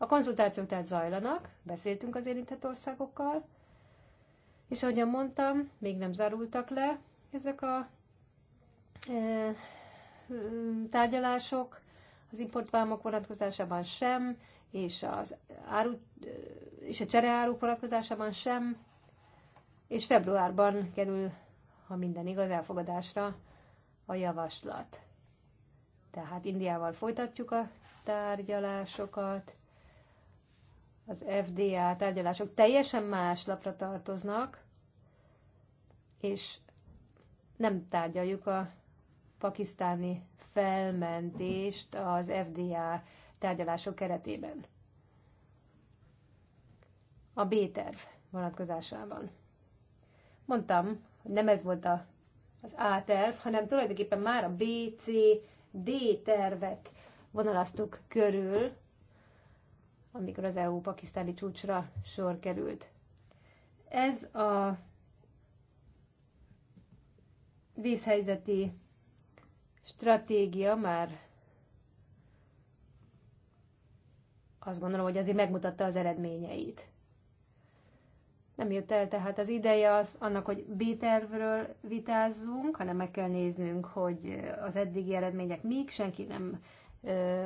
A konzultációk tehát zajlanak, beszéltünk az érintett országokkal, és ahogyan mondtam, még nem zárultak le ezek a e, tárgyalások, az importvámok vonatkozásában sem, és, az áru, és a csereáruk vonatkozásában sem, és februárban kerül, ha minden igaz, elfogadásra a javaslat. Tehát Indiával folytatjuk a tárgyalásokat, az FDA tárgyalások teljesen más lapra tartoznak, és nem tárgyaljuk a pakisztáni felmentést az FDA tárgyalások keretében. A B-terv vonatkozásában. Mondtam, hogy nem ez volt a, az A-terv, hanem tulajdonképpen már a B, C, D tervet vonalaztuk körül, amikor az EU-pakisztáni csúcsra sor került. Ez a vízhelyzeti stratégia már azt gondolom, hogy azért megmutatta az eredményeit. Nem jött el tehát az ideje az annak, hogy B-tervről vitázzunk, hanem meg kell néznünk, hogy az eddigi eredmények még senki nem ö,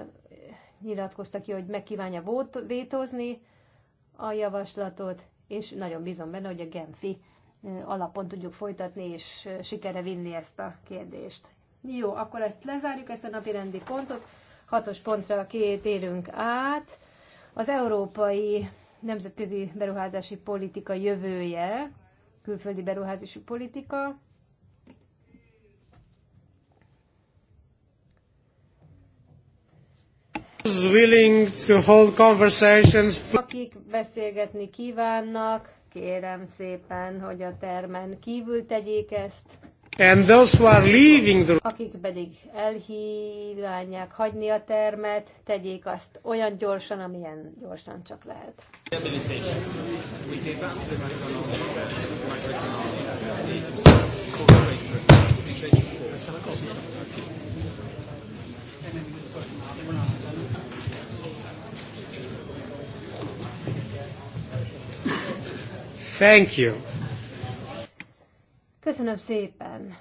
nyilatkozta ki, hogy megkívánja vétózni a javaslatot, és nagyon bízom benne, hogy a Genfi alapon tudjuk folytatni, és sikere vinni ezt a kérdést. Jó, akkor ezt lezárjuk, ezt a napi rendi pontot. Hatos pontra érünk át. Az európai nemzetközi beruházási politika jövője, külföldi beruházási politika, Akik beszélgetni kívánnak, kérem szépen, hogy a termen kívül tegyék ezt. And those who are leaving the... Akik pedig elhívánják hagyni a termet, tegyék azt olyan gyorsan, amilyen gyorsan csak lehet. Thank you. Köszönöm szépen.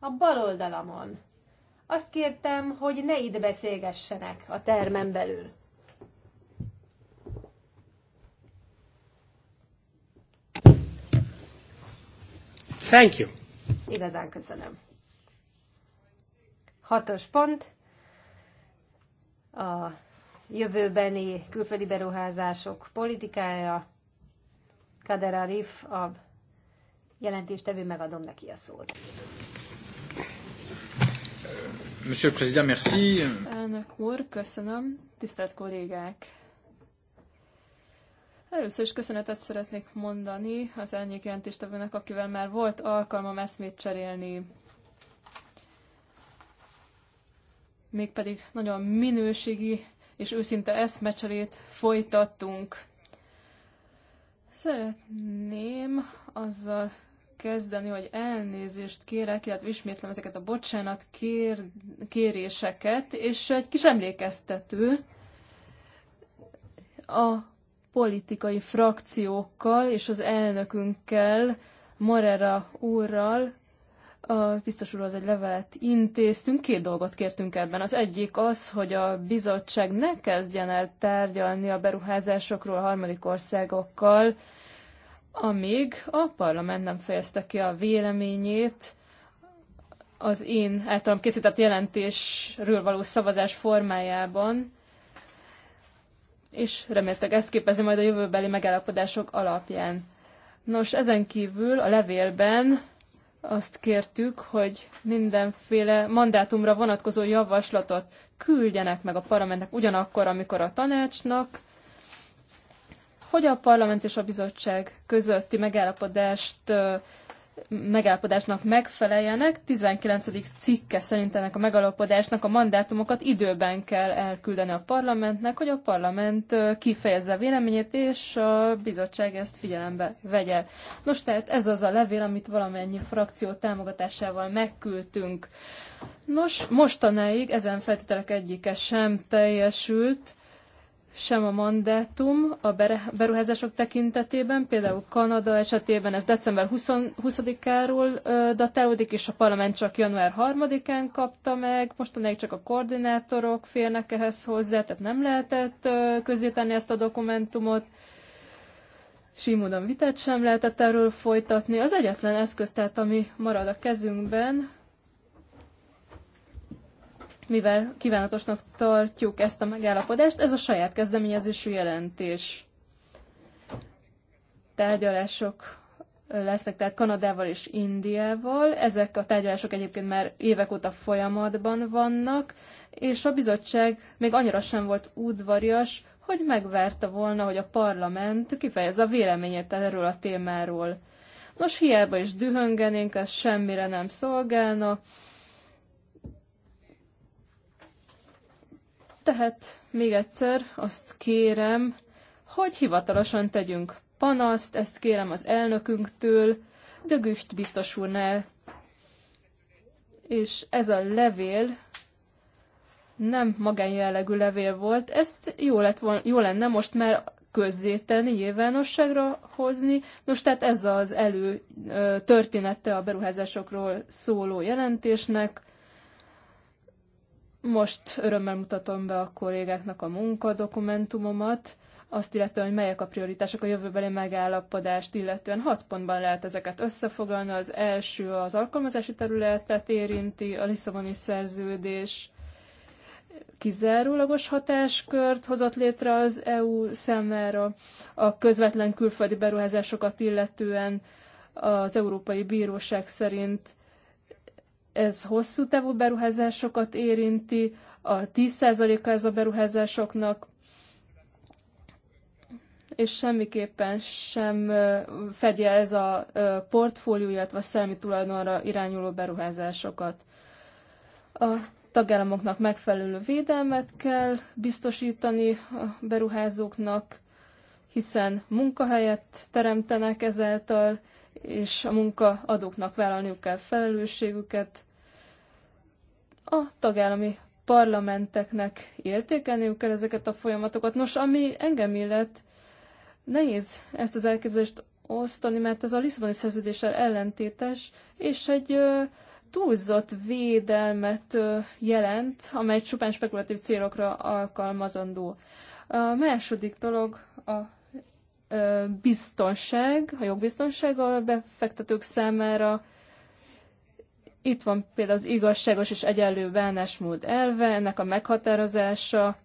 A bal oldalamon. Azt kértem, hogy ne itt beszélgessenek a termen belül. Thank you. Igazán köszönöm. Hatos pont. A jövőbeni külföldi beruházások politikája. Kader Arif, a jelentéstevő, megadom neki a szót. Monsieur le Président, merci. Elnök úr, köszönöm. Tisztelt kollégák! Először is köszönetet szeretnék mondani az elnyék jelentéstevőnek, akivel már volt alkalmam eszmét cserélni. Mégpedig nagyon minőségi és őszinte eszmecserét folytattunk. Szeretném azzal kezdeni, hogy elnézést kérek, illetve ismétlem ezeket a bocsánat kér, kéréseket, és egy kis emlékeztető a politikai frakciókkal és az elnökünkkel, Morera úrral a biztos úr az egy levelet intéztünk, két dolgot kértünk ebben. Az egyik az, hogy a bizottság ne kezdjen el tárgyalni a beruházásokról a harmadik országokkal, amíg a parlament nem fejezte ki a véleményét az én általam készített jelentésről való szavazás formájában, és reméltek ezt képezi majd a jövőbeli megállapodások alapján. Nos, ezen kívül a levélben azt kértük, hogy mindenféle mandátumra vonatkozó javaslatot küldjenek meg a parlamentnek ugyanakkor, amikor a tanácsnak, hogy a parlament és a bizottság közötti megállapodást megállapodásnak megfeleljenek. 19. cikke szerint ennek a megállapodásnak a mandátumokat időben kell elküldeni a parlamentnek, hogy a parlament kifejezze véleményét, és a bizottság ezt figyelembe vegye. Nos, tehát ez az a levél, amit valamennyi frakció támogatásával megküldtünk. Nos, mostanáig ezen feltételek egyike sem teljesült, sem a mandátum a beruházások tekintetében, például Kanada esetében ez december 20-áról datálódik, és a parlament csak január 3-án kapta meg, mostanáig csak a koordinátorok férnek ehhez hozzá, tehát nem lehetett közzétenni ezt a dokumentumot. Simódon vitát sem lehetett erről folytatni. Az egyetlen eszköz, tehát ami marad a kezünkben, mivel kívánatosnak tartjuk ezt a megállapodást, ez a saját kezdeményezésű jelentés. Tárgyalások lesznek, tehát Kanadával és Indiával. Ezek a tárgyalások egyébként már évek óta folyamatban vannak, és a bizottság még annyira sem volt udvarias, hogy megvárta volna, hogy a parlament kifejezze a véleményét erről a témáról. Nos, hiába is dühöngenénk, ez semmire nem szolgálna. Tehát még egyszer azt kérem, hogy hivatalosan tegyünk panaszt, ezt kérem az elnökünktől, de Güst biztos És ez a levél nem magánjellegű levél volt, ezt jó, lett volna, jó lenne most már közzétenni, nyilvánosságra hozni. Nos, tehát ez az elő története a beruházásokról szóló jelentésnek. Most örömmel mutatom be a kollégáknak a munkadokumentumomat, azt illetően, hogy melyek a prioritások a jövőbeli megállapodást, illetően hat pontban lehet ezeket összefoglalni. Az első az alkalmazási területet érinti, a Lisszaboni szerződés kizárólagos hatáskört hozott létre az EU számára, a közvetlen külföldi beruházásokat illetően az Európai Bíróság szerint ez hosszú távú beruházásokat érinti, a 10%-a ez a beruházásoknak, és semmiképpen sem fedje ez a portfólió, illetve a szellemi tulajdonra irányuló beruházásokat. A tagállamoknak megfelelő védelmet kell biztosítani a beruházóknak, hiszen munkahelyet teremtenek ezáltal, és a munkaadóknak vállalniuk kell felelősségüket, a tagállami parlamenteknek értékelniük kell ezeket a folyamatokat. Nos, ami engem illet, nehéz ezt az elképzelést osztani, mert ez a Lisszaboni szerződéssel ellentétes, és egy ö, túlzott védelmet ö, jelent, amely csupán spekulatív célokra alkalmazandó. A második dolog a ö, biztonság, a jogbiztonság a befektetők számára, itt van például az igazságos és egyenlő bánásmód elve, ennek a meghatározása,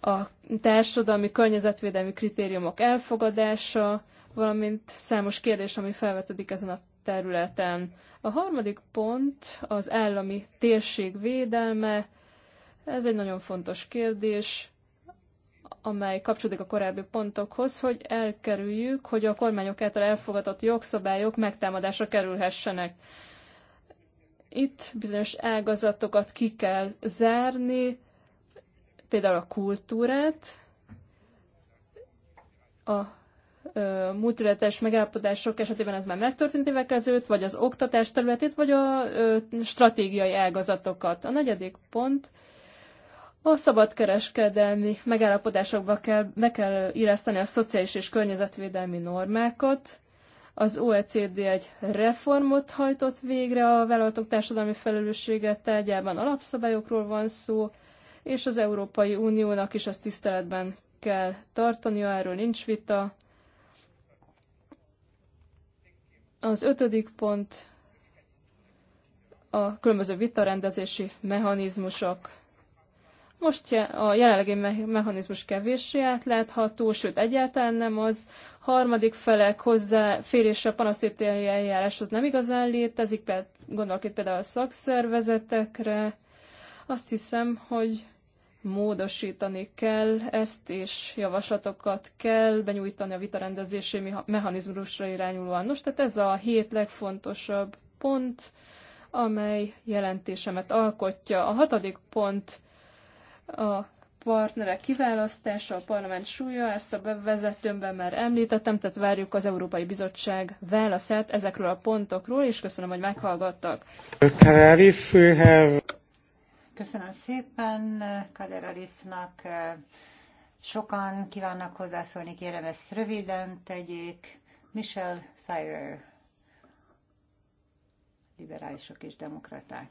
a társadalmi környezetvédelmi kritériumok elfogadása, valamint számos kérdés, ami felvetődik ezen a területen. A harmadik pont az állami térség védelme. Ez egy nagyon fontos kérdés, amely kapcsolódik a korábbi pontokhoz, hogy elkerüljük, hogy a kormányok által elfogadott jogszabályok megtámadásra kerülhessenek. Itt bizonyos ágazatokat ki kell zárni, például a kultúrát, a multilaterális megállapodások esetében ez már megtörtént évekkel ezelőtt, vagy az oktatás területét, vagy a ö, stratégiai ágazatokat. A negyedik pont a szabadkereskedelmi megállapodásokba kell, be kell illeszteni a szociális és környezetvédelmi normákat, az OECD egy reformot hajtott végre, a vállalatok társadalmi felelősséget tárgyában alapszabályokról van szó, és az Európai Uniónak is azt tiszteletben kell tartania, erről nincs vita. Az ötödik pont a különböző vitarendezési mechanizmusok. Most a jelenlegi mechanizmus kevéssé átlátható, sőt egyáltalán nem az. Harmadik felek hozzáférése a panasztételi az nem igazán létezik, például, gondolok itt például a szakszervezetekre. Azt hiszem, hogy módosítani kell ezt, és javaslatokat kell benyújtani a vitarendezési mechanizmusra irányulóan. Nos, tehát ez a hét legfontosabb pont, amely jelentésemet alkotja. A hatodik pont a partnerek kiválasztása, a parlament súlya, ezt a bevezetőmben már említettem, tehát várjuk az Európai Bizottság válaszát ezekről a pontokról, és köszönöm, hogy meghallgattak. Köszönöm szépen Kader eh, Sokan kívánnak hozzászólni, kérem ezt röviden tegyék. Michel Cyrer, liberálisok és demokraták.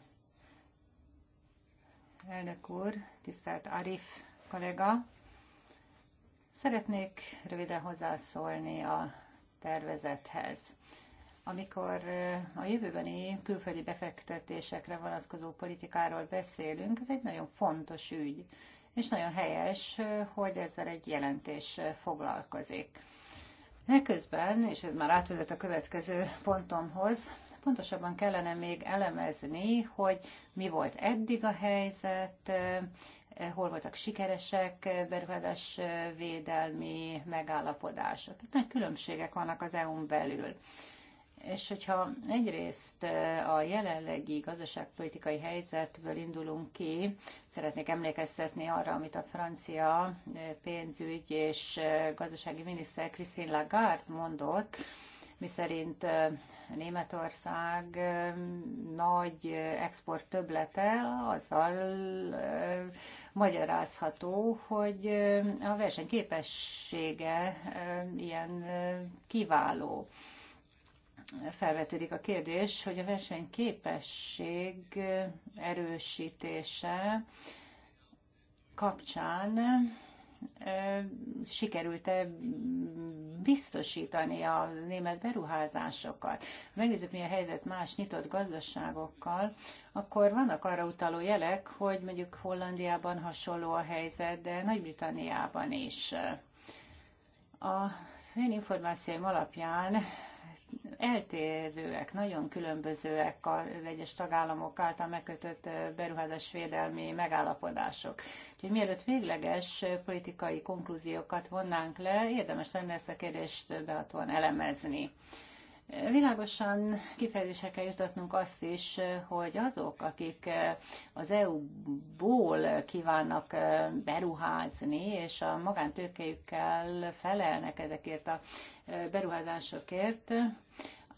Elnök úr, tisztelt Arif kollega! Szeretnék röviden hozzászólni a tervezethez. Amikor a jövőbeni külföldi befektetésekre vonatkozó politikáról beszélünk, ez egy nagyon fontos ügy, és nagyon helyes, hogy ezzel egy jelentés foglalkozik. Eközben, és ez már átvezet a következő pontomhoz, Pontosabban kellene még elemezni, hogy mi volt eddig a helyzet, hol voltak sikeresek beruházás védelmi megállapodások. Itt nagy különbségek vannak az EU-n belül. És hogyha egyrészt a jelenlegi gazdaságpolitikai helyzetből indulunk ki, szeretnék emlékeztetni arra, amit a francia pénzügy és gazdasági miniszter Christine Lagarde mondott, miszerint Németország nagy export töblete azzal magyarázható, hogy a versenyképessége ilyen kiváló felvetődik a kérdés, hogy a versenyképesség erősítése kapcsán sikerült-e biztosítani a német beruházásokat. Megnézzük, mi a helyzet más nyitott gazdaságokkal, akkor vannak arra utaló jelek, hogy mondjuk Hollandiában hasonló a helyzet, de Nagy-Britanniában is. A szén információim alapján eltérőek, nagyon különbözőek a egyes tagállamok által megkötött beruházás védelmi megállapodások. Úgyhogy mielőtt végleges politikai konklúziókat vonnánk le, érdemes lenne ezt a kérdést behatóan elemezni. Világosan kifejezésre kell jutatnunk azt is, hogy azok, akik eh, az EU-ból kívánnak eh, beruházni, és a magántőkéjükkel felelnek ezekért a eh, beruházásokért,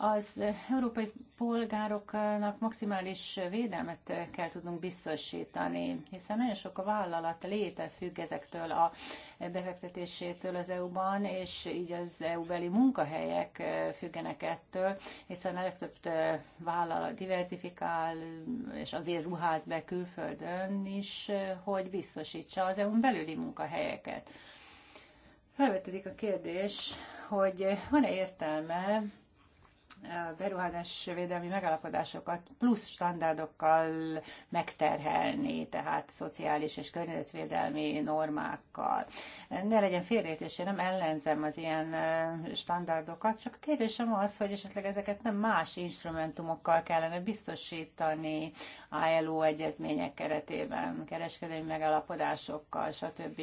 az európai polgároknak maximális védelmet kell tudnunk biztosítani, hiszen nagyon sok a vállalat léte függ ezektől a befektetésétől az EU-ban, és így az EU-beli munkahelyek függenek ettől, hiszen a legtöbb vállalat diversifikál, és azért ruház be külföldön is, hogy biztosítsa az EU-n belüli munkahelyeket. Felvetődik a kérdés, hogy van-e értelme beruházás védelmi megállapodásokat plusz standardokkal megterhelni, tehát szociális és környezetvédelmi normákkal. Ne legyen félreértés, én nem ellenzem az ilyen standardokat, csak a kérdésem az, hogy esetleg ezeket nem más instrumentumokkal kellene biztosítani ILO egyezmények keretében, kereskedelmi megállapodásokkal, stb.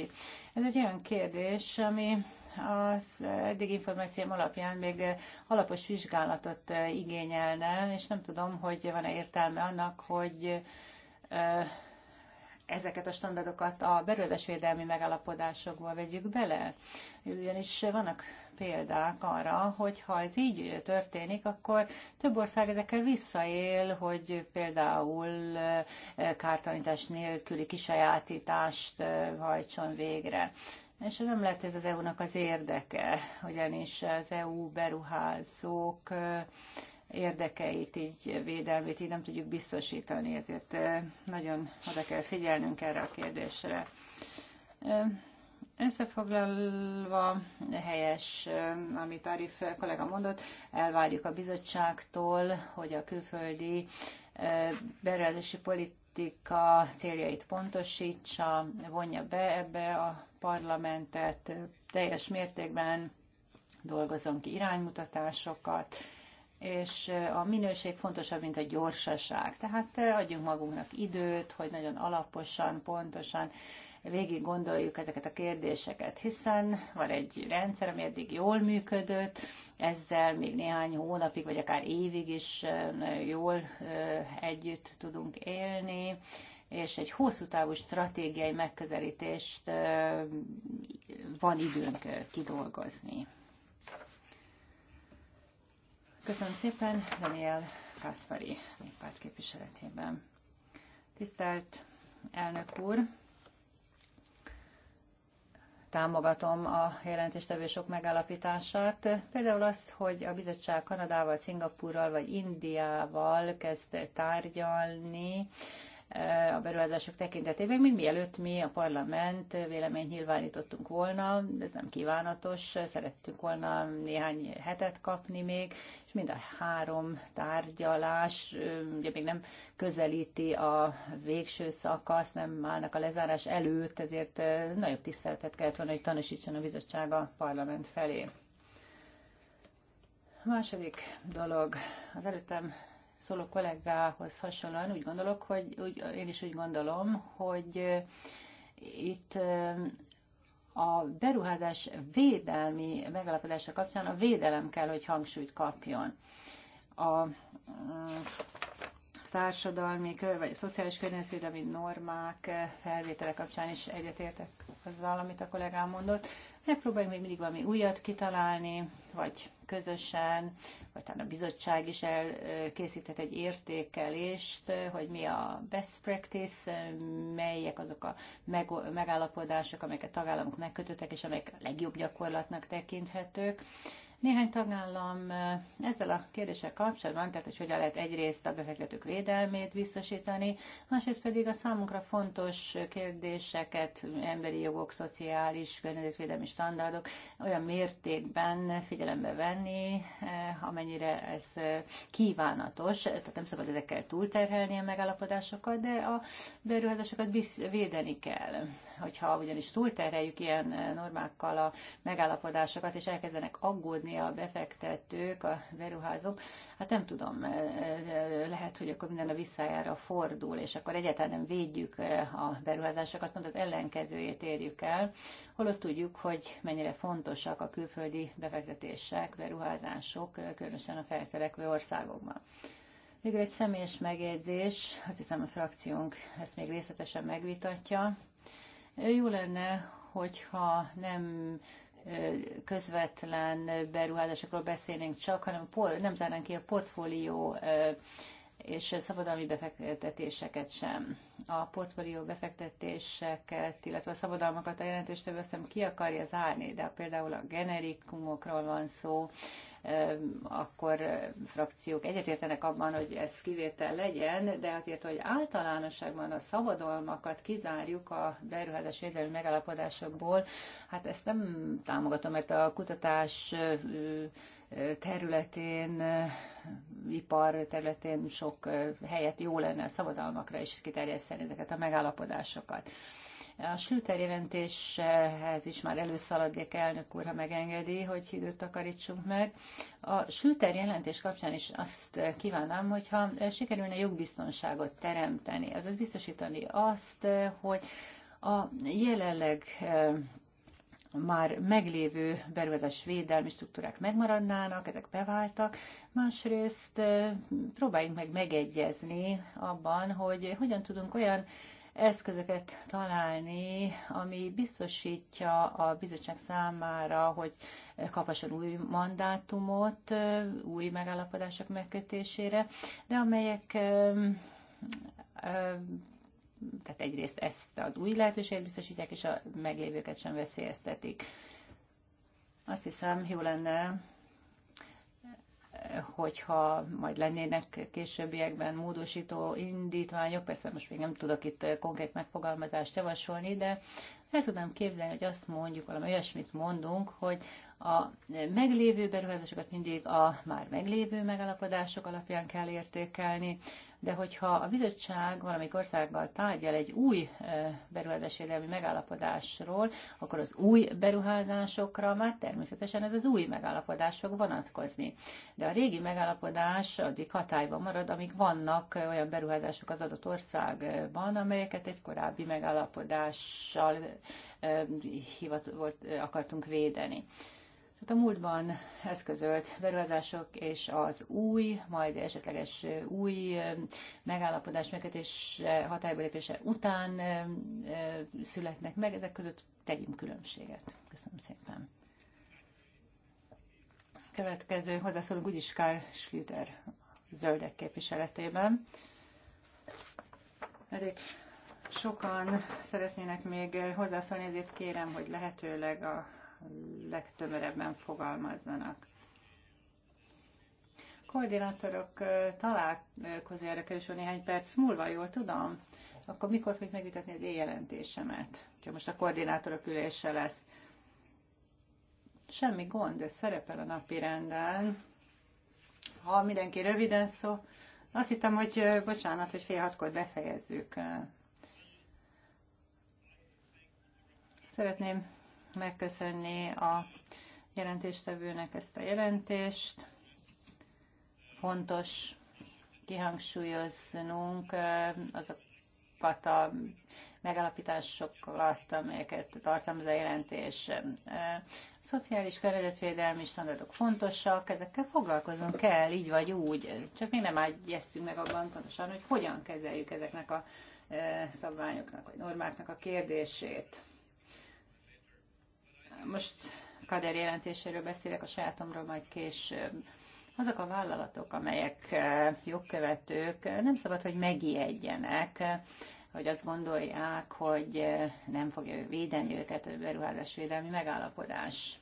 Ez egy olyan kérdés, ami az eddig információm alapján még alapos vizsgálatot eh, igényelne, és nem tudom, hogy van-e értelme annak, hogy eh, ezeket a standardokat a belőlesvédelmi megállapodásokba vegyük bele. Ugyanis vannak példák arra, hogy ha ez így történik, akkor több ország ezekkel visszaél, hogy például eh, kártalanítás nélküli kisajátítást hajtson végre. És nem lehet ez az EU-nak az érdeke, ugyanis az EU beruházók érdekeit, így védelmét így nem tudjuk biztosítani, ezért nagyon oda kell figyelnünk erre a kérdésre. Összefoglalva, helyes, amit Arif kollega mondott, elvárjuk a bizottságtól, hogy a külföldi beruházási politika céljait pontosítsa, vonja be ebbe a parlamentet teljes mértékben dolgozom ki iránymutatásokat, és a minőség fontosabb, mint a gyorsaság. Tehát adjunk magunknak időt, hogy nagyon alaposan, pontosan végig gondoljuk ezeket a kérdéseket, hiszen van egy rendszer, ami eddig jól működött, ezzel még néhány hónapig, vagy akár évig is jól együtt tudunk élni, és egy hosszú távú stratégiai megközelítést van időnk kidolgozni. Köszönöm szépen, Daniel Kaspari, néppárt képviseletében. Tisztelt elnök úr! támogatom a jelentéstevő sok megállapítását. Például azt, hogy a bizottság Kanadával, Szingapúrral vagy Indiával kezd tárgyalni a beruházások tekintetében, még mielőtt mi a parlament véleményt nyilvánítottunk volna, ez nem kívánatos, szerettünk volna néhány hetet kapni még, és mind a három tárgyalás ugye még nem közelíti a végső szakasz, nem állnak a lezárás előtt, ezért nagyobb tiszteletet kellett volna, hogy tanúsítson a bizottság a parlament felé. A második dolog, az előttem szóló kollégához hasonlóan úgy gondolok, hogy úgy, én is úgy gondolom, hogy itt a beruházás védelmi megalapodása kapcsán a védelem kell, hogy hangsúlyt kapjon. A társadalmi vagy a szociális környezetvédelmi normák felvétele kapcsán is egyetértek azzal, amit a kollégám mondott ne próbáljunk még mindig valami újat kitalálni, vagy közösen, vagy talán a bizottság is elkészített egy értékelést, hogy mi a best practice, melyek azok a megállapodások, amelyeket tagállamok megkötöttek, és amelyek a legjobb gyakorlatnak tekinthetők. Néhány tagállam ezzel a kérdéssel kapcsolatban, tehát hogy hogyan lehet egyrészt a befektetők védelmét biztosítani, másrészt pedig a számunkra fontos kérdéseket, emberi jogok, szociális, környezetvédelmi standardok olyan mértékben figyelembe venni, amennyire ez kívánatos, tehát nem szabad ezekkel túlterhelni a megállapodásokat, de a beruházásokat védeni kell. Hogyha ugyanis túlterheljük ilyen normákkal a megállapodásokat, és elkezdenek aggódni, kapni a befektetők, a beruházók, hát nem tudom, lehet, hogy akkor minden a visszájára fordul, és akkor egyáltalán nem védjük a beruházásokat, pont az ellenkezőjét érjük el, holott tudjuk, hogy mennyire fontosak a külföldi befektetések, beruházások, különösen a feltörekvő országokban. Még egy személyes megjegyzés, azt hiszem a frakciónk ezt még részletesen megvitatja. Jó lenne, hogyha nem közvetlen beruházásokról beszélnénk csak, hanem nem zárnánk ki a portfólió és szabadalmi befektetéseket sem. A portfólió befektetéseket, illetve a szabadalmakat a jelentéstől azt hiszem ki akarja zárni, de például a generikumokról van szó, akkor frakciók egyetértenek abban, hogy ez kivétel legyen, de azért, hogy általánosságban a szabadalmakat kizárjuk a beruházás védelmi megállapodásokból, hát ezt nem támogatom, mert a kutatás területén, ipar területén sok helyet jó lenne a szabadalmakra is kiterjeszteni ezeket a megállapodásokat. A Schlüter jelentéshez is már előszaladjék elnök úr, ha megengedi, hogy időt takarítsunk meg. A Schlüter jelentés kapcsán is azt kívánom, hogyha sikerülne jogbiztonságot teremteni, azaz biztosítani azt, hogy a jelenleg eh, már meglévő beruházás védelmi struktúrák megmaradnának, ezek beváltak. Másrészt eh, próbáljunk meg megegyezni abban, hogy hogyan tudunk olyan eszközöket találni, ami biztosítja a bizottság számára, hogy kaphasson új mandátumot, új megállapodások megkötésére, de amelyek tehát egyrészt ezt az új lehetőséget biztosítják, és a meglévőket sem veszélyeztetik. Azt hiszem, jó lenne, hogyha majd lennének későbbiekben módosító indítványok, persze most még nem tudok itt konkrét megfogalmazást javasolni, de el tudnám képzelni, hogy azt mondjuk, valami olyasmit mondunk, hogy a meglévő beruházásokat mindig a már meglévő megalapodások alapján kell értékelni, de hogyha a bizottság valami országgal tárgyal egy új beruházásvédelmi megállapodásról, akkor az új beruházásokra már természetesen ez az új megállapodás fog vonatkozni. De a régi megállapodás addig hatályban marad, amíg vannak olyan beruházások az adott országban, amelyeket egy korábbi megállapodással hivat, volt, akartunk védeni. Tehát a múltban eszközölt beruházások és az új, majd esetleges új megállapodás megkötés hatályba lépése után születnek meg, ezek között tegyünk különbséget. Köszönöm szépen. Következő hozzászólunk úgyis Karl Schlüter zöldek képviseletében. Elég sokan szeretnének még hozzászólni, ezért kérem, hogy lehetőleg a legtömörebben fogalmazzanak. Koordinátorok koordinátorok találkozójára kerül néhány perc múlva, jól tudom? Akkor mikor fogjuk megvitatni az éjjelentésemet? Ha most a koordinátorok ülése lesz. Semmi gond, ez szerepel a napi renden. Ha mindenki röviden szó, azt hittem, hogy bocsánat, hogy fél hatkor befejezzük. Szeretném megköszönni a jelentéstevőnek ezt a jelentést. Fontos kihangsúlyoznunk azokat a megalapításokat, amelyeket tartalmaz a jelentés. A szociális környezetvédelmi standardok fontosak, ezekkel foglalkozunk kell, így vagy úgy. Csak még nem ágyeztünk meg abban pontosan, hogy hogyan kezeljük ezeknek a szabványoknak, vagy normáknak a kérdését most Kader jelentéséről beszélek, a sajátomról majd később. Azok a vállalatok, amelyek eh, jogkövetők, eh, nem szabad, hogy megijedjenek, eh, hogy azt gondolják, hogy nem fogja védeni őket a beruházásvédelmi megállapodás.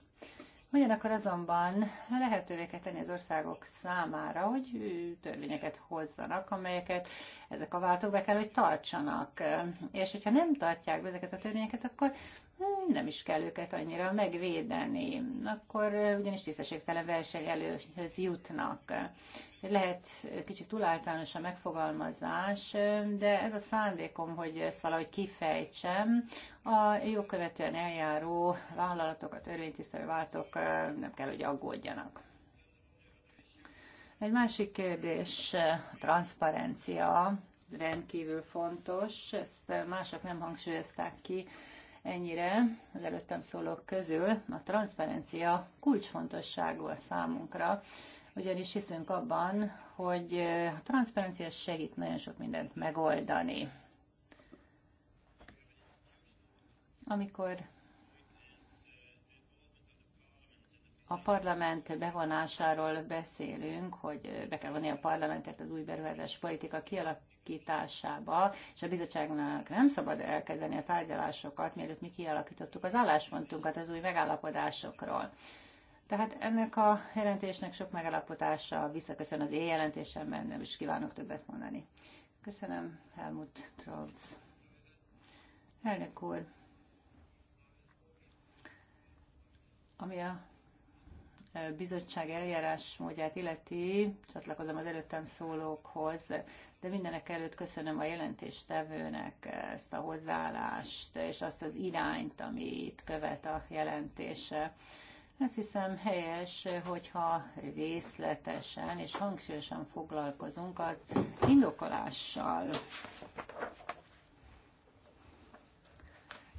Ugyanakkor azonban lehetővé kell tenni az országok számára, hogy törvényeket hozzanak, amelyeket ezek a váltók be kell, hogy tartsanak. És hogyha nem tartják be ezeket a törvényeket, akkor nem is kell őket annyira megvédeni, akkor ugyanis tisztességtelen verseny előhöz jutnak. Lehet kicsit túláltalános a megfogalmazás, de ez a szándékom, hogy ezt valahogy kifejtsem. A jogkövetően eljáró vállalatokat, örvénytisztelő váltók nem kell, hogy aggódjanak. Egy másik kérdés, a transzparencia rendkívül fontos, ezt mások nem hangsúlyozták ki, ennyire az előttem szólók közül a transzparencia kulcsfontosságú a számunkra, ugyanis hiszünk abban, hogy a transzparencia segít nagyon sok mindent megoldani. Amikor a parlament bevonásáról beszélünk, hogy be kell vonni a parlamentet az új beruházás politika kialak kialakításába, és a bizottságnak nem szabad elkezdeni a tárgyalásokat, mielőtt mi kialakítottuk az álláspontunkat az új megállapodásokról. Tehát ennek a jelentésnek sok megállapodása, visszaköszön az én jelentésemben, nem is kívánok többet mondani. Köszönöm, Helmut Trolls. Elnök úr, ami a bizottság eljárásmódját illeti, csatlakozom az előttem szólókhoz, de mindenek előtt köszönöm a jelentéstevőnek ezt a hozzáállást, és azt az irányt, ami itt követ a jelentése. Azt hiszem helyes, hogyha részletesen és hangsúlyosan foglalkozunk az indokolással.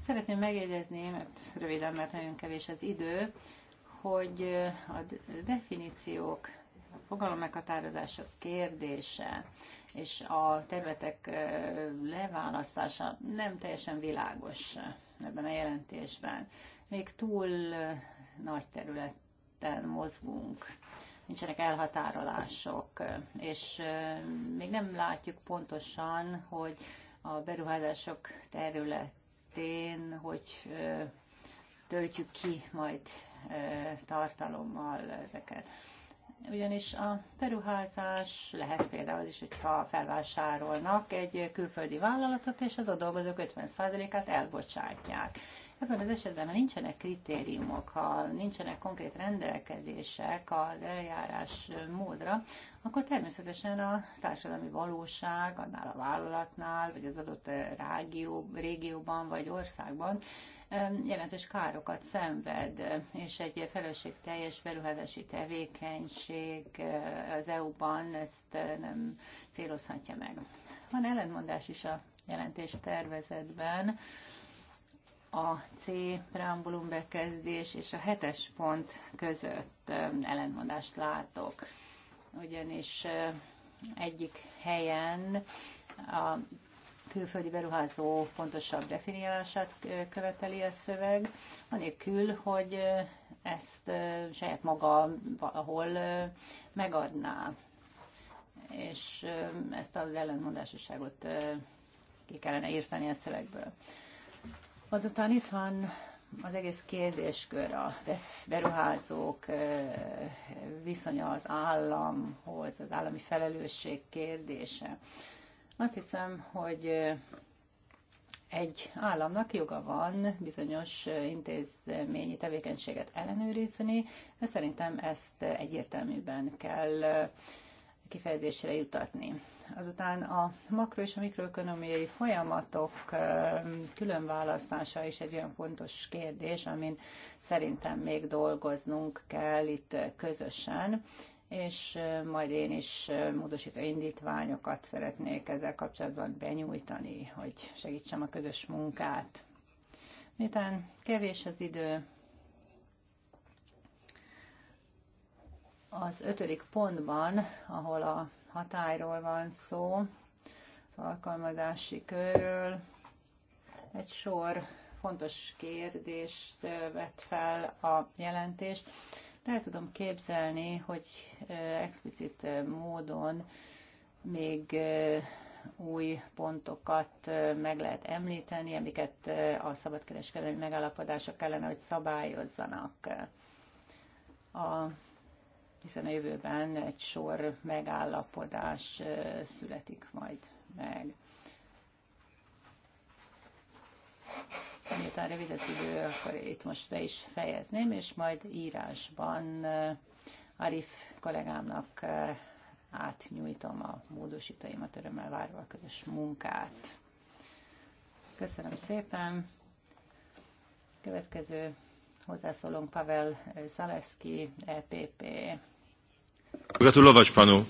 Szeretném megjegyezni, mert röviden, mert nagyon kevés az idő, hogy a definíciók, a fogalommeghatározások kérdése és a területek leválasztása nem teljesen világos ebben a jelentésben. Még túl nagy területen mozgunk nincsenek elhatárolások, és még nem látjuk pontosan, hogy a beruházások területén, hogy töltjük ki majd tartalommal ezeket. Ugyanis a peruházás lehet például az is, hogyha felvásárolnak egy külföldi vállalatot, és az a dolgozók 50%-át elbocsátják. Ebben az esetben, ha nincsenek kritériumok, ha nincsenek konkrét rendelkezések az eljárás módra, akkor természetesen a társadalmi valóság annál a vállalatnál, vagy az adott rágió, régióban, vagy országban jelentős károkat szenved, eh, és egy felelősségteljes beruházási tevékenység eh, az EU-ban ezt eh, nem célozhatja meg. Van ellentmondás is a jelentés tervezetben, a C preambulum bekezdés és a hetes pont között ellentmondást látok. Ugyanis egyik helyen a külföldi beruházó pontosabb definiálását követeli a szöveg, anélkül, hogy ezt saját maga valahol megadná. És ezt az ellentmondásosságot ki kellene írtani a szövegből. Azután itt van az egész kérdéskör a beruházók viszonya az államhoz, az állami felelősség kérdése. Azt hiszem, hogy egy államnak joga van bizonyos intézményi tevékenységet ellenőrizni, de szerintem ezt egyértelműben kell kifejezésre jutatni. Azután a makro és a mikroökonomiai folyamatok különválasztása is egy olyan fontos kérdés, amin szerintem még dolgoznunk kell itt közösen, és majd én is módosító indítványokat szeretnék ezzel kapcsolatban benyújtani, hogy segítsem a közös munkát. Miután kevés az idő, az ötödik pontban, ahol a hatályról van szó, az alkalmazási körről, egy sor fontos kérdést vett fel a jelentés. El tudom képzelni, hogy explicit módon még új pontokat meg lehet említeni, amiket a szabadkereskedelmi megállapodások kellene, hogy szabályozzanak. A, hiszen a jövőben egy sor megállapodás születik majd meg miután rövid az idő, akkor itt most be is fejezném, és majd írásban eh, Arif kollégámnak eh, átnyújtom a módosítóimat, örömmel várva a közös munkát. Köszönöm szépen. Következő hozzászólónk Pavel Szalewski, eh, EPP. Gratulować panu.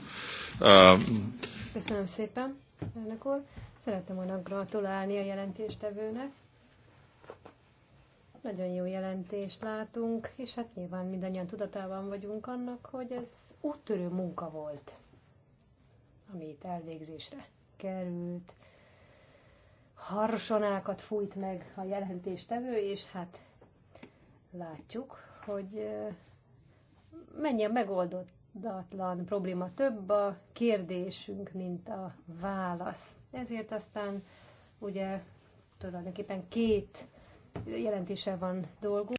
Um, Köszönöm szépen, elnök úr. Szerettem volna gratulálni a jelentéstevőnek nagyon jó jelentést látunk, és hát nyilván mindannyian tudatában vagyunk annak, hogy ez úttörő munka volt, amit elvégzésre került. Harsonákat fújt meg a jelentéstevő, és hát látjuk, hogy mennyi a megoldatlan probléma. Több a kérdésünk, mint a válasz. Ezért aztán ugye tulajdonképpen két Jelentése van dolgunk.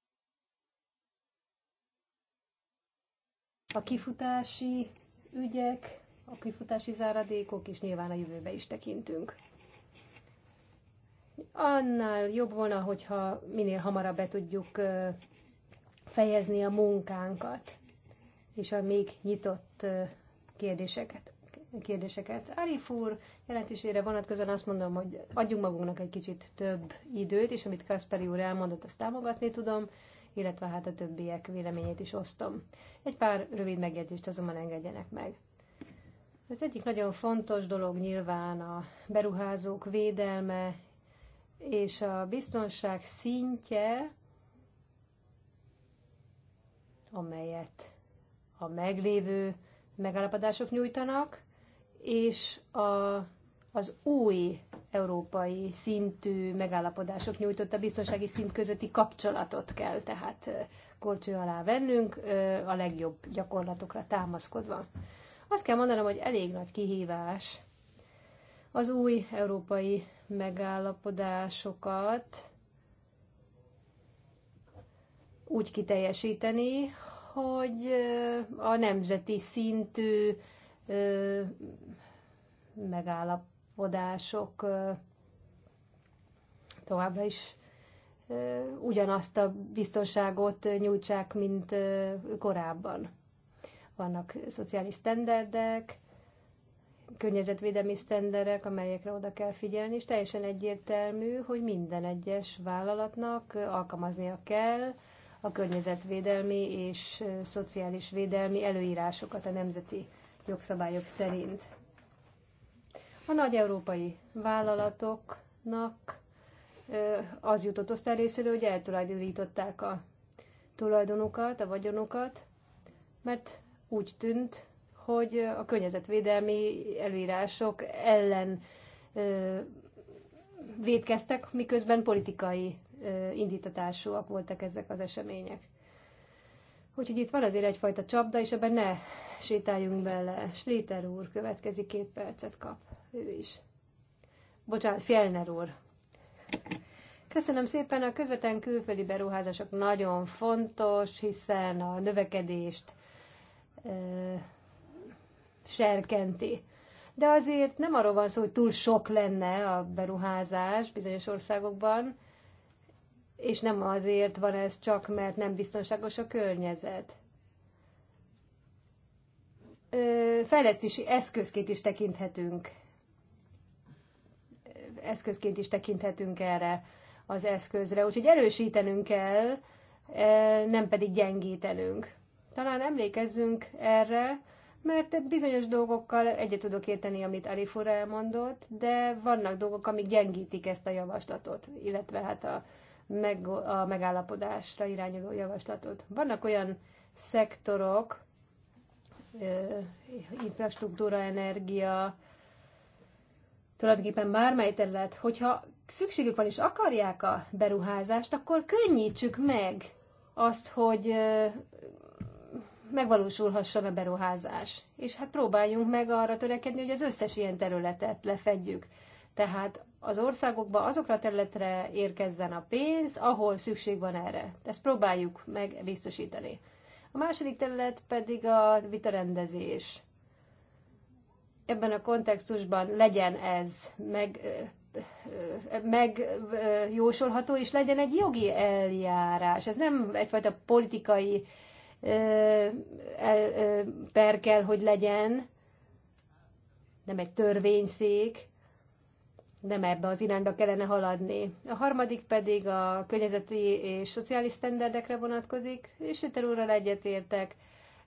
A kifutási ügyek, a kifutási záradékok, és nyilván a jövőbe is tekintünk. Annál jobb volna, hogyha minél hamarabb be tudjuk fejezni a munkánkat, és a még nyitott kérdéseket kérdéseket. Arif úr jelentésére vonatkozóan azt mondom, hogy adjunk magunknak egy kicsit több időt, és amit Kasperi úr elmondott, azt támogatni tudom, illetve hát a többiek véleményét is osztom. Egy pár rövid megjegyzést azonban engedjenek meg. Az egyik nagyon fontos dolog nyilván a beruházók védelme és a biztonság szintje, amelyet a meglévő megállapodások nyújtanak, és a, az új európai szintű megállapodások a biztonsági szint közötti kapcsolatot kell tehát korcső alá vennünk, a legjobb gyakorlatokra támaszkodva. Azt kell mondanom, hogy elég nagy kihívás az új európai megállapodásokat úgy kiteljesíteni, hogy a nemzeti szintű megállapodások továbbra is ugyanazt a biztonságot nyújtsák, mint korábban. Vannak szociális standardek, környezetvédelmi sztenderek, amelyekre oda kell figyelni, és teljesen egyértelmű, hogy minden egyes vállalatnak alkalmaznia kell a környezetvédelmi és szociális védelmi előírásokat a nemzeti jogszabályok szerint. A nagy európai vállalatoknak az jutott osztály részéről, hogy eltulajdonították a tulajdonukat, a vagyonukat, mert úgy tűnt, hogy a környezetvédelmi elírások ellen védkeztek, miközben politikai indítatásúak voltak ezek az események. Úgyhogy itt van azért egyfajta csapda, és ebben ne sétáljunk bele. Sléter úr következik, két percet kap. Ő is. Bocsánat, Fjellner úr. Köszönöm szépen, a közvetlen külföldi beruházások nagyon fontos, hiszen a növekedést ö, serkenti. De azért nem arról van szó, hogy túl sok lenne a beruházás bizonyos országokban, és nem azért van ez csak, mert nem biztonságos a környezet. Fejlesztési eszközként is tekinthetünk. Eszközként is tekinthetünk erre az eszközre. Úgyhogy erősítenünk kell, nem pedig gyengítenünk. Talán emlékezzünk erre, mert bizonyos dolgokkal egyet tudok érteni, amit Arifura elmondott, de vannak dolgok, amik gyengítik ezt a javaslatot, illetve hát a, meg, a megállapodásra irányuló javaslatot. Vannak olyan szektorok, infrastruktúra, energia, tulajdonképpen bármely terület, hogyha szükségük van és akarják a beruházást, akkor könnyítsük meg azt, hogy megvalósulhasson a beruházás. És hát próbáljunk meg arra törekedni, hogy az összes ilyen területet lefedjük. Tehát az országokba, azokra a területre érkezzen a pénz, ahol szükség van erre. Ezt próbáljuk meg biztosítani. A második terület pedig a vitarendezés. Ebben a kontextusban legyen ez meg, megjósolható, és legyen egy jogi eljárás. Ez nem egyfajta politikai per kell, hogy legyen, nem egy törvényszék, nem ebbe az irányba kellene haladni. A harmadik pedig a környezeti és szociális sztenderdekre vonatkozik, és itt úrral egyetértek,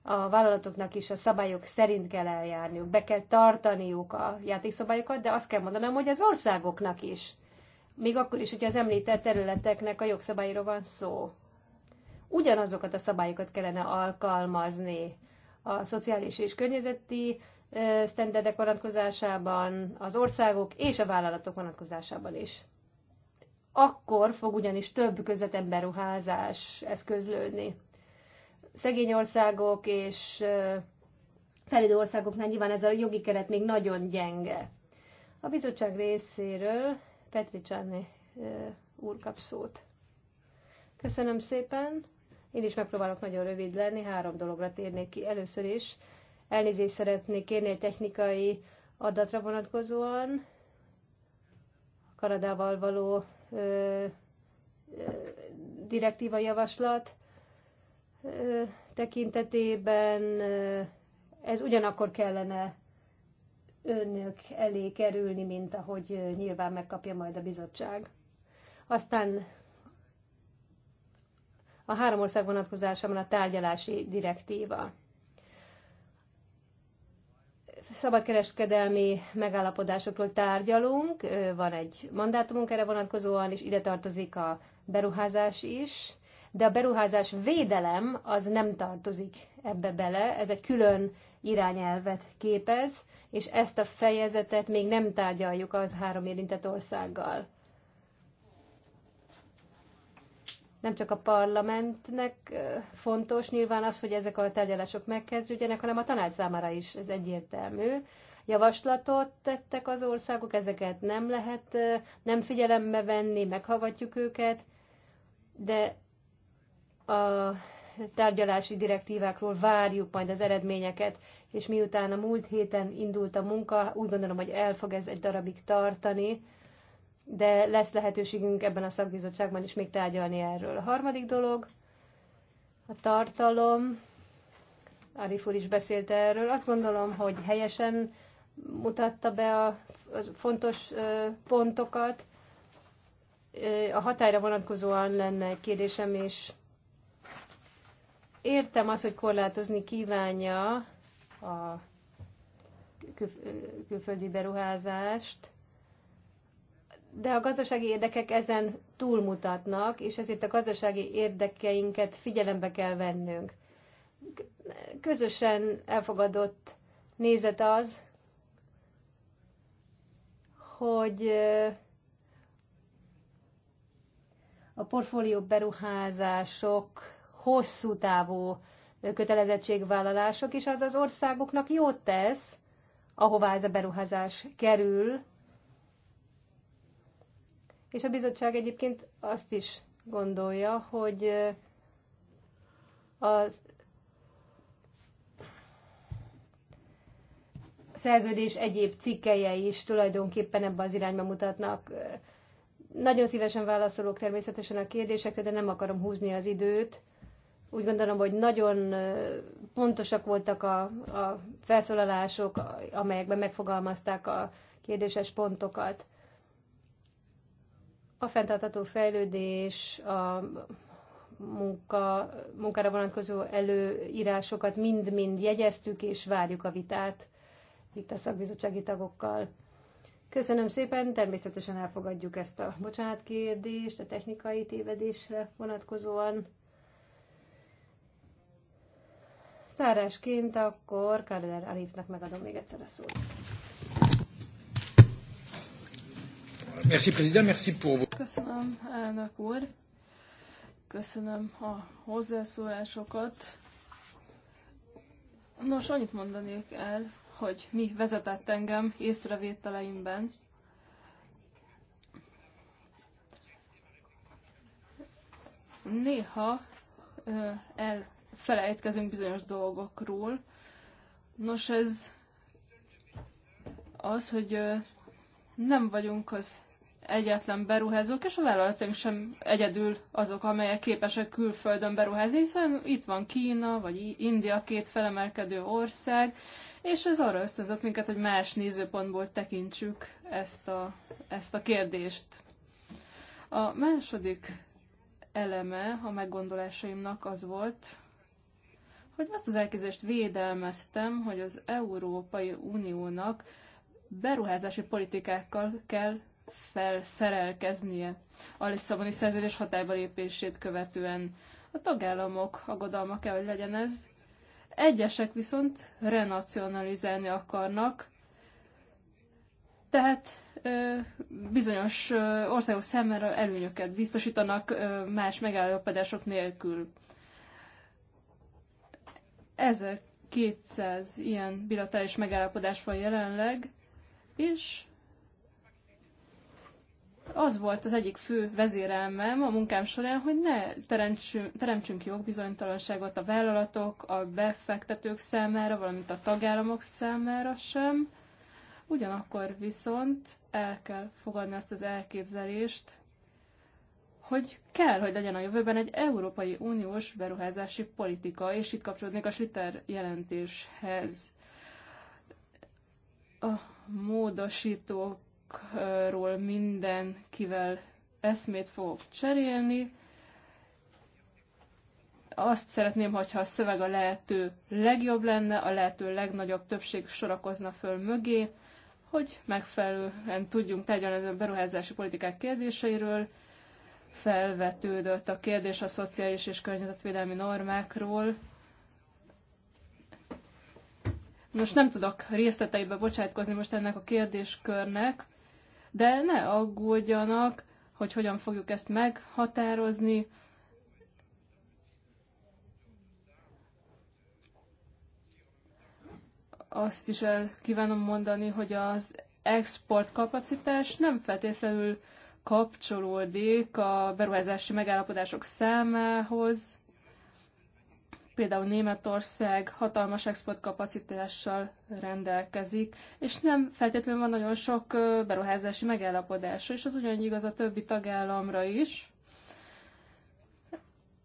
a vállalatoknak is a szabályok szerint kell eljárniuk, be kell tartaniuk a játékszabályokat, de azt kell mondanom, hogy az országoknak is. Még akkor is, hogy az említett területeknek a jogszabályról van szó. Ugyanazokat a szabályokat kellene alkalmazni a szociális és környezeti sztenderdek vonatkozásában, az országok és a vállalatok vonatkozásában is. Akkor fog ugyanis több közvetlen beruházás eszközlődni. Szegény országok és fejlődő országoknál nyilván ez a jogi keret még nagyon gyenge. A bizottság részéről Petri Csáni úr kap szót. Köszönöm szépen. Én is megpróbálok nagyon rövid lenni, három dologra térnék ki. Először is Elnézést szeretnék kérni egy technikai adatra vonatkozóan. Kanadával való ö, ö, direktíva javaslat ö, tekintetében ö, ez ugyanakkor kellene önök elé kerülni, mint ahogy nyilván megkapja majd a bizottság. Aztán a három ország van a tárgyalási direktíva szabadkereskedelmi megállapodásokról tárgyalunk, van egy mandátumunk erre vonatkozóan, és ide tartozik a beruházás is, de a beruházás védelem az nem tartozik ebbe bele, ez egy külön irányelvet képez, és ezt a fejezetet még nem tárgyaljuk az három érintett országgal. nem csak a parlamentnek fontos nyilván az, hogy ezek a tárgyalások megkezdődjenek, hanem a tanács számára is ez egyértelmű. Javaslatot tettek az országok, ezeket nem lehet nem figyelembe venni, meghallgatjuk őket, de a tárgyalási direktívákról várjuk majd az eredményeket, és miután a múlt héten indult a munka, úgy gondolom, hogy el fog ez egy darabig tartani, de lesz lehetőségünk ebben a szakbizottságban is még tárgyalni erről. A harmadik dolog, a tartalom, Arifur is beszélt erről. Azt gondolom, hogy helyesen mutatta be a, fontos pontokat. A hatályra vonatkozóan lenne egy kérdésem, és értem azt, hogy korlátozni kívánja a kül- külföldi beruházást, de a gazdasági érdekek ezen túlmutatnak, és ezért a gazdasági érdekeinket figyelembe kell vennünk. Közösen elfogadott nézet az, hogy a portfólió beruházások hosszú távú kötelezettségvállalások, és az az országoknak jót tesz, ahová ez a beruházás kerül, és a bizottság egyébként azt is gondolja, hogy az szerződés egyéb cikkeje is tulajdonképpen ebbe az irányba mutatnak. Nagyon szívesen válaszolok természetesen a kérdésekre, de nem akarom húzni az időt. Úgy gondolom, hogy nagyon pontosak voltak a, a felszólalások, amelyekben megfogalmazták a kérdéses pontokat. A fenntartható fejlődés, a munka, munkára vonatkozó előírásokat mind-mind jegyeztük, és várjuk a vitát itt a szakbizottsági tagokkal. Köszönöm szépen, természetesen elfogadjuk ezt a bocsánatkérdést a technikai tévedésre vonatkozóan. Zárásként akkor Kaller Alifnak megadom még egyszer a szót. Köszönöm, elnök úr. Köszönöm a hozzászólásokat. Nos, annyit mondanék el, hogy mi vezetett engem észrevételeimben. Néha elfelejtkezünk bizonyos dolgokról. Nos, ez az, hogy nem vagyunk az egyetlen beruházók, és a vállalatunk sem egyedül azok, amelyek képesek külföldön beruházni, hiszen itt van Kína, vagy India, két felemelkedő ország, és ez arra ösztönzött minket, hogy más nézőpontból tekintsük ezt a, ezt a kérdést. A második eleme a meggondolásaimnak az volt, hogy azt az elképzelést védelmeztem, hogy az Európai Uniónak beruházási politikákkal kell felszerelkeznie a Lisszaboni szerződés hatályba lépését követően. A tagállamok aggodalma kell, hogy legyen ez. Egyesek viszont renacionalizálni akarnak, tehát ö, bizonyos ö, országok számára előnyöket biztosítanak ö, más megállapodások nélkül. 1200 ilyen bilaterális megállapodás van jelenleg, és az volt az egyik fő vezérelmem a munkám során, hogy ne teremtsünk, teremtsünk jogbizonytalanságot a vállalatok, a befektetők számára, valamint a tagállamok számára sem. Ugyanakkor viszont el kell fogadni azt az elképzelést, hogy kell, hogy legyen a jövőben egy Európai Uniós beruházási politika, és itt kapcsolódnék a Schlitter jelentéshez. A módosítókról mindenkivel eszmét fogok cserélni. Azt szeretném, hogyha a szöveg a lehető legjobb lenne, a lehető legnagyobb többség sorakozna föl mögé, hogy megfelelően tudjunk tegyen a beruházási politikák kérdéseiről. Felvetődött a kérdés a szociális és környezetvédelmi normákról, most nem tudok részleteibe bocsátkozni most ennek a kérdéskörnek, de ne aggódjanak, hogy hogyan fogjuk ezt meghatározni. Azt is el kívánom mondani, hogy az exportkapacitás nem feltétlenül kapcsolódik a beruházási megállapodások számához, Például Németország hatalmas exportkapacitással rendelkezik, és nem feltétlenül van nagyon sok beruházási megállapodása, és az ugyanígy igaz a többi tagállamra is.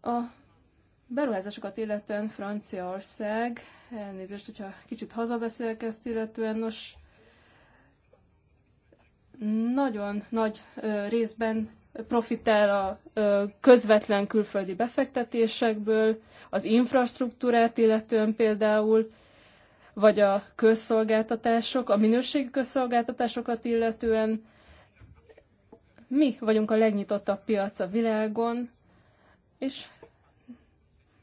A beruházásokat illetően Franciaország, elnézést, hogyha kicsit hazabeszélek ezt illetően, nos, nagyon nagy részben profitál a közvetlen külföldi befektetésekből, az infrastruktúrát illetően például, vagy a közszolgáltatások, a minőségi közszolgáltatásokat illetően. Mi vagyunk a legnyitottabb piac a világon, és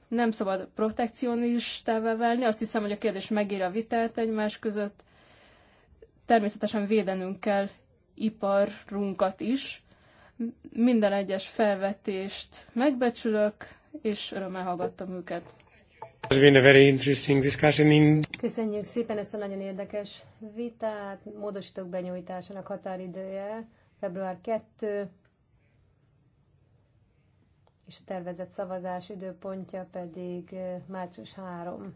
nem szabad protekcionistává válni. Azt hiszem, hogy a kérdés megér a vitát egymás között. Természetesen védenünk kell iparunkat is, minden egyes felvetést megbecsülök, és örömmel hallgattam őket. Köszönjük szépen ezt a nagyon érdekes vitát. Módosítók benyújtásának határidője február 2, és a tervezett szavazás időpontja pedig eh, március 3.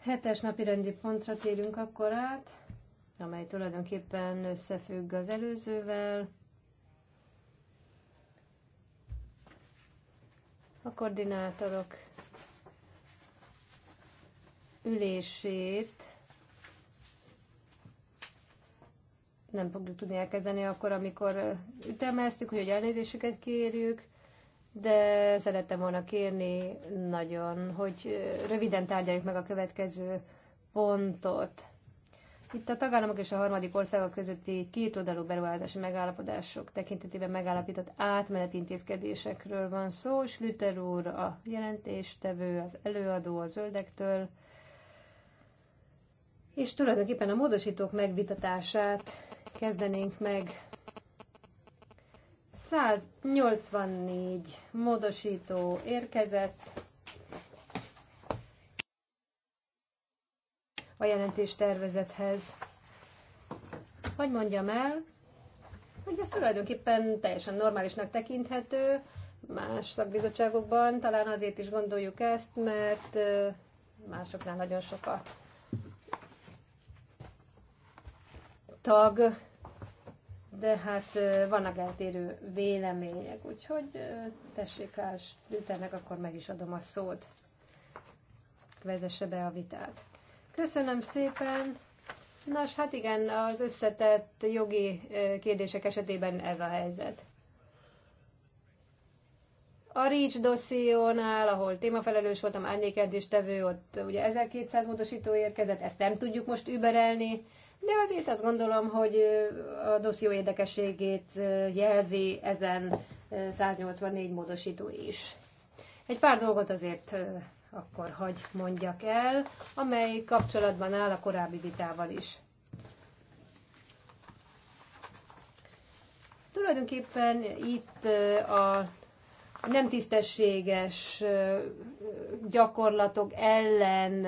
Hetes napi rendi pontra térünk akkor át amely tulajdonképpen összefügg az előzővel. A koordinátorok ülését nem fogjuk tudni elkezdeni akkor, amikor ütemeztük, hogy elnézésüket kérjük, de szerettem volna kérni nagyon, hogy röviden tárgyaljuk meg a következő pontot. Itt a tagállamok és a harmadik országok közötti kétoldalú beruházási megállapodások tekintetében megállapított átmeneti intézkedésekről van szó. Slüter úr a jelentéstevő, az előadó a zöldektől, és tulajdonképpen a módosítók megvitatását kezdenénk meg. 184 módosító érkezett, a jelentés tervezethez. Hogy mondjam el, hogy ez tulajdonképpen teljesen normálisnak tekinthető, más szakbizottságokban talán azért is gondoljuk ezt, mert másoknál nagyon sok a tag, de hát vannak eltérő vélemények, úgyhogy tessék Ás Lüternek, akkor meg is adom a szót. Vezesse be a vitát. Köszönöm szépen. Nos, hát igen, az összetett jogi kérdések esetében ez a helyzet. A REACH dossziónál, ahol témafelelős voltam, tevő, ott ugye 1200 módosító érkezett, ezt nem tudjuk most überelni, de azért azt gondolom, hogy a dosszió érdekességét jelzi ezen 184 módosító is. Egy pár dolgot azért akkor hagy mondjak el, amely kapcsolatban áll a korábbi vitával is. Tulajdonképpen itt a nem tisztességes gyakorlatok ellen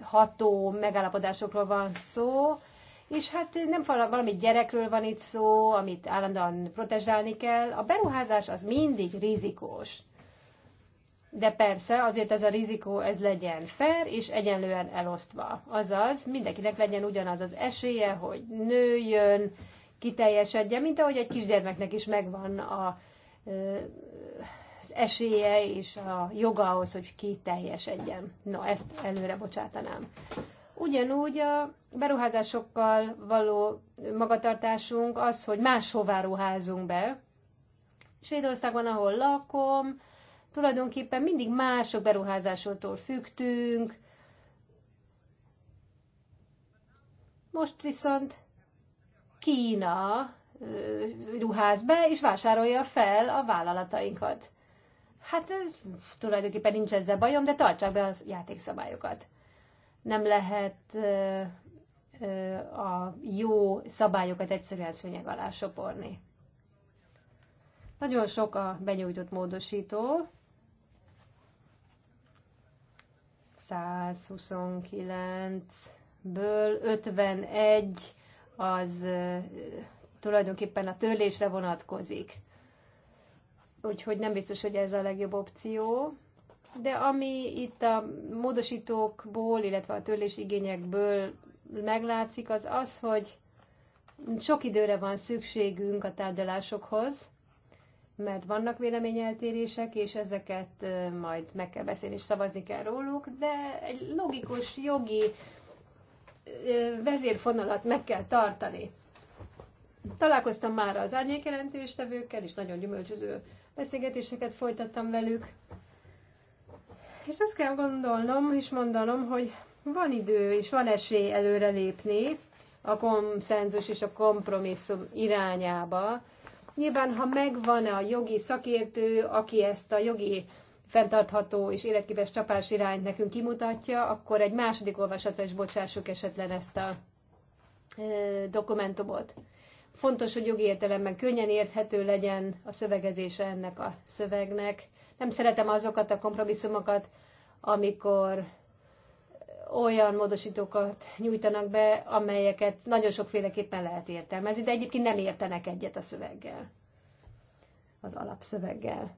ható megállapodásokról van szó, és hát nem valami gyerekről van itt szó, amit állandóan protezsálni kell. A beruházás az mindig rizikós de persze azért ez a rizikó ez legyen fair és egyenlően elosztva. Azaz mindenkinek legyen ugyanaz az esélye, hogy nőjön, kiteljesedjen, mint ahogy egy kisgyermeknek is megvan a, az esélye és a joga ahhoz, hogy kiteljesedjen. Na, ezt előre bocsátanám. Ugyanúgy a beruházásokkal való magatartásunk az, hogy máshová ruházunk be. Svédországban, ahol lakom, tulajdonképpen mindig mások beruházásoktól függtünk. Most viszont Kína ruház be, és vásárolja fel a vállalatainkat. Hát tulajdonképpen nincs ezzel bajom, de tartsák be a játékszabályokat. Nem lehet ö, ö, a jó szabályokat egyszerűen szőnyeg alá soporni. Nagyon sok a benyújtott módosító, 129-ből 51 az tulajdonképpen a törlésre vonatkozik. Úgyhogy nem biztos, hogy ez a legjobb opció. De ami itt a módosítókból, illetve a törlés igényekből meglátszik, az az, hogy sok időre van szükségünk a tárgyalásokhoz, mert vannak véleményeltérések, és ezeket majd meg kell beszélni, és szavazni kell róluk, de egy logikus jogi vezérfonalat meg kell tartani. Találkoztam már az árnyékjelentéstevőkkel, és nagyon gyümölcsöző beszélgetéseket folytattam velük. És azt kell gondolnom és mondanom, hogy van idő és van esély előrelépni a konszenzus és a kompromisszum irányába, Nyilván, ha megvan a jogi szakértő, aki ezt a jogi fenntartható és életképes csapás irányt nekünk kimutatja, akkor egy második olvasatra is bocsássuk esetlen ezt a dokumentumot. Fontos, hogy jogi értelemben könnyen érthető legyen a szövegezése ennek a szövegnek. Nem szeretem azokat a kompromisszumokat, amikor olyan módosítókat nyújtanak be, amelyeket nagyon sokféleképpen lehet értelmezni, de egyébként nem értenek egyet a szöveggel, az alapszöveggel.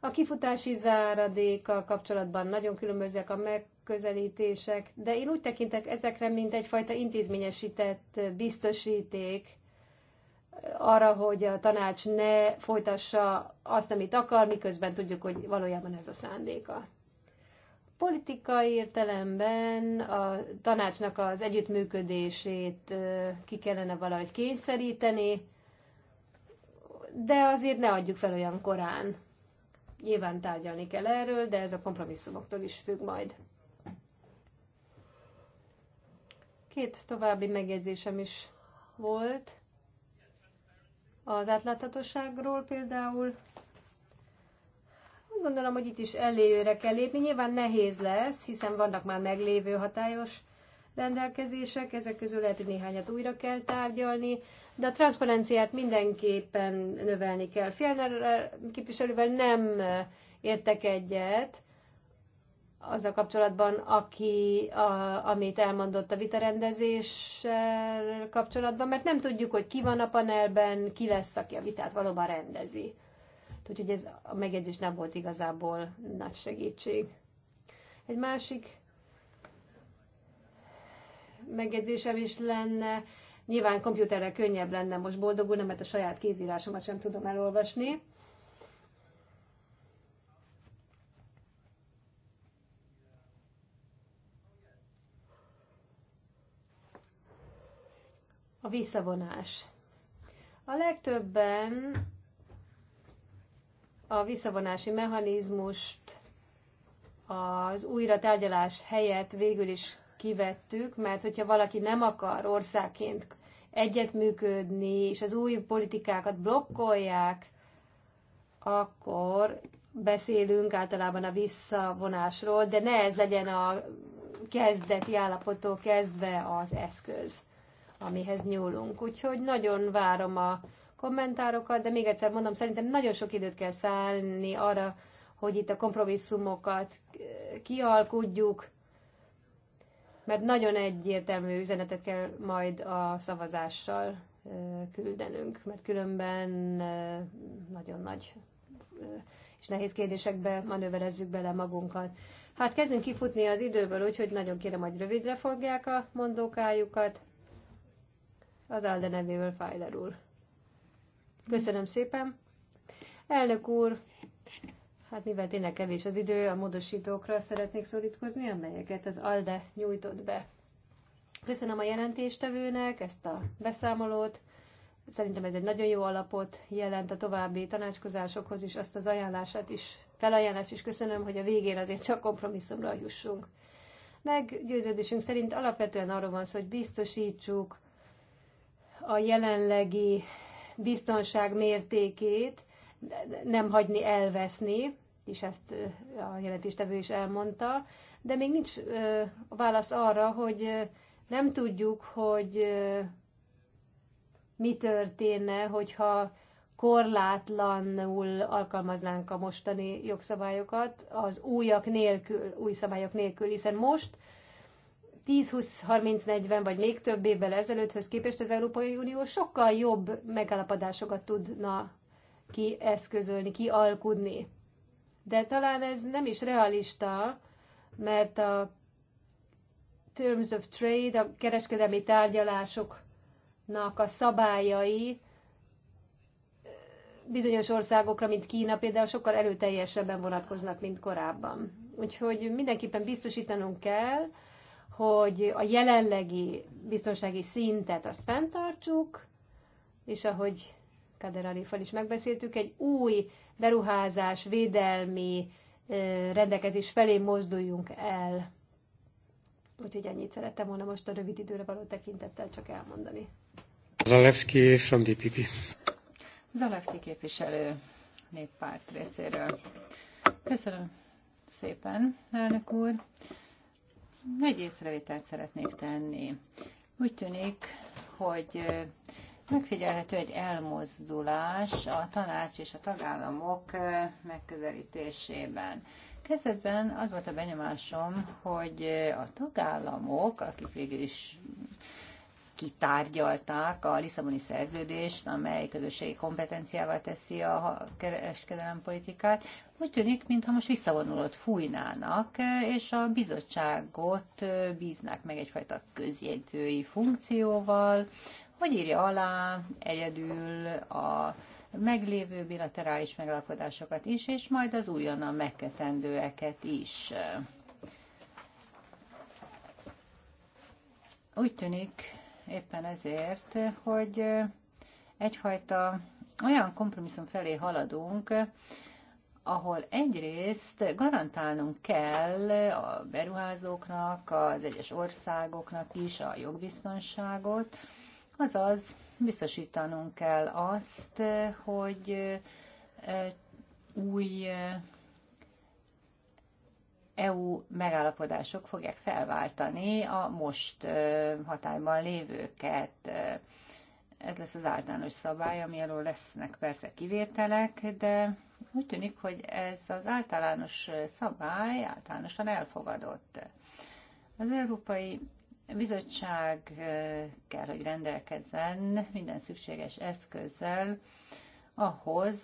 A kifutási záradékkal kapcsolatban nagyon különbözőek a megközelítések, de én úgy tekintek ezekre, mint egyfajta intézményesített biztosíték arra, hogy a tanács ne folytassa azt, amit akar, miközben tudjuk, hogy valójában ez a szándéka. Politikai értelemben a tanácsnak az együttműködését ki kellene valahogy kényszeríteni, de azért ne adjuk fel olyan korán. Nyilván tárgyalni kell erről, de ez a kompromisszumoktól is függ majd. Két további megjegyzésem is volt. Az átláthatóságról például gondolom, hogy itt is előre kell lépni. Nyilván nehéz lesz, hiszen vannak már meglévő hatályos rendelkezések, ezek közül lehet, hogy néhányat újra kell tárgyalni, de a transzparenciát mindenképpen növelni kell. Fjellner képviselővel nem értek egyet, azzal kapcsolatban, aki, a, amit elmondott a vitarendezés kapcsolatban, mert nem tudjuk, hogy ki van a panelben, ki lesz, aki a vitát valóban rendezi. Úgyhogy ez a megjegyzés nem volt igazából nagy segítség. Egy másik megjegyzésem is lenne, nyilván komputerrel könnyebb lenne most boldogulni, mert a saját kézírásomat sem tudom elolvasni, a visszavonás. A legtöbben a visszavonási mechanizmust az újra tárgyalás helyett végül is kivettük, mert hogyha valaki nem akar országként egyetműködni, és az új politikákat blokkolják, akkor beszélünk általában a visszavonásról, de ne ez legyen a kezdeti állapotól kezdve az eszköz amihez nyúlunk. Úgyhogy nagyon várom a kommentárokat, de még egyszer mondom, szerintem nagyon sok időt kell szállni arra, hogy itt a kompromisszumokat kialkudjuk, mert nagyon egyértelmű üzenetet kell majd a szavazással küldenünk, mert különben nagyon nagy és nehéz kérdésekbe manőverezzük bele magunkat. Hát kezdünk kifutni az időből, úgyhogy nagyon kérem, hogy rövidre fogják a mondókájukat az Alde nevéből Fájler úr. Köszönöm szépen. Elnök úr, hát mivel tényleg kevés az idő, a módosítókra szeretnék szorítkozni, amelyeket az ALDE nyújtott be. Köszönöm a jelentéstevőnek ezt a beszámolót. Szerintem ez egy nagyon jó alapot jelent a további tanácskozásokhoz is, azt az ajánlását is, felajánlást is köszönöm, hogy a végén azért csak kompromisszumra jussunk. Meggyőződésünk szerint alapvetően arról van szó, hogy biztosítsuk a jelenlegi biztonság mértékét nem hagyni elveszni, és ezt a jelentéstevő is elmondta, de még nincs válasz arra, hogy nem tudjuk, hogy mi történne, hogyha korlátlanul alkalmaznánk a mostani jogszabályokat az újak nélkül, új szabályok nélkül, hiszen most 10-20-30-40 vagy még több évvel ezelőtthöz képest az Európai Unió sokkal jobb megállapodásokat tudna kieszközölni, kialkudni. De talán ez nem is realista, mert a Terms of Trade, a kereskedelmi tárgyalásoknak a szabályai bizonyos országokra, mint Kína például sokkal előteljesebben vonatkoznak, mint korábban. Úgyhogy mindenképpen biztosítanunk kell, hogy a jelenlegi biztonsági szintet azt fenntartsuk, és ahogy Kader Arifal is megbeszéltük, egy új beruházás, védelmi rendelkezés felé mozduljunk el. Úgyhogy ennyit szerettem volna most a rövid időre való tekintettel csak elmondani. Zalewski from DPP. Zalewski képviselő néppárt részéről. Köszönöm szépen, elnök úr. Egy észrevételt szeretnék tenni. Úgy tűnik, hogy megfigyelhető egy elmozdulás a tanács és a tagállamok megközelítésében. Kezdetben az volt a benyomásom, hogy a tagállamok, akik végül is kitárgyalták a Lisszaboni szerződést, amely közösségi kompetenciával teszi a politikát. Úgy tűnik, mintha most visszavonulott fújnának, és a bizottságot bíznák meg egyfajta közjegyzői funkcióval, hogy írja alá egyedül a meglévő bilaterális megalkodásokat is, és majd az újonnan megkötendőeket is. Úgy tűnik, éppen ezért, hogy egyfajta olyan kompromisszum felé haladunk, ahol egyrészt garantálnunk kell a beruházóknak, az egyes országoknak is a jogbiztonságot, azaz biztosítanunk kell azt, hogy új EU megállapodások fogják felváltani a most hatályban lévőket. Ez lesz az általános szabály, ami alól lesznek persze kivételek, de úgy tűnik, hogy ez az általános szabály általánosan elfogadott. Az Európai Bizottság kell, hogy rendelkezzen minden szükséges eszközzel, ahhoz,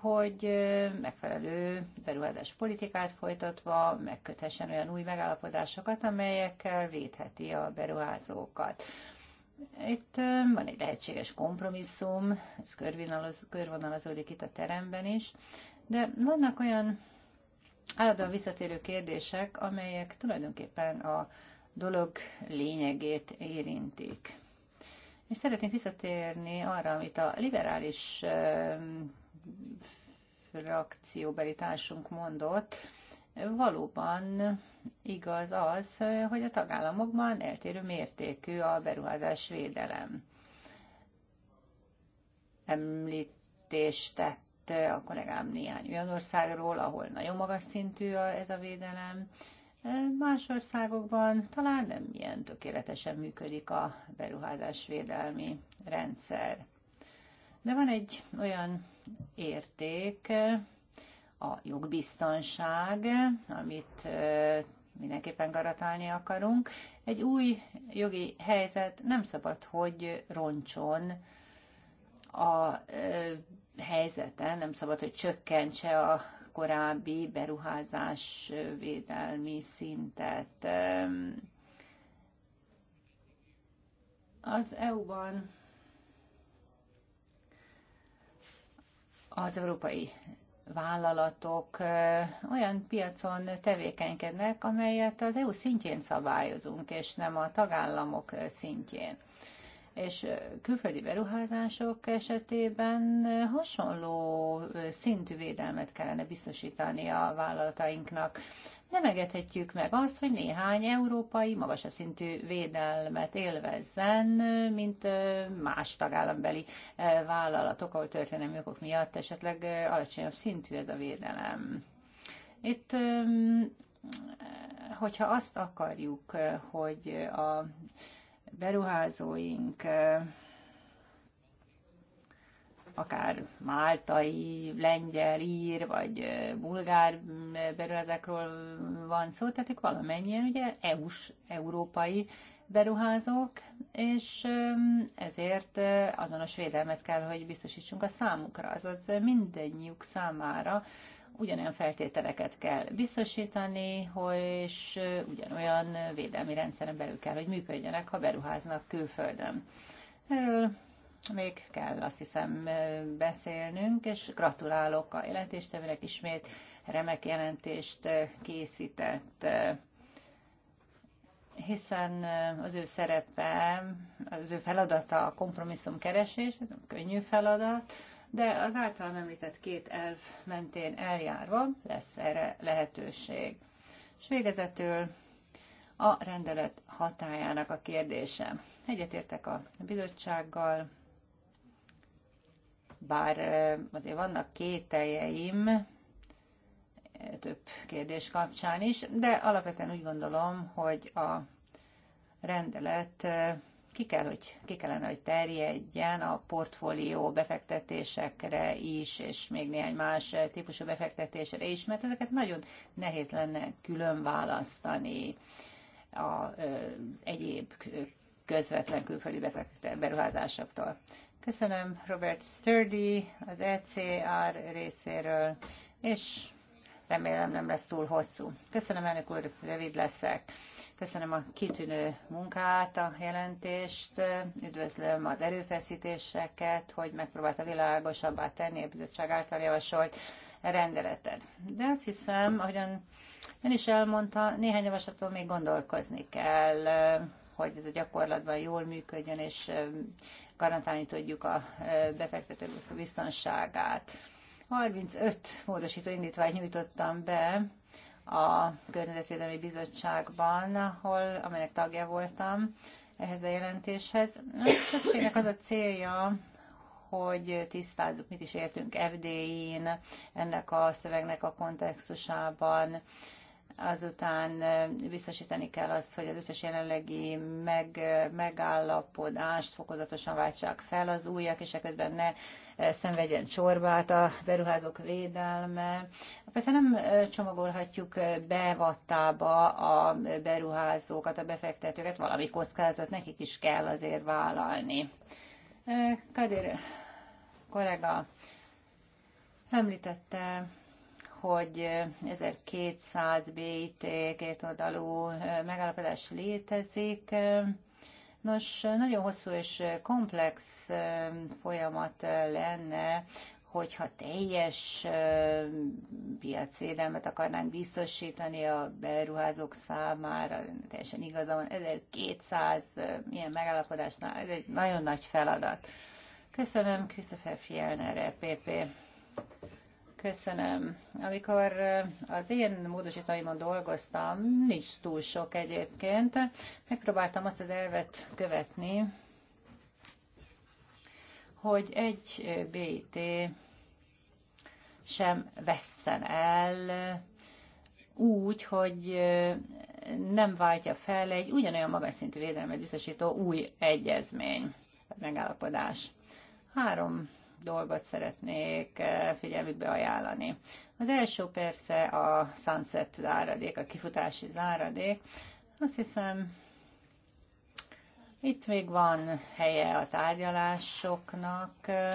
hogy megfelelő beruházás politikát folytatva megköthessen olyan új megállapodásokat, amelyekkel védheti a beruházókat. Itt van egy lehetséges kompromisszum, ez körvonalazódik itt a teremben is, de vannak olyan állandóan visszatérő kérdések, amelyek tulajdonképpen a dolog lényegét érintik. És szeretnék visszatérni arra, amit a liberális frakcióbeli társunk mondott, valóban igaz az, hogy a tagállamokban eltérő mértékű a beruházás védelem. Említést tett a kollégám néhány olyan országról, ahol nagyon magas szintű ez a védelem, Más országokban talán nem ilyen tökéletesen működik a beruházásvédelmi rendszer. De van egy olyan érték, a jogbiztonság, amit mindenképpen garatálni akarunk. Egy új jogi helyzet nem szabad, hogy roncson a helyzeten, nem szabad, hogy csökkentse a korábbi beruházás védelmi szintet. Az EU-ban az európai vállalatok olyan piacon tevékenykednek, amelyet az EU szintjén szabályozunk, és nem a tagállamok szintjén és külföldi beruházások esetében hasonló szintű védelmet kellene biztosítani a vállalatainknak. Nem engedhetjük meg azt, hogy néhány európai magasabb szintű védelmet élvezzen, mint más tagállambeli vállalatok, ahol történelmi okok miatt esetleg alacsonyabb szintű ez a védelem. Itt hogyha azt akarjuk, hogy a beruházóink, akár máltai, lengyel, ír vagy bulgár beruházákról van szó, tehát ők valamennyien ugye EU-s, európai beruházók, és ezért azonos védelmet kell, hogy biztosítsunk a számukra, azaz mindennyiuk számára ugyanolyan feltételeket kell biztosítani, és ugyanolyan védelmi rendszeren belül kell, hogy működjenek, ha beruháznak külföldön. Erről még kell azt hiszem beszélnünk, és gratulálok a jelentéstevőnek ismét, remek jelentést készített hiszen az ő szerepe, az ő feladata a kompromisszum keresés, ez nem könnyű feladat, de az általam említett két elv mentén eljárva lesz erre lehetőség. És végezetül a rendelet hatájának a kérdése. Egyetértek a bizottsággal, bár azért vannak kételjeim több kérdés kapcsán is, de alapvetően úgy gondolom, hogy a rendelet ki, kell, hogy, ki kellene, hogy terjedjen a portfólió befektetésekre is, és még néhány más típusú befektetésre is, mert ezeket nagyon nehéz lenne külön választani a ö, egyéb közvetlen külföldi beruházásoktól. Köszönöm Robert Sturdy az ECR részéről, és Remélem nem lesz túl hosszú. Köszönöm, elnök úr, rövid leszek. Köszönöm a kitűnő munkát, a jelentést. Üdvözlöm az erőfeszítéseket, hogy megpróbálta világosabbá tenni a bizottság által javasolt rendeletet. De azt hiszem, ahogyan ön is elmondta, néhány javaslaton még gondolkozni kell, hogy ez a gyakorlatban jól működjön, és garantálni tudjuk a befektetők biztonságát 35 módosító indítványt nyújtottam be a Környezetvédelmi Bizottságban, ahol, amelynek tagja voltam ehhez a jelentéshez. A többségnek az a célja, hogy tisztázzuk, mit is értünk FDI-n, ennek a szövegnek a kontextusában, azután biztosítani kell azt, hogy az összes jelenlegi meg, megállapodást fokozatosan váltsák fel az újak, és ekközben ne szenvedjen csorbát a beruházók védelme. Persze nem csomagolhatjuk bevattába a beruházókat, a befektetőket, valami kockázat nekik is kell azért vállalni. Kadir kollega említette, hogy 1200 BIT oldalú megállapodás létezik. Nos, nagyon hosszú és komplex folyamat lenne, hogyha teljes piacvédelmet akarnánk biztosítani a beruházók számára, teljesen igaza van, 1200 ilyen megállapodásnál, ez egy nagyon nagy feladat. Köszönöm Christopher Fjellner, PP. E Köszönöm. Amikor eh, az én módosítóimon dolgoztam, nincs túl sok egyébként, megpróbáltam azt az elvet követni, hogy egy eh, BT sem vesszen el eh, úgy, hogy nem váltja fel egy ugyanolyan magas szintű védelmet biztosító új egyezmény, megállapodás. Három dolgot szeretnék eh, figyelmükbe ajánlani. Az első persze a sunset záradék, a kifutási záradék. Azt hiszem, itt még van helye a tárgyalásoknak, eh,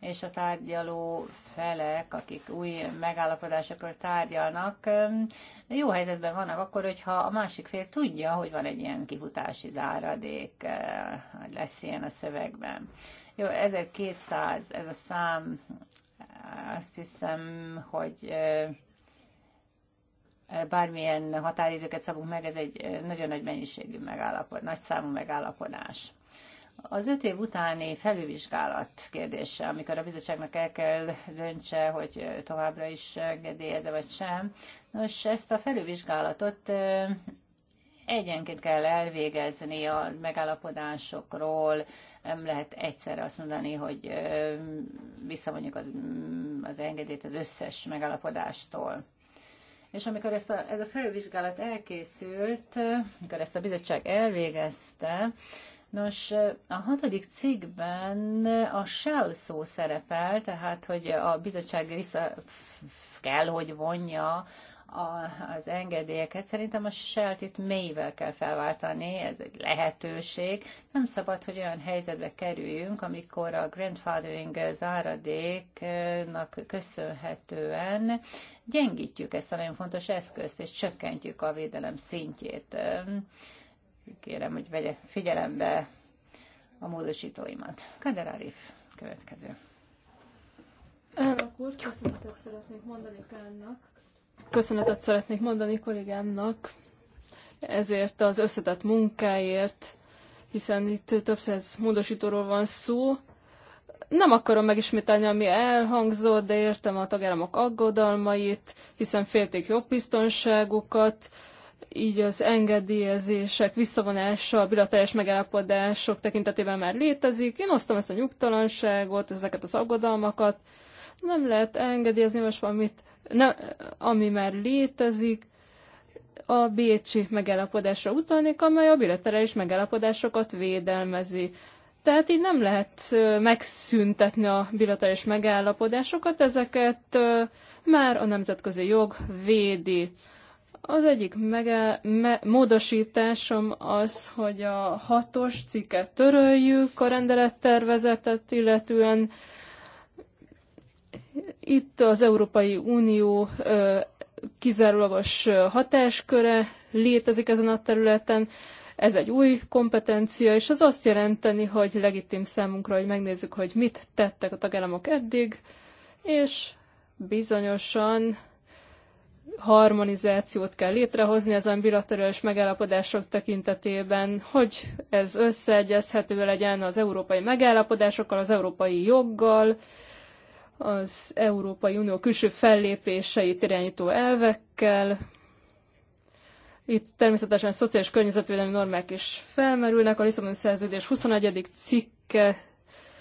és a tárgyaló felek, akik új megállapodásokról tárgyalnak, eh, jó helyzetben vannak akkor, hogyha a másik fél tudja, hogy van egy ilyen kifutási záradék, hogy lesz ilyen a szövegben. Jó, 1200 ez a szám, azt hiszem, hogy bármilyen határidőket szabunk meg, ez egy nagyon nagy mennyiségű megállapod, nagy számú megállapodás. Az öt év utáni felülvizsgálat kérdése, amikor a bizottságnak el kell döntse, hogy továbbra is engedélyeze vagy sem. Nos, ezt a felülvizsgálatot egyenként kell elvégezni a megállapodásokról, nem lehet egyszerre azt mondani, hogy visszavonjuk az, az engedélyt az összes megalapodástól. És amikor ezt a, ez a felvizsgálat elkészült, amikor ezt a bizottság elvégezte, Nos, a hatodik cikkben a shall szó szerepel, tehát hogy a bizottság vissza kell, hogy vonja az engedélyeket. Szerintem a selt itt mélyvel kell felváltani, ez egy lehetőség. Nem szabad, hogy olyan helyzetbe kerüljünk, amikor a grandfathering záradéknak köszönhetően gyengítjük ezt a nagyon fontos eszközt, és csökkentjük a védelem szintjét. Kérem, hogy vegye figyelembe a módosítóimat. Kader Arif következő. Elnök úr, köszönetet szeretnék mondani Kánnak Köszönetet szeretnék mondani kollégámnak ezért az összetett munkáért, hiszen itt több száz módosítóról van szó. Nem akarom megismételni, ami elhangzott, de értem a tagállamok aggodalmait, hiszen félték biztonságukat, így az engedélyezések visszavonása, a bilaterális megállapodások tekintetében már létezik. Én osztom ezt a nyugtalanságot, ezeket az aggodalmakat. Nem lehet engedélyezni most valamit ne, ami már létezik, a Bécsi megállapodásra utalnék, amely a bilaterális megállapodásokat védelmezi. Tehát így nem lehet megszüntetni a bilaterális megállapodásokat, ezeket már a nemzetközi jog védi. Az egyik mege- me- módosításom az, hogy a hatos cikket töröljük a rendelettervezetet, illetően itt az Európai Unió kizárólagos hatásköre létezik ezen a területen, ez egy új kompetencia, és az azt jelenteni, hogy legitim számunkra, hogy megnézzük, hogy mit tettek a tagállamok eddig, és bizonyosan harmonizációt kell létrehozni ezen bilaterális megállapodások tekintetében, hogy ez összeegyezhető legyen az európai megállapodásokkal, az európai joggal, az Európai Unió külső fellépéseit irányító elvekkel. Itt természetesen a szociális környezetvédelmi normák is felmerülnek. A Lisszaboni Szerződés 21. cikke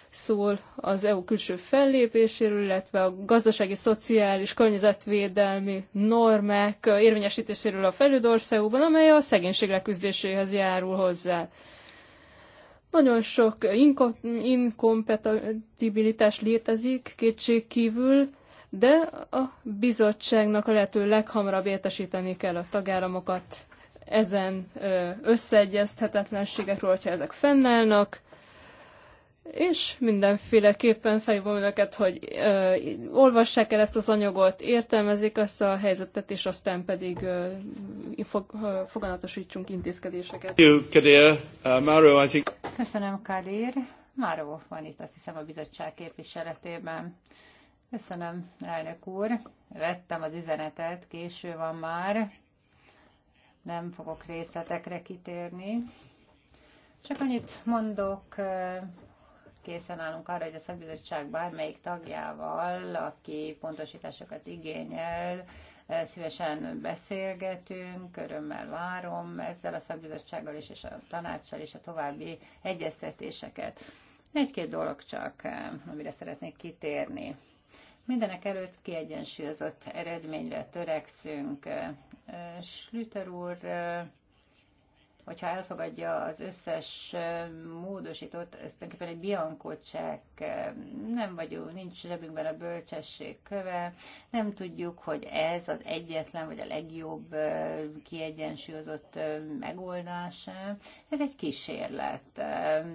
szól az EU külső fellépéséről, illetve a gazdasági, szociális, környezetvédelmi normák érvényesítéséről a fejlődő országokban, amely a szegénység leküzdéséhez járul hozzá. Nagyon sok inko- inkompatibilitás létezik kétség kívül, de a bizottságnak a lehető leghamarabb értesíteni kell a tagállamokat ezen összeegyezthetetlenségekről, hogyha ezek fennállnak, és mindenféleképpen felhívom önöket, hogy ö, olvassák el ezt az anyagot, értelmezik ezt a helyzetet, és aztán pedig fog, foganatosítsunk intézkedéseket. Uh, Köszönöm, Kadir. Máró van itt, azt hiszem, a bizottság képviseletében. Köszönöm, elnök úr. Vettem az üzenetet, késő van már. Nem fogok részletekre kitérni. Csak annyit mondok, készen állunk arra, hogy a szakbizottság bármelyik tagjával, aki pontosításokat igényel, eh, szívesen beszélgetünk, örömmel várom ezzel a szakbizottsággal is, és a tanácssal és a további egyeztetéseket. Egy-két dolog csak, eh, amire szeretnék kitérni. Mindenek előtt kiegyensúlyozott eredményre törekszünk. Eh, Slüter úr hogyha elfogadja az összes módosított, ez tulajdonképpen egy biankocsek, nem vagyunk, nincs zsebünkben a bölcsesség köve, nem tudjuk, hogy ez az egyetlen vagy a legjobb kiegyensúlyozott megoldás. Ez egy kísérlet,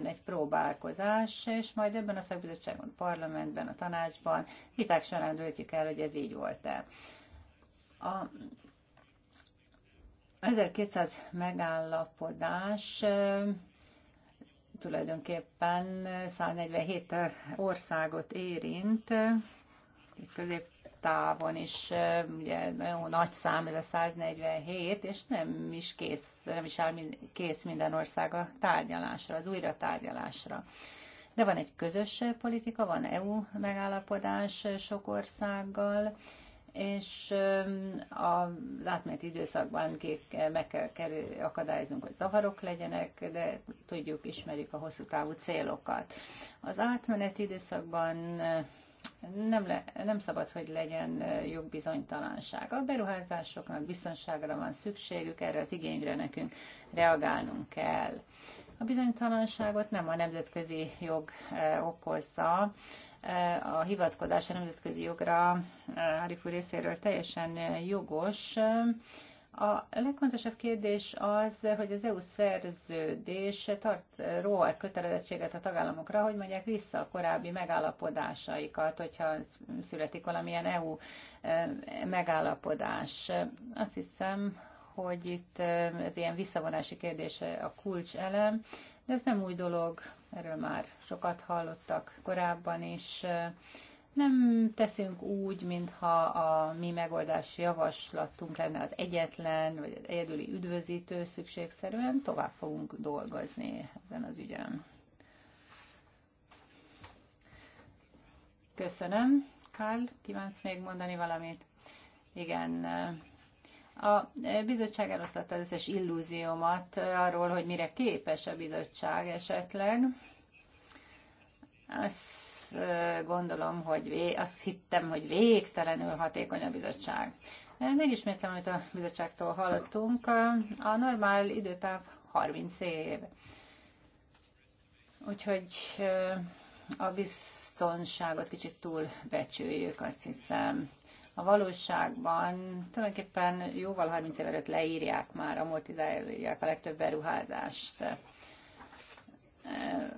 egy próbálkozás, és majd ebben a szakbizottságon, a parlamentben, a tanácsban viták során döntjük el, hogy ez így volt-e. A 1200 megállapodás tulajdonképpen 147 országot érint, középtávon is ugye nagyon nagy szám ez a 147, és nem is kész, nem is áll mind, kész minden ország a tárgyalásra, az újra tárgyalásra. De van egy közös politika, van EU megállapodás sok országgal, és az átmeneti időszakban kék, meg kell kerül, akadályoznunk, hogy zavarok legyenek, de tudjuk, ismerjük a hosszú távú célokat. Az átmeneti időszakban nem, le, nem szabad, hogy legyen jogbizonytalanság. A beruházásoknak biztonságra van szükségük, erre az igényre nekünk reagálnunk kell. A bizonytalanságot nem a nemzetközi jog okozza, a hivatkozás a nemzetközi jogra eh, Arif részéről teljesen eh, jogos. A legfontosabb kérdés az, hogy az EU szerződés tart eh, róla kötelezettséget a tagállamokra, hogy mondják vissza a korábbi megállapodásaikat, hogyha születik valamilyen EU megállapodás. Azt hiszem, hogy itt ez ilyen visszavonási kérdése a kulcselem, de ez nem új dolog, erről már sokat hallottak korábban is. Nem teszünk úgy, mintha a mi megoldási javaslatunk lenne az egyetlen, vagy az egyedüli üdvözítő szükségszerűen, tovább fogunk dolgozni ezen az ügyön. Köszönöm. Karl, kívánsz még mondani valamit? Igen, a bizottság eloszlatta az összes illúziómat arról, hogy mire képes a bizottság esetleg. Azt gondolom, hogy vé, azt hittem, hogy végtelenül hatékony a bizottság. Megismétlem, amit a bizottságtól hallottunk. A normál időtáv 30 év. Úgyhogy a biztonságot kicsit túl becsüljük, azt hiszem a valóságban tulajdonképpen jóval 30 év előtt leírják már, amortizálják a legtöbb beruházást.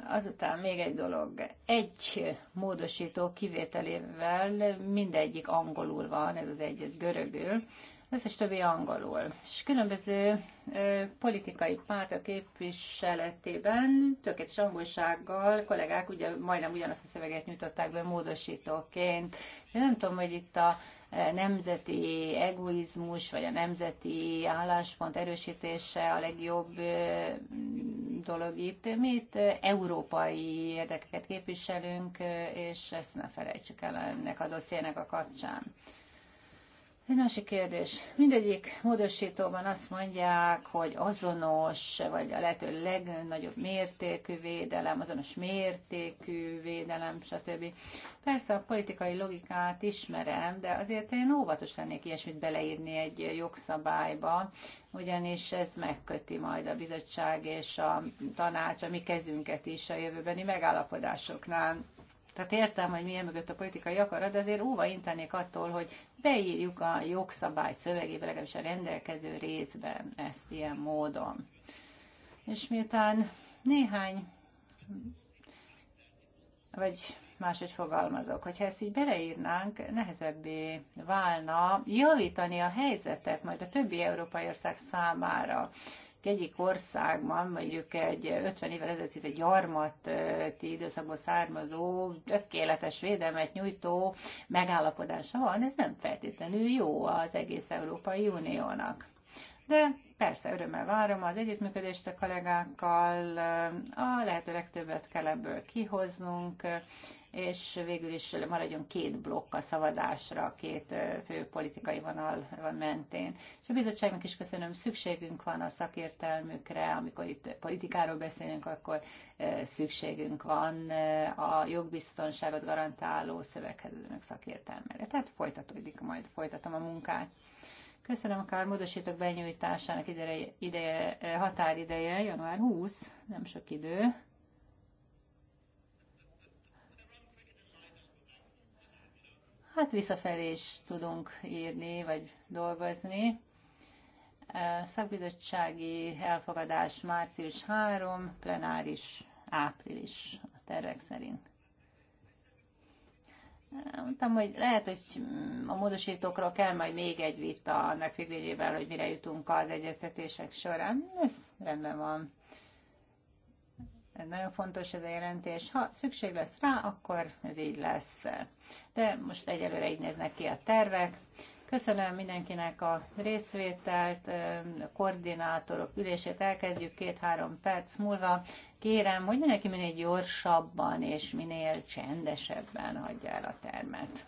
Azután még egy dolog. Egy módosító kivételével mindegyik angolul van, ez az egy, ez görögül, összes többi angolul. És különböző ö, politikai pártok képviseletében tökéletes angolsággal kollégák ugye, majdnem ugyanazt a szöveget nyújtották be módosítóként. Én nem tudom, hogy itt a nemzeti egoizmus vagy a nemzeti álláspont erősítése a legjobb dolog itt. Mi itt európai érdekeket képviselünk, és ezt ne felejtsük el ennek a dossziének a kapcsán. Egy másik kérdés. Mindegyik módosítóban azt mondják, hogy azonos, vagy a lehető legnagyobb mértékű védelem, azonos mértékű védelem, stb. Persze a politikai logikát ismerem, de azért én óvatos lennék ilyesmit beleírni egy jogszabályba, ugyanis ez megköti majd a bizottság és a tanács, a mi kezünket is a jövőbeni megállapodásoknál tehát értem, hogy milyen mögött a politikai akarat, de azért óva intenék attól, hogy beírjuk a jogszabály szövegébe, legalábbis a rendelkező részben ezt ilyen módon. És miután néhány, vagy máshogy fogalmazok, hogyha ezt így beleírnánk, nehezebbé válna javítani a helyzetet majd a többi európai ország számára egyik országban, mondjuk egy 50 évvel ezelőtt egy gyarmati időszakból származó, tökéletes védelmet nyújtó megállapodása van, ez nem feltétlenül jó az egész Európai Uniónak. De Persze, örömmel várom az együttműködést a kollégákkal, a lehető legtöbbet kell ebből kihoznunk, és végül is maradjon két blokk a szavazásra, két fő politikai vonal van mentén. És a bizottságnak is köszönöm, szükségünk van a szakértelmükre, amikor itt politikáról beszélünk, akkor szükségünk van a jogbiztonságot garantáló szöveghez szakértelmére. Tehát folytatódik, majd folytatom a munkát. Köszönöm, akár módosítok benyújtásának ideje, ideje, eh, határideje, január 20, nem sok idő. Hát visszafelé is tudunk írni, vagy dolgozni. Eh, szakbizottsági elfogadás március 3, plenáris április a tervek szerint. Mondtam, hogy lehet, hogy a módosítókról kell majd még egy vita annak függvényében, hogy mire jutunk az egyeztetések során. Ez rendben van. Ez nagyon fontos ez a jelentés. Ha szükség lesz rá, akkor ez így lesz. De most egyelőre így néznek ki a tervek. Köszönöm mindenkinek a részvételt, a koordinátorok ülését elkezdjük két-három perc múlva. Kérem, hogy mindenki minél gyorsabban és minél csendesebben hagyja el a termet.